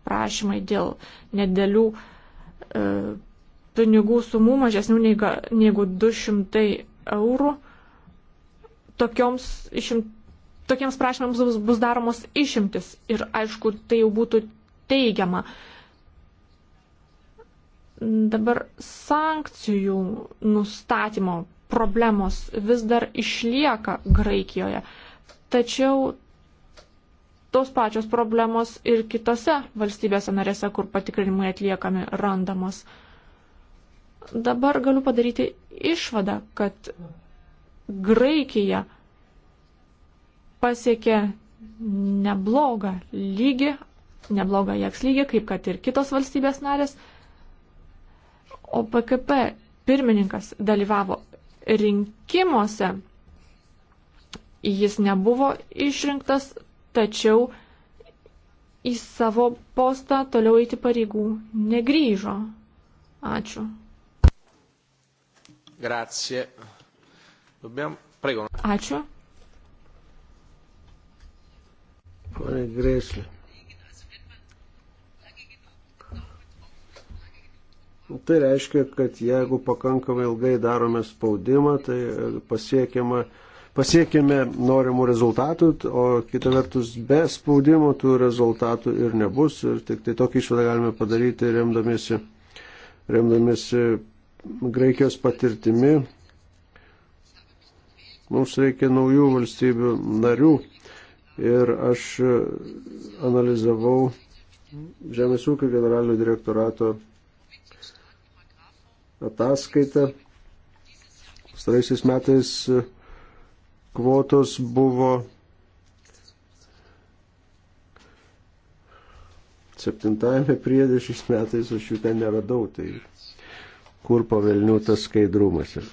prašymai dėl nedėlių E, pinigų sumų mažesnių negu 200 eurų, tokioms išimt, tokiems prašymams bus, bus daromos išimtis ir aišku, tai jau būtų teigiama. Dabar sankcijų nustatymo problemos vis dar išlieka Graikijoje, tačiau tos pačios problemos ir kitose valstybėse narėse, kur patikrinimai atliekami randamos. Dabar galiu padaryti išvadą, kad Graikija pasiekė neblogą lygį, neblogą jeks lygį, kaip kad ir kitos valstybės narės, o PKP pirmininkas dalyvavo rinkimuose jis nebuvo išrinktas, tačiau į savo postą toliau eiti pareigų negryžo. Ačiū. Grazie. Dobbiamo... Prego. Ačiū. Pane Grėslė. Tai reiškia, kad jeigu pakankamai ilgai darome spaudimą, tai pasiekiama pasiekėme norimų rezultatų, o kita vertus be spaudimo tų rezultatų ir nebus. Ir tik tai tokį išvadą galime padaryti remdamiesi, remdamiesi Graikijos patirtimi. Mums reikia naujų valstybių narių ir aš analizavau Žemės ūkio generalinio direktorato ataskaitą. Pastaraisiais metais kvotos buvo 7 priedė šiais metais, aš jų ten neradau, tai kur pavelnių tas skaidrumas yra.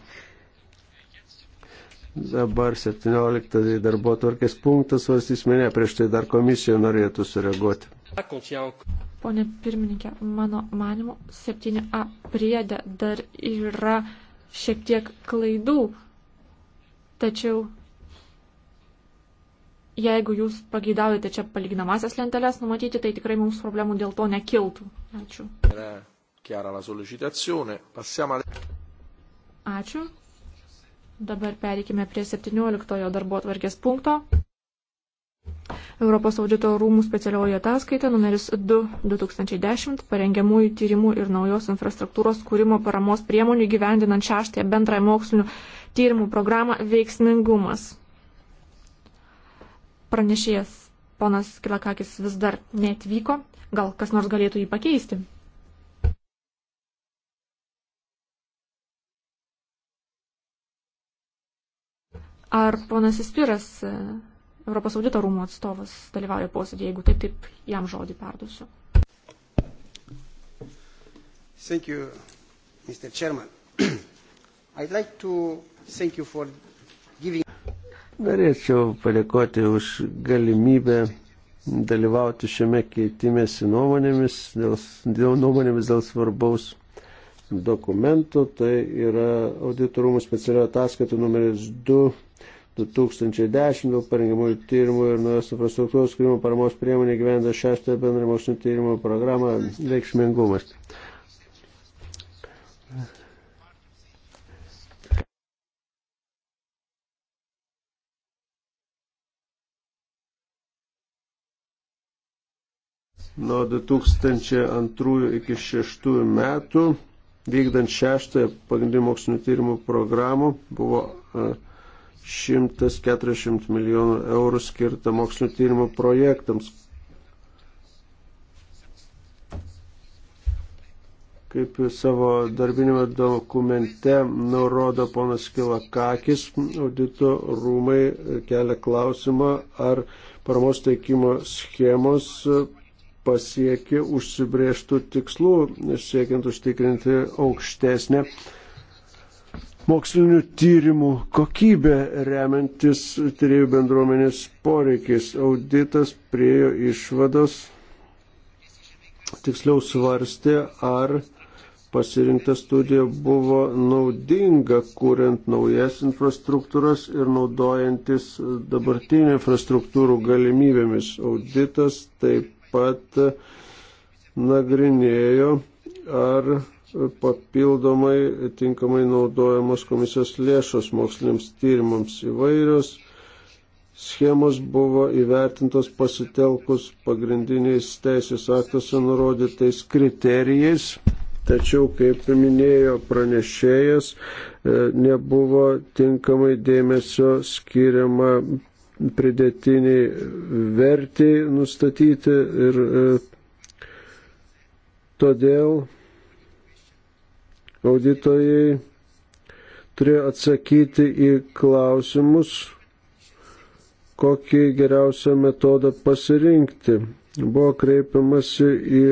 Dabar 17 darbo tvarkės punktas svarstysime, ne, prieš tai dar komisija norėtų sureaguoti. Pone pirmininkė, mano manimu, 7a priedė dar yra šiek tiek klaidų, tačiau Jeigu jūs pageidaujate čia palyginamasias lenteles numatyti, tai tikrai mums problemų dėl to nekiltų. Ačiū. Ačiū. Dabar pereikime prie 17 darbo atvarkės punkto. Europos audito rūmų specialioji ataskaita numeris 2 2010 parengiamųjų tyrimų ir naujos infrastruktūros kūrimo paramos priemonių gyvendinant šeštąją bendrąją mokslinių tyrimų programą veiksmingumas. Pranešėjas ponas Kilakakis vis dar netvyko, gal kas nors galėtų jį pakeisti. Ar ponas Ispiras, e, Europos audito rūmų atstovas, dalyvauja posėdėje, jeigu taip, taip jam žodį perdusiu. Thank you, Mr. Chairman. I'd like to thank you for Norėčiau padėkoti už galimybę dalyvauti šiame keitimėsi nuomonėmis dėl, dėl, nuomonėmis dėl svarbaus dokumento. Tai yra auditorumų specialio ataskaitų numeris 2 2010 dėl parengiamųjų tyrimų ir naujos infrastruktūros skirimo paramos priemonė gyventa šeštąją bendrą mokslinio tyrimo programą reikšmingumas. nuo 2002 iki 2006 metų, vykdant šeštąją pagrindinių mokslinių tyrimų programą, buvo 140 e, milijonų eurų skirta mokslinio tyrimo projektams. Kaip savo darbinėme dokumente nurodo ponas Kilakakis, audito rūmai kelia klausimą, ar paramos teikimo schemos pasiekė užsibrėžtų tikslų, siekiant užtikrinti aukštesnę mokslinių tyrimų kokybę remiantis tyriejų bendruomenės poreikiais. Auditas priejo išvados, tiksliau svarstė, ar pasirinkta studija buvo naudinga, kuriant naujas infrastruktūras ir naudojantis dabartinių infrastruktūrų galimybėmis. Auditas taip pat e, nagrinėjo, ar papildomai tinkamai naudojamos komisijos lėšos moksliniams tyrimams įvairios. Schemos buvo įvertintos pasitelkus pagrindiniais teisės aktuose nurodytais kriterijais, tačiau, kaip minėjo pranešėjas, e, nebuvo tinkamai dėmesio skiriama pridėtiniai vertiai nustatyti ir e, todėl auditojai turėjo atsakyti į klausimus, kokį geriausią metodą pasirinkti. Buvo kreipiamasi į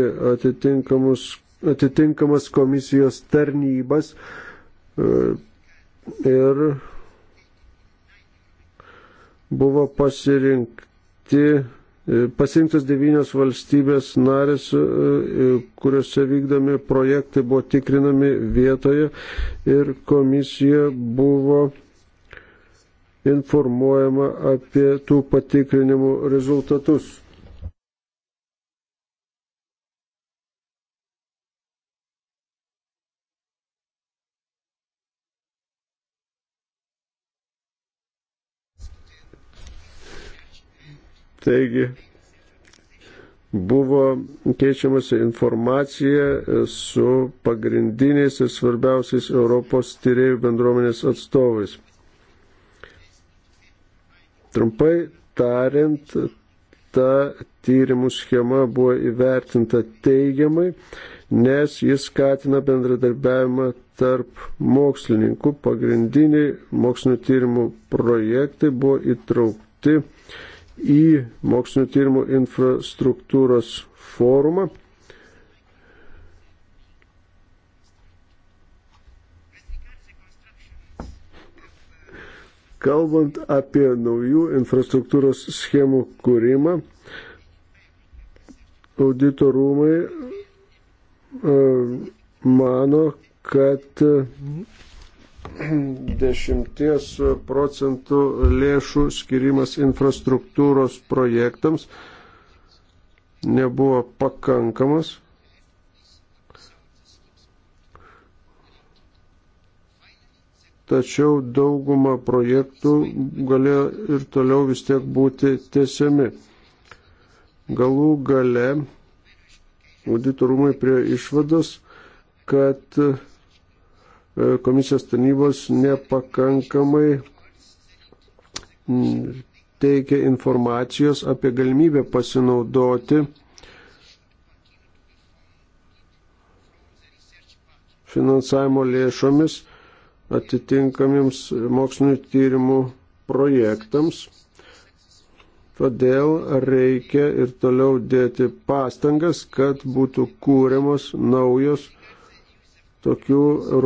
atitinkamas komisijos tarnybas e, ir buvo pasirinkti, e, pasirinktas devynios valstybės narės, e, e, kuriuose vykdomi projektai buvo tikrinami vietoje ir komisija buvo informuojama apie tų patikrinimų rezultatus. Taigi buvo keičiamasi informacija e, su pagrindiniais ir svarbiausiais Europos tyriejų bendruomenės atstovais. Trumpai tariant, ta tyrimų schema buvo įvertinta teigiamai, nes jis skatina bendradarbiavimą tarp mokslininkų. Pagrindiniai mokslinio tyrimų projektai buvo įtraukti į mokslinio tyrimų infrastruktūros forumą. Kalbant apie naujų infrastruktūros schemų kūrimą, auditorumai e, mano, kad 10 procentų lėšų skirimas infrastruktūros projektams nebuvo pakankamas. Tačiau dauguma projektų galėjo ir toliau vis tiek būti tiesiami. Galų gale auditorumai prie išvados, kad E, komisijos tarnybos nepakankamai teikia informacijos apie galimybę pasinaudoti finansavimo lėšomis atitinkamiems mokslinių tyrimų projektams. Todėl reikia ir toliau dėti pastangas, kad būtų kūriamos naujos tokių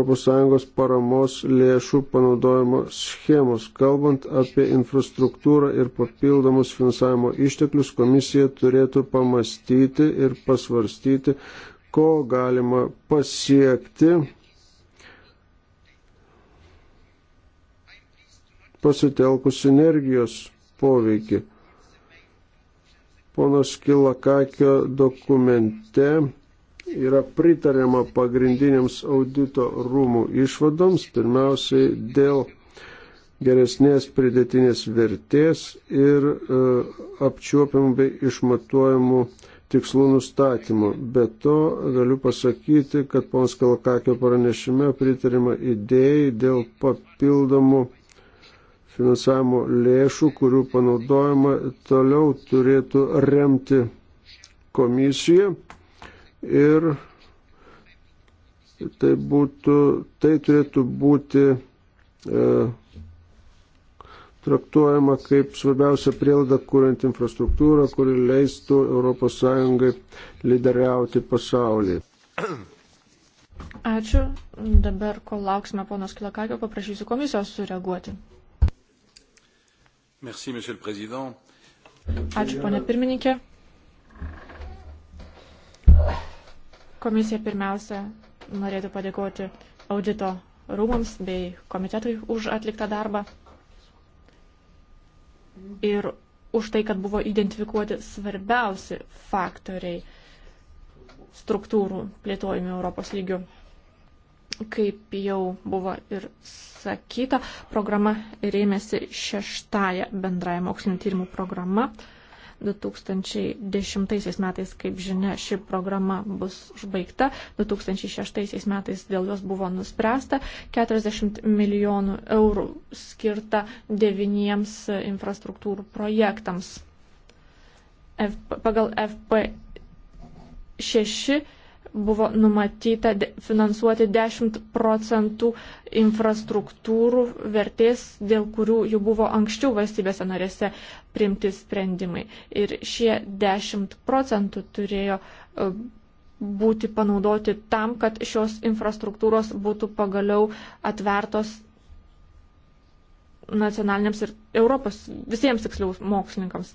ES paramos lėšų panaudojimo schemos. Kalbant apie infrastruktūrą ir papildomus finansavimo išteklius, komisija turėtų pamastyti ir pasvarstyti, ko galima pasiekti pasitelkus sinergijos poveikį. Ponas Kilakakio dokumente yra pritariama pagrindiniams audito rūmų išvadoms, pirmiausiai dėl geresnės pridėtinės vertės ir e, apčiuopiamų bei išmatuojamų tikslų nustatymų. Be to galiu pasakyti, kad pons Kalkakio pranešime pritarima idėjai dėl papildomų finansavimo lėšų, kurių panaudojimą toliau turėtų remti komisija ir tai, būtų, tai turėtų būti e, traktuojama kaip svarbiausia prielada kuriant infrastruktūrą, kuri leistų ES lyderiauti pasaulyje. Ačiū. Dabar, kol lauksime ponos Kilakakio, paprašysiu komisijos sureaguoti. Merci, Ačiū, ponė pirmininkė. Komisija pirmiausia norėtų padėkoti audito rūmams bei komitetui už atliktą darbą ir už tai, kad buvo identifikuoti svarbiausi faktoriai struktūrų plėtojimų Europos lygių. Kaip jau buvo ir sakyta, programa rėmėsi šeštąją bendrąją mokslinio tyrimų programą. 2010 metais, kaip žinia, ši programa bus užbaigta, 2006 metais dėl jos buvo nuspręsta, 40 milijonų eurų skirta devyniems infrastruktūrų projektams. F, pagal FP6 buvo numatyta finansuoti 10 procentų infrastruktūrų vertės, dėl kurių jau buvo anksčiau valstybėse narėse priimti sprendimai. Ir šie 10 procentų turėjo e, būti panaudoti tam, kad šios infrastruktūros būtų pagaliau atvertos nacionaliniams ir Europos visiems tiksliau mokslininkams.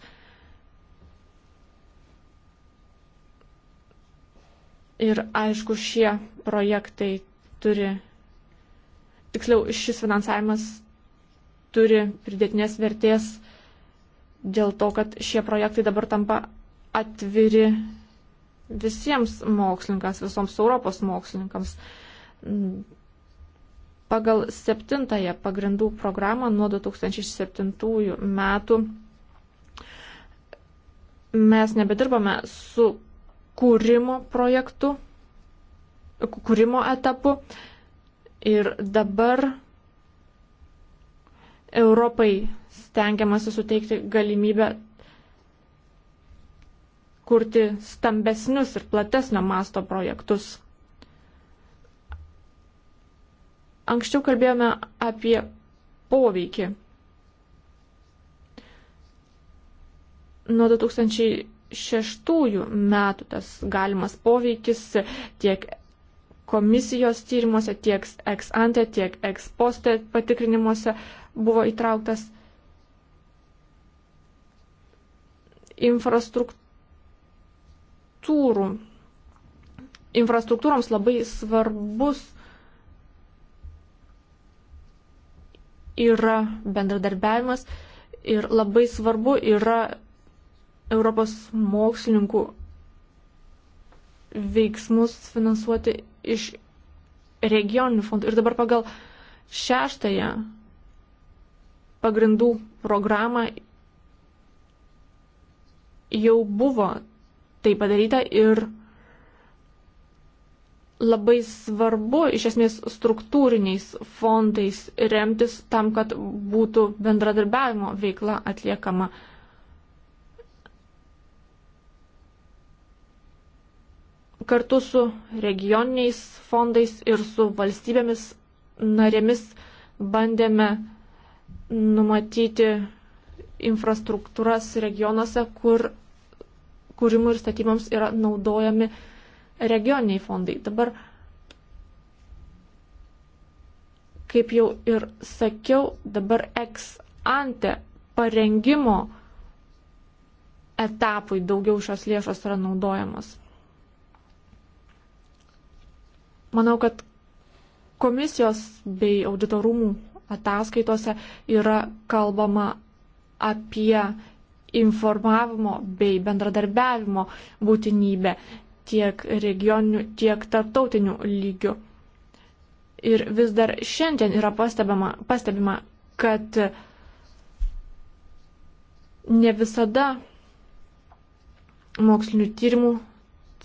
Ir aišku, šie projektai turi, tiksliau, šis finansavimas turi pridėtinės vertės dėl to, kad šie projektai dabar tampa atviri visiems mokslininkams, visoms Europos mokslininkams. Pagal septintąją pagrindų programą nuo 2007 metų mes nebedirbame su kūrimo projektu, kūrimo etapu. Ir dabar Europai stengiamasi suteikti galimybę kurti stambesnius ir platesnio masto projektus. Anksčiau kalbėjome apie poveikį. Nuo 2000 2006 metų tas galimas poveikis tiek komisijos tyrimuose, tiek ex ante, tiek ex poste patikrinimuose buvo įtrauktas infrastruktūrų. Infrastruktūroms labai svarbus yra bendradarbiavimas ir labai svarbu yra Europos mokslininkų veiksmus finansuoti iš regioninių fondų. Ir dabar pagal šeštąją pagrindų programą jau buvo tai padaryta ir labai svarbu iš esmės struktūriniais fondais remtis tam, kad būtų bendradarbiavimo veikla atliekama. kartu su regioniniais fondais ir su valstybėmis narėmis bandėme numatyti infrastruktūras regionuose, kur kūrimų ir statymams yra naudojami regioniniai fondai. Dabar, kaip jau ir sakiau, dabar ex ante parengimo etapui daugiau šios lėšos yra naudojamos. Manau, kad komisijos bei auditorumų ataskaitose yra kalbama apie informavimo bei bendradarbiavimo būtinybę tiek regioninių, tiek tarptautinių lygių. Ir vis dar šiandien yra pastebima, pastebima kad ne visada mokslinių tyrimų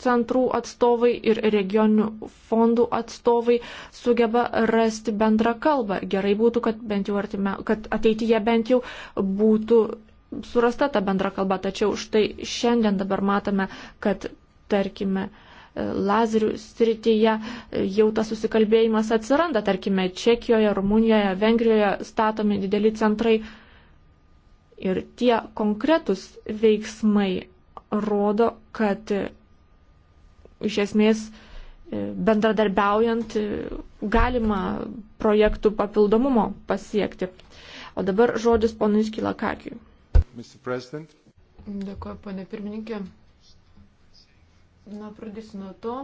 centrų atstovai ir regioninių fondų atstovai sugeba rasti bendrą kalbą. Gerai būtų, kad, bent jau artime, kad ateityje bent jau būtų surasta ta bendra kalba, tačiau štai šiandien dabar matome, kad tarkime lazerių srityje jau tas susikalbėjimas atsiranda, tarkime Čekijoje, Rumunijoje, Vengrijoje statomi dideli centrai ir tie konkretus veiksmai rodo, kad iš esmės e, bendradarbiaujant e, galima projektų papildomumo pasiekti. O dabar žodis ponui Skilakakiui. Dėkuoju, ponė pirmininkė. Na, pradėsiu nuo to,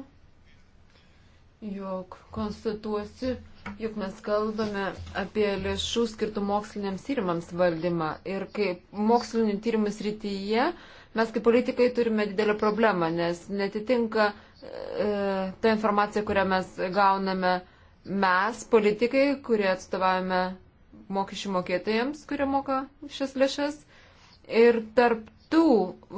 jog konstatuosiu, jog mes kalbame apie lėšų skirtų moksliniams tyrimams valdymą. Ir kaip mokslinio tyrimų srityje, uh, mes kaip politikai turime didelę problemą, nes netitinka e, ta informacija, kurią mes gauname mes, politikai, kurie atstovavome mokesčių mokėtojams, kurie moka šias lėšas, ir tarp tų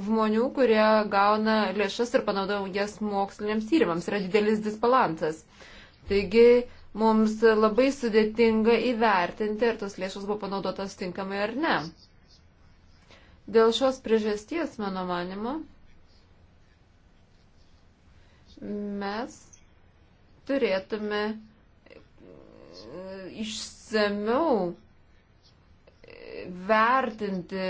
žmonių, kurie gauna lėšas ir panaudoja jas moksliniams tyrimams. Yra didelis disbalansas. Taigi mums labai sudėtinga įvertinti, ar tos lėšos buvo panaudotos tinkamai ar ne. Dėl šios priežasties, mano manimo, mes turėtume e, išsamiau vertinti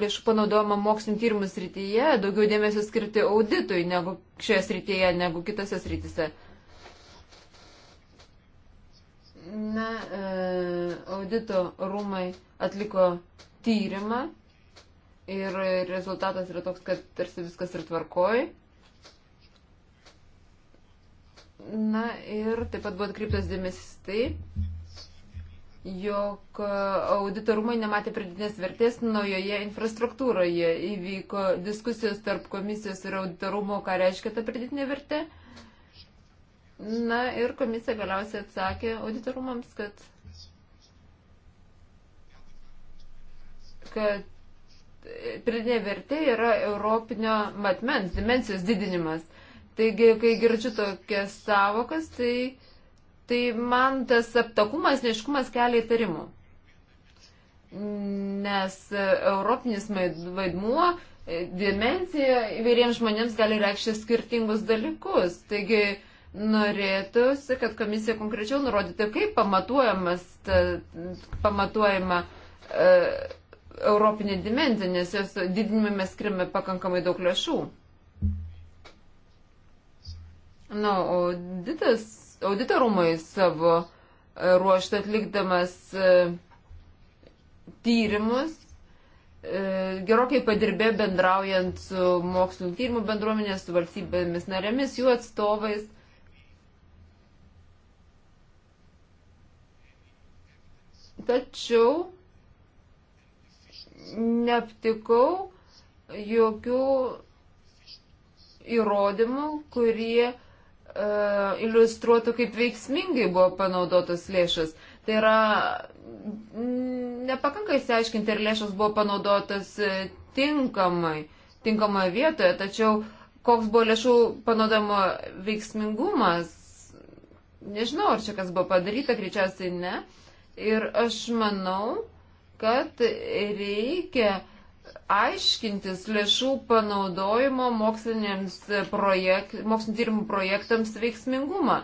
lėšų panaudojimą mokslinio tyrimų srityje, daugiau dėmesio skirti auditui negu šioje srityje, negu kitose srityse. Na, e, audito rūmai atliko tyrimą Ir rezultatas yra toks, kad tarsi viskas ir tvarkoj. Na ir taip pat buvo atkreiptas dėmesys tai, jog auditorumai nematė pridėtinės vertės naujoje infrastruktūroje. Įvyko diskusijos tarp komisijos ir auditorumo, ką reiškia ta pridėtinė vertė. Na ir komisija galiausiai atsakė auditorumams, kad kad pridinė vertė yra europinio matmens, dimensijos didinimas. Taigi, kai girdžiu tokias savokas, tai, tai man tas aptakumas, neiškumas kelia įtarimų. Nes europinis vaidmuo, dimensija įvairiems žmonėms gali reikšti skirtingus dalykus. Taigi, norėtųsi, kad komisija konkrečiau nurodytų, kaip pamatuojamas, ta, pamatuojama. Uh, europinė dimensija, nes jos didinimui mes skiriame pakankamai daug lėšų. Na, auditas, auditorumai savo e, ruoštą atlikdamas e, tyrimus e, gerokai padirbė bendraujant su mokslinio tyrimų bendruomenės, su valstybėmis narėmis, jų atstovais. Tačiau neaptikau jokių įrodymų, kurie e, iliustruotų, kaip veiksmingai buvo panaudotos lėšos. Tai yra, nepakanka įsiaiškinti, ar lėšos buvo panaudotos e, tinkamai, tinkamoje vietoje, tačiau koks buvo lėšų panaudojimo veiksmingumas, nežinau, ar čia kas buvo padaryta, greičiausiai ne. Ir aš manau, kad reikia aiškintis lėšų panaudojimo moksliniams projekt, mokslinio tyrimų projektams veiksmingumą.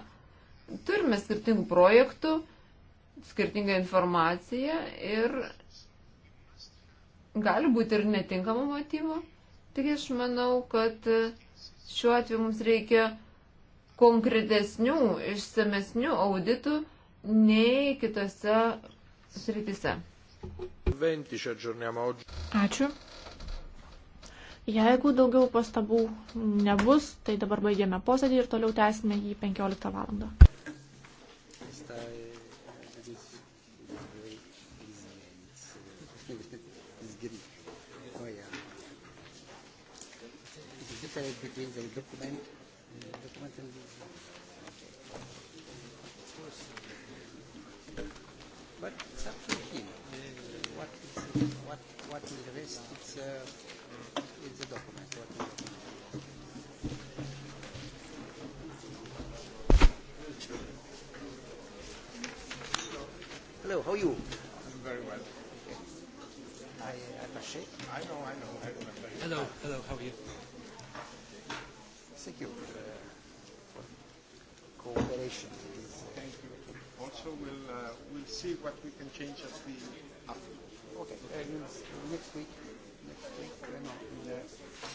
Turime skirtingų projektų, skirtingą informaciją ir gali būti ir netinkamų motyvų. Tik aš manau, kad šiuo atveju mums reikia konkretesnių, išsamesnių auditų nei kitose srityse. Ačiū. Jeigu daugiau pastabų nebus, tai dabar baigėme posėdį ir toliau tęsime jį 15 val. difference between the document Hello, hello, how are you? Thank you uh, for cooperation. Thank you. Also, we'll, uh, we'll see what we can change at the afternoon. Okay, uh, next week, next week, uh, no, in the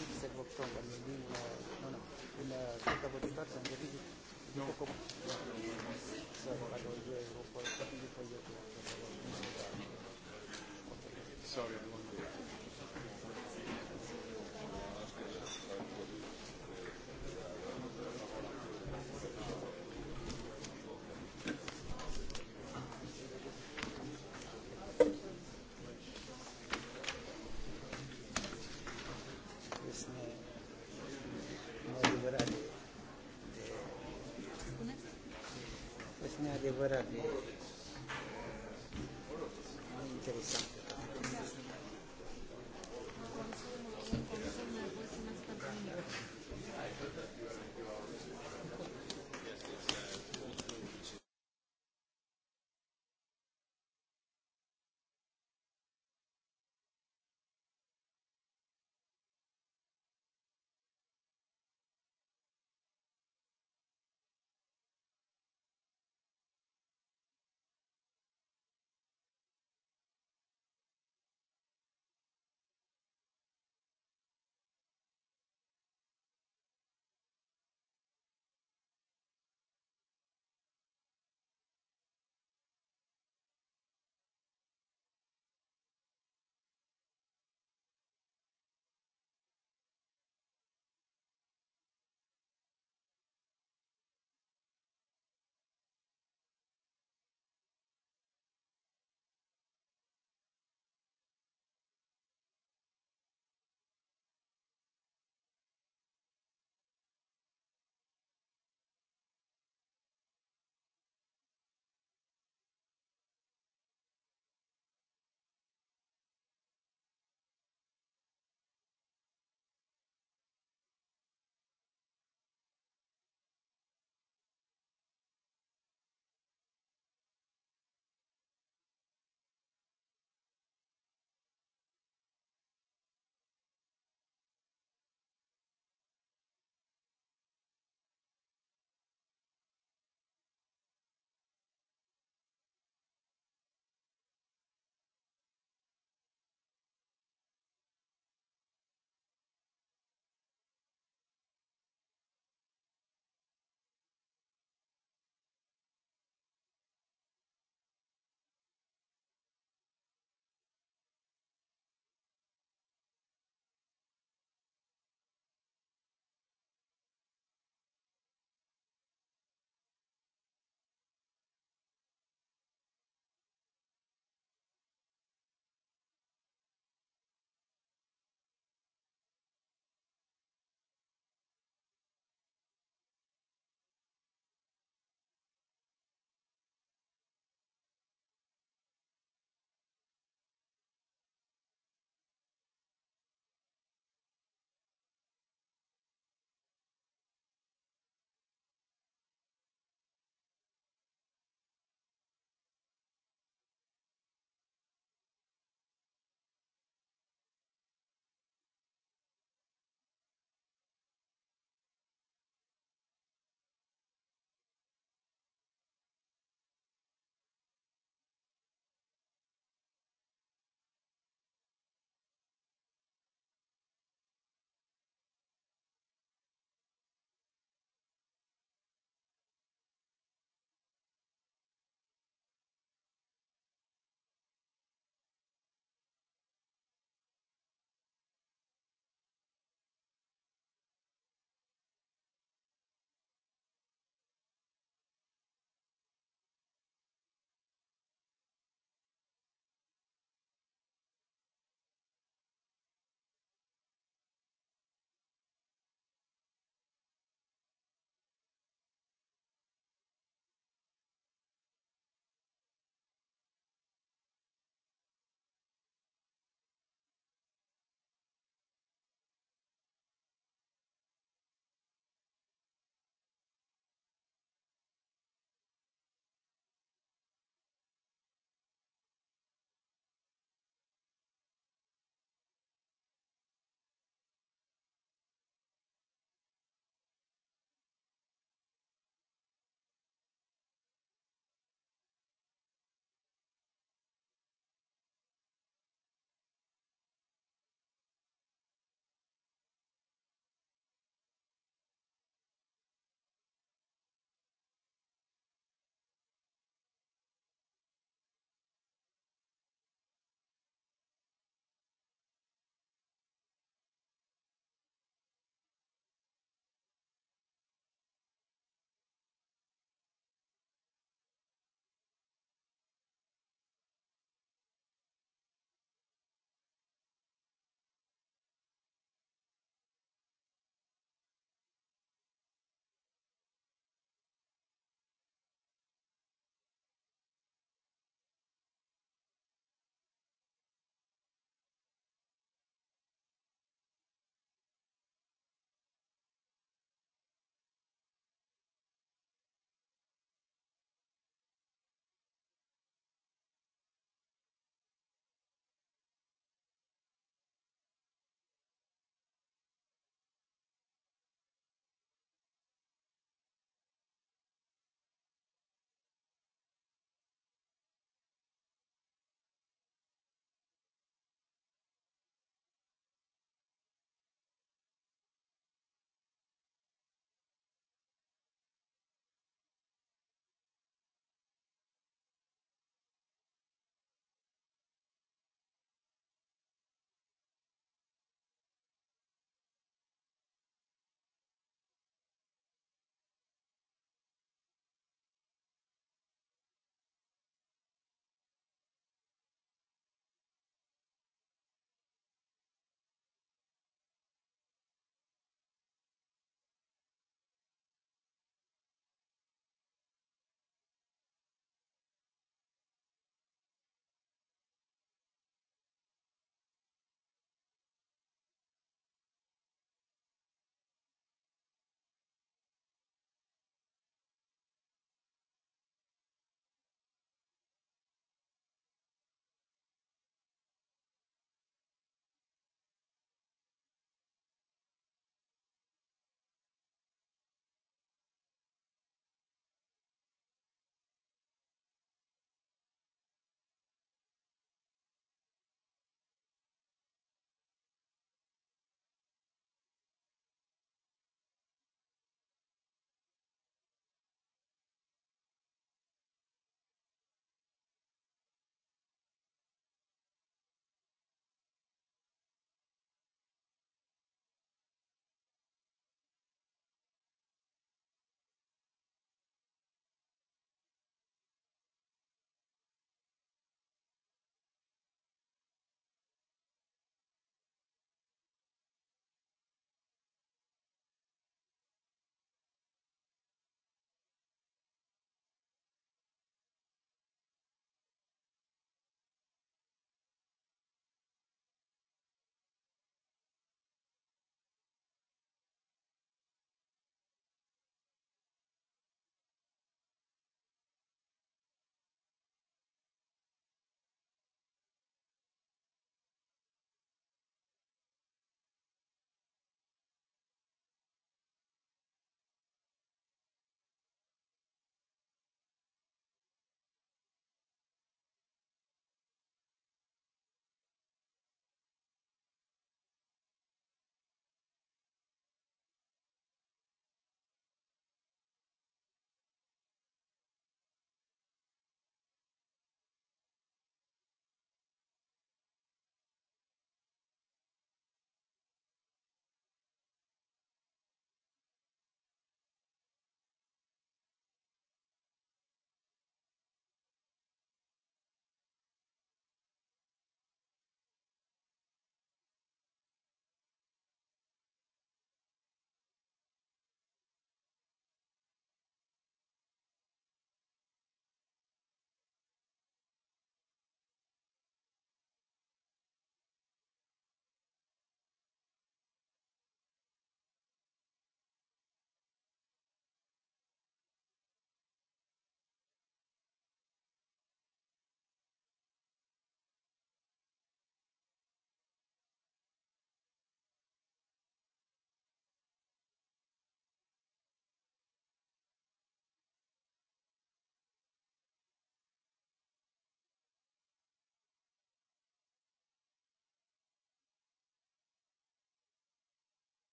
6th of October, we'll, uh, no, no, we'll uh, talk about the person, the visit. No. no. So, I will go uh, for a for you to Sorry, I don't